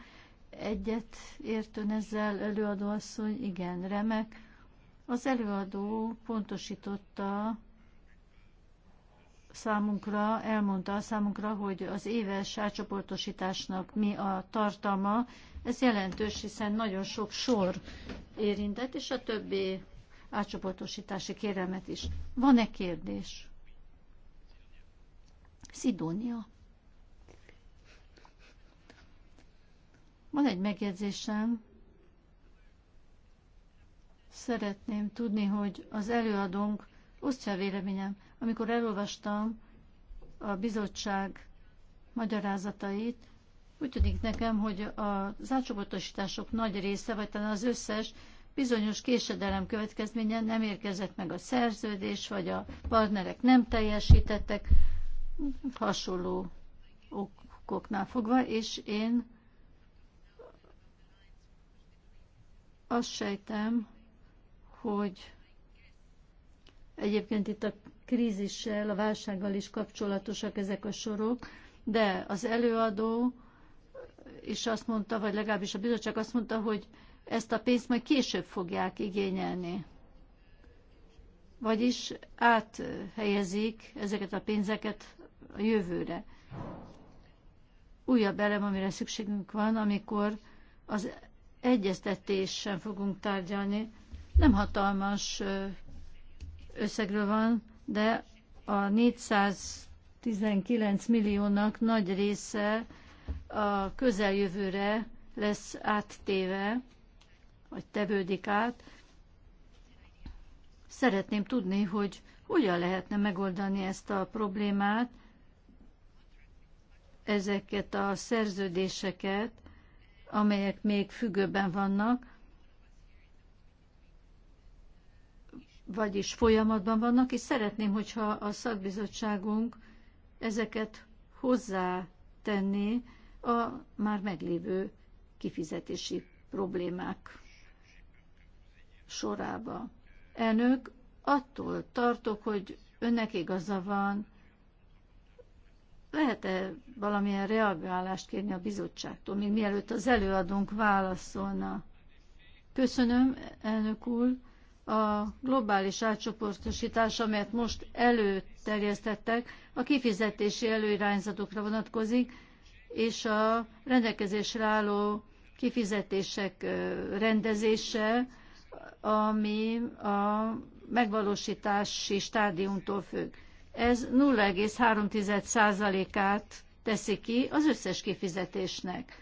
A: Egyet értön ezzel, asszony, igen, remek. Az előadó pontosította számunkra, elmondta számunkra, hogy az éves átcsoportosításnak mi a tartalma. Ez jelentős, hiszen nagyon sok sor érintett, és a többi átcsoportosítási kérelmet is. Van-e kérdés? Szidónia. Van egy megjegyzésem. Szeretném tudni, hogy az előadónk osztja véleményem. Amikor elolvastam a bizottság magyarázatait, úgy tűnik nekem, hogy az átcsoportosítások nagy része, vagy talán az összes bizonyos késedelem következménye nem érkezett meg a szerződés, vagy a partnerek nem teljesítettek, hasonló okoknál fogva, és én azt sejtem, hogy egyébként itt a krízissel, a válsággal is kapcsolatosak ezek a sorok, de az előadó is azt mondta, vagy legalábbis a bizottság azt mondta, hogy ezt a pénzt majd később fogják igényelni. Vagyis áthelyezik ezeket a pénzeket a jövőre. Újabb elem, amire szükségünk van, amikor az egyeztetésen fogunk tárgyalni. Nem hatalmas összegről van, de a 419 milliónak nagy része a közeljövőre lesz áttéve, vagy tevődik át. Szeretném tudni, hogy hogyan lehetne megoldani ezt a problémát, ezeket a szerződéseket, amelyek még függőben vannak, vagyis folyamatban vannak, és szeretném, hogyha a szakbizottságunk ezeket hozzátenné a már meglévő kifizetési problémák sorába. Elnök, attól tartok, hogy önnek igaza van, lehet-e valamilyen reagálást kérni a bizottságtól, még mielőtt az előadónk válaszolna? Köszönöm, elnök úr. A globális átcsoportosítás, amelyet most előterjesztettek, a kifizetési előirányzatokra vonatkozik, és a rendelkezésre álló kifizetések rendezése ami a megvalósítási stádiumtól függ. Ez 0,3%-át teszi ki az összes kifizetésnek.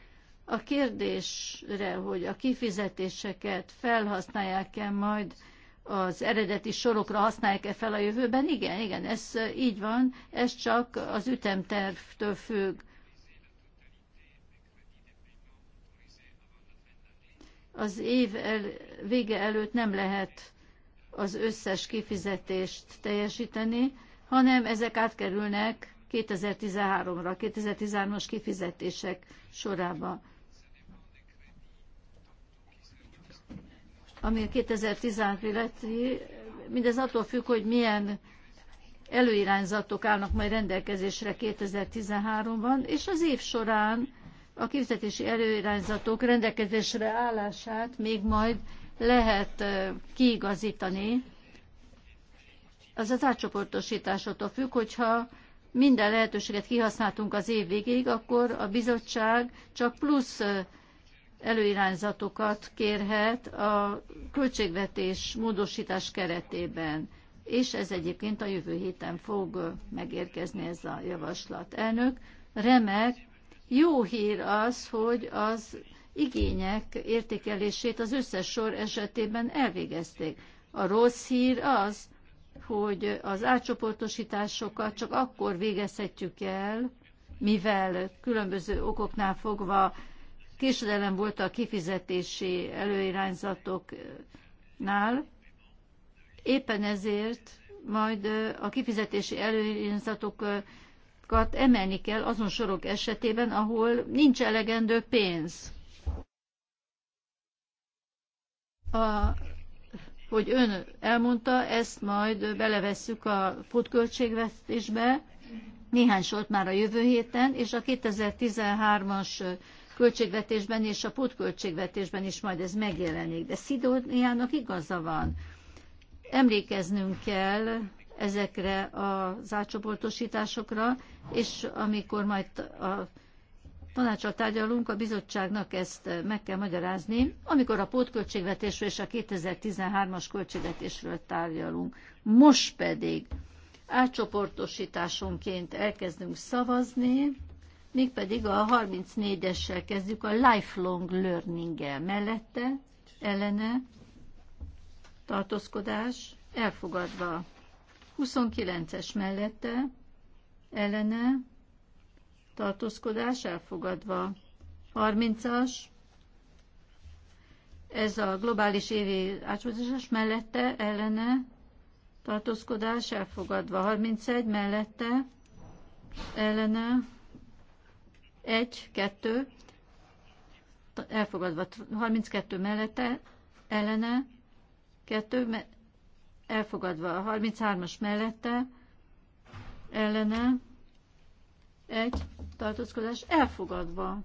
A: A kérdésre, hogy a kifizetéseket felhasználják-e majd az eredeti sorokra használják-e fel a jövőben, igen, igen, ez így van, ez csak az ütemtervtől függ. az év el, vége előtt nem lehet az összes kifizetést teljesíteni, hanem ezek átkerülnek 2013-ra, 2013-as kifizetések sorába. Ami a 2016 illeti, mindez attól függ, hogy milyen előirányzatok állnak majd rendelkezésre 2013-ban, és az év során a kifizetési előirányzatok rendelkezésre állását még majd lehet kiigazítani. Az az átcsoportosításától függ, hogyha minden lehetőséget kihasználtunk az év végéig, akkor a bizottság csak plusz előirányzatokat kérhet a költségvetés módosítás keretében. És ez egyébként a jövő héten fog megérkezni ez a javaslat. Elnök, remek, jó hír az, hogy az igények értékelését az összes sor esetében elvégezték. A rossz hír az, hogy az átcsoportosításokat csak akkor végezhetjük el, mivel különböző okoknál fogva késedelem volt a kifizetési előirányzatoknál. Éppen ezért majd a kifizetési előirányzatok díjakat emelni kell azon sorok esetében, ahol nincs elegendő pénz. A, hogy ön elmondta, ezt majd belevesszük a futköltségvetésbe, néhány sort már a jövő héten, és a 2013-as költségvetésben és a pótköltségvetésben is majd ez megjelenik. De Szidóniának igaza van. Emlékeznünk kell ezekre az átcsoportosításokra, és amikor majd a tanácsal tárgyalunk, a bizottságnak ezt meg kell magyarázni, amikor a pótköltségvetésről és a 2013-as költségvetésről tárgyalunk. Most pedig átcsoportosításonként elkezdünk szavazni, mégpedig a 34-essel kezdjük a lifelong learning-el mellette, ellene, tartózkodás, elfogadva. 29-es mellette ellene tartózkodás elfogadva. 30-as, ez a globális évi átsúzás mellette ellene tartózkodás elfogadva. 31 mellette ellene 1, 2, elfogadva. 32 mellette ellene 2, elfogadva a 33-as mellette, ellene, egy tartózkodás elfogadva.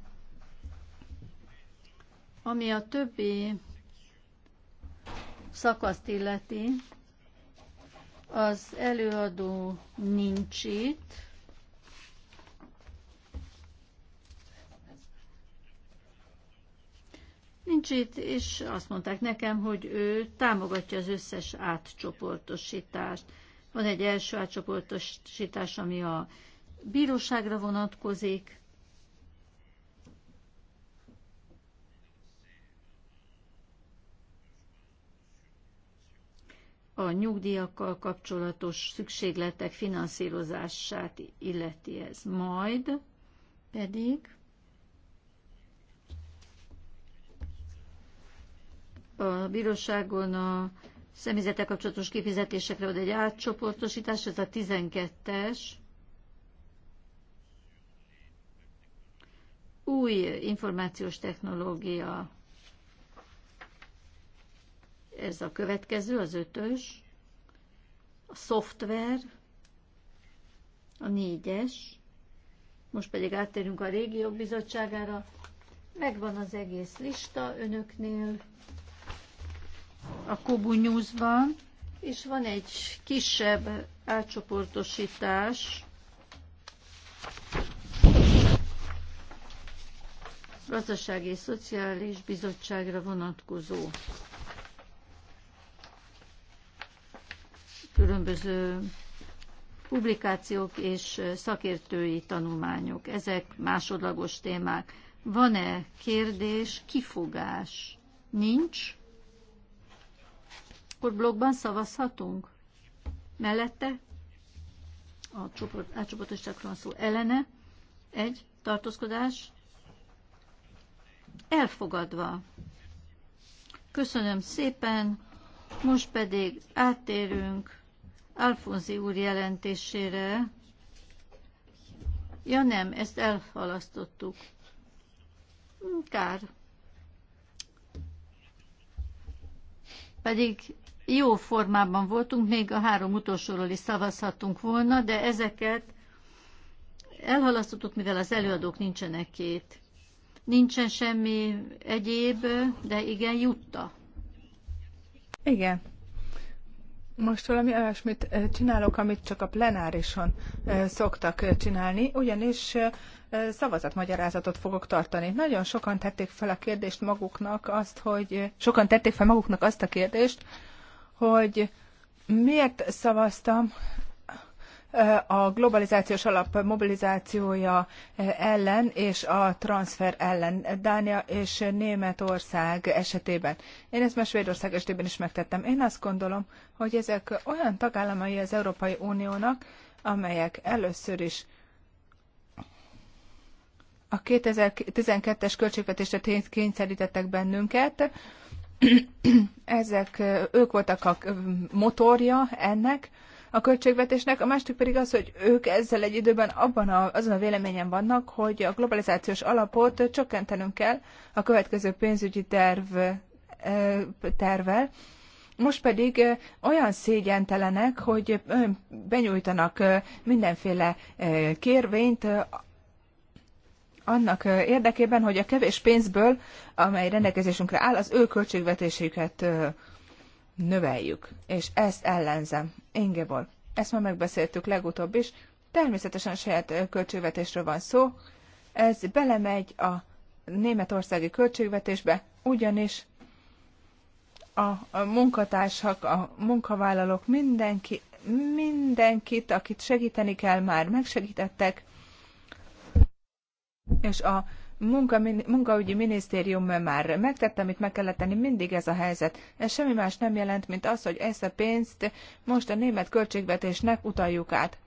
A: Ami a többi szakaszt illeti, az előadó nincs itt, Nincs itt, és azt mondták nekem, hogy ő támogatja az összes átcsoportosítást. Van egy első átcsoportosítás, ami a bíróságra vonatkozik. a nyugdíjakkal kapcsolatos szükségletek finanszírozását illeti ez. Majd pedig a bíróságon a személyzetek kapcsolatos kifizetésekre vagy egy átcsoportosítás, ez a 12-es. Új információs technológia. Ez a következő, az ötös. A szoftver, a négyes. Most pedig áttérünk a régiók bizottságára. Megvan az egész lista önöknél a Kobu News-ban, és van egy kisebb átcsoportosítás gazdasági és szociális bizottságra vonatkozó különböző publikációk és szakértői tanulmányok. Ezek másodlagos témák. Van-e kérdés, kifogás? Nincs akkor blogban szavazhatunk? Mellette a csoport, átcsoportosítákról szó ellene, egy, tartózkodás, elfogadva. Köszönöm szépen, most pedig áttérünk Alfonzi úr jelentésére. Ja nem, ezt elhalasztottuk. Kár. Pedig jó formában voltunk, még a három utolsóról is szavazhattunk volna, de ezeket elhalasztottuk, mivel az előadók nincsenek két. Nincsen semmi egyéb, de igen, jutta.
C: Igen. Most valami olyasmit csinálok, amit csak a plenárison szoktak csinálni, ugyanis szavazatmagyarázatot fogok tartani. Nagyon sokan tették fel a kérdést maguknak azt, hogy sokan tették fel maguknak azt a kérdést, hogy miért szavaztam a globalizációs alap mobilizációja ellen és a transfer ellen Dánia és Németország esetében. Én ezt már Svédország esetében is megtettem. Én azt gondolom, hogy ezek olyan tagállamai az Európai Uniónak, amelyek először is a 2012-es költségvetésre kényszerítettek bennünket, ezek, ők voltak a motorja ennek a költségvetésnek, a másik pedig az, hogy ők ezzel egy időben abban a, azon a véleményen vannak, hogy a globalizációs alapot csökkentenünk kell a következő pénzügyi terv, tervel, most pedig olyan szégyentelenek, hogy benyújtanak mindenféle kérvényt, annak érdekében, hogy a kevés pénzből, amely rendelkezésünkre áll, az ő költségvetésüket növeljük. És ezt ellenzem. Ingeból. ezt már megbeszéltük legutóbb is. Természetesen saját költségvetésről van szó. Ez belemegy a németországi költségvetésbe, ugyanis a munkatársak, a munkavállalók, mindenki, mindenkit, akit segíteni kell, már megsegítettek, és a munka, munkaügyi minisztérium már megtette, amit meg kellett tenni, mindig ez a helyzet. Ez semmi más nem jelent, mint az, hogy ezt a pénzt most a német költségvetésnek utaljuk át.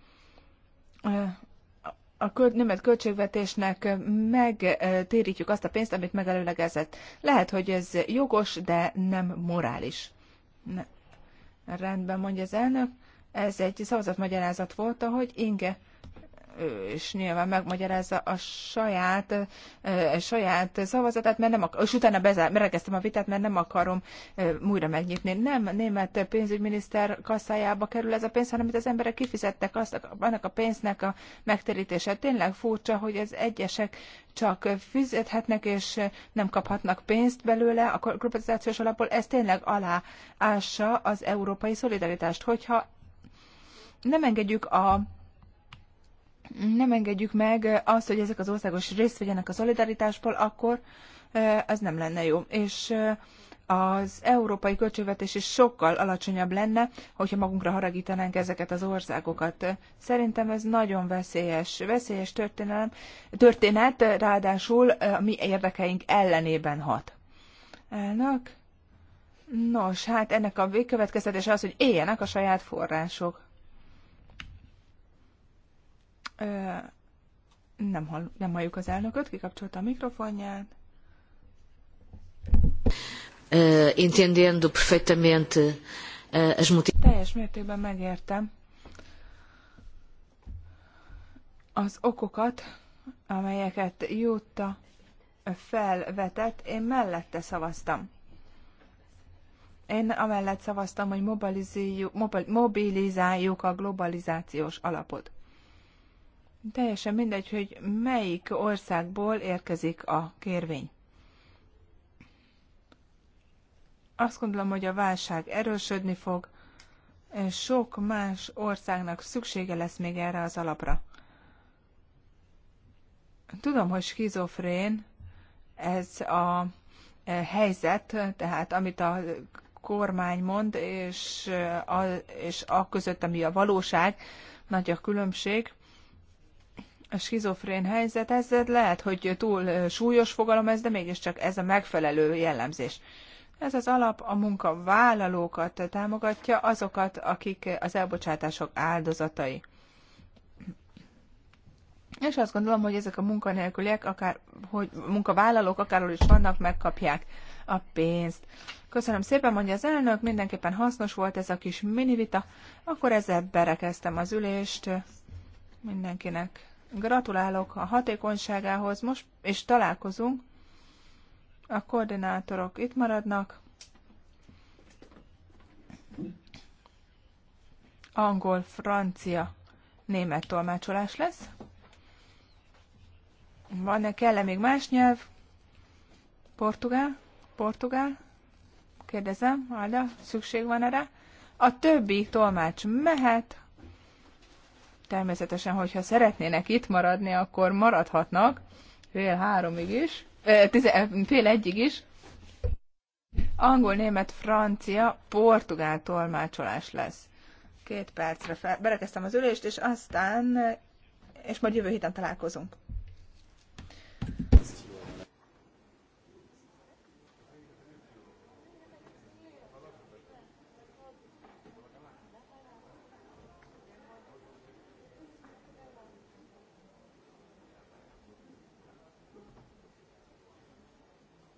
C: A német költségvetésnek megtérítjük azt a pénzt, amit megelőlegezett. Lehet, hogy ez jogos, de nem morális. Ne. Rendben mondja az elnök. Ez egy szavazatmagyarázat volt, ahogy Inge és nyilván megmagyarázza a saját, a saját szavazatát, mert nem akar, és utána merekeztem a vitát, mert nem akarom újra megnyitni. Nem a német pénzügyminiszter kasszájába kerül ez a pénz, hanem itt az emberek kifizettek azt, annak a pénznek a megterítése. Tényleg furcsa, hogy az egyesek csak fizethetnek, és nem kaphatnak pénzt belőle a globalizációs alapból. Ez tényleg aláássa az európai szolidaritást, hogyha nem engedjük a nem engedjük meg azt, hogy ezek az országos részt vegyenek a szolidaritásból, akkor ez nem lenne jó. És az európai költségvetés is sokkal alacsonyabb lenne, hogyha magunkra haragítanánk ezeket az országokat. Szerintem ez nagyon veszélyes, veszélyes történelem, történet, ráadásul a mi érdekeink ellenében hat. Elnök? Nos, hát ennek a végkövetkeztetése az, hogy éljenek a saját források. Nem, hall, nem halljuk az elnököt, kikapcsolta a mikrofonját.
A: Uh, entendendo perfeitamente uh, as motivações.
C: Teljes mértékben megértem az okokat, amelyeket Jutta felvetett, én mellette szavaztam. Én amellett szavaztam, hogy mobilizáljuk a globalizációs alapot. Teljesen mindegy, hogy melyik országból érkezik a kérvény. Azt gondolom, hogy a válság erősödni fog, sok más országnak szüksége lesz még erre az alapra. Tudom, hogy skizofrén ez a e, helyzet, tehát amit a kormány mond, és e, a, és a között, ami a valóság, nagy a különbség a skizofrén helyzet, ez lehet, hogy túl súlyos fogalom ez, de mégiscsak ez a megfelelő jellemzés. Ez az alap a munkavállalókat támogatja, azokat, akik az elbocsátások áldozatai. És azt gondolom, hogy ezek a munkanélküliek, akár, hogy munkavállalók akárhol is vannak, megkapják a pénzt. Köszönöm szépen, mondja az elnök, mindenképpen hasznos volt ez a kis minivita. Akkor ezzel berekeztem az ülést mindenkinek. Gratulálok a hatékonyságához most, és találkozunk. A koordinátorok itt maradnak. Angol, francia, német tolmácsolás lesz. Van-e, kell-e még más nyelv? Portugál? Portugál? Kérdezem, Alda, szükség van erre? A többi tolmács mehet, természetesen, hogyha szeretnének itt maradni, akkor maradhatnak, fél háromig is, fél egyig is. Angol, német, francia, portugál tolmácsolás lesz. Két percre fel. Berekeztem az ülést, és aztán, és majd jövő héten találkozunk.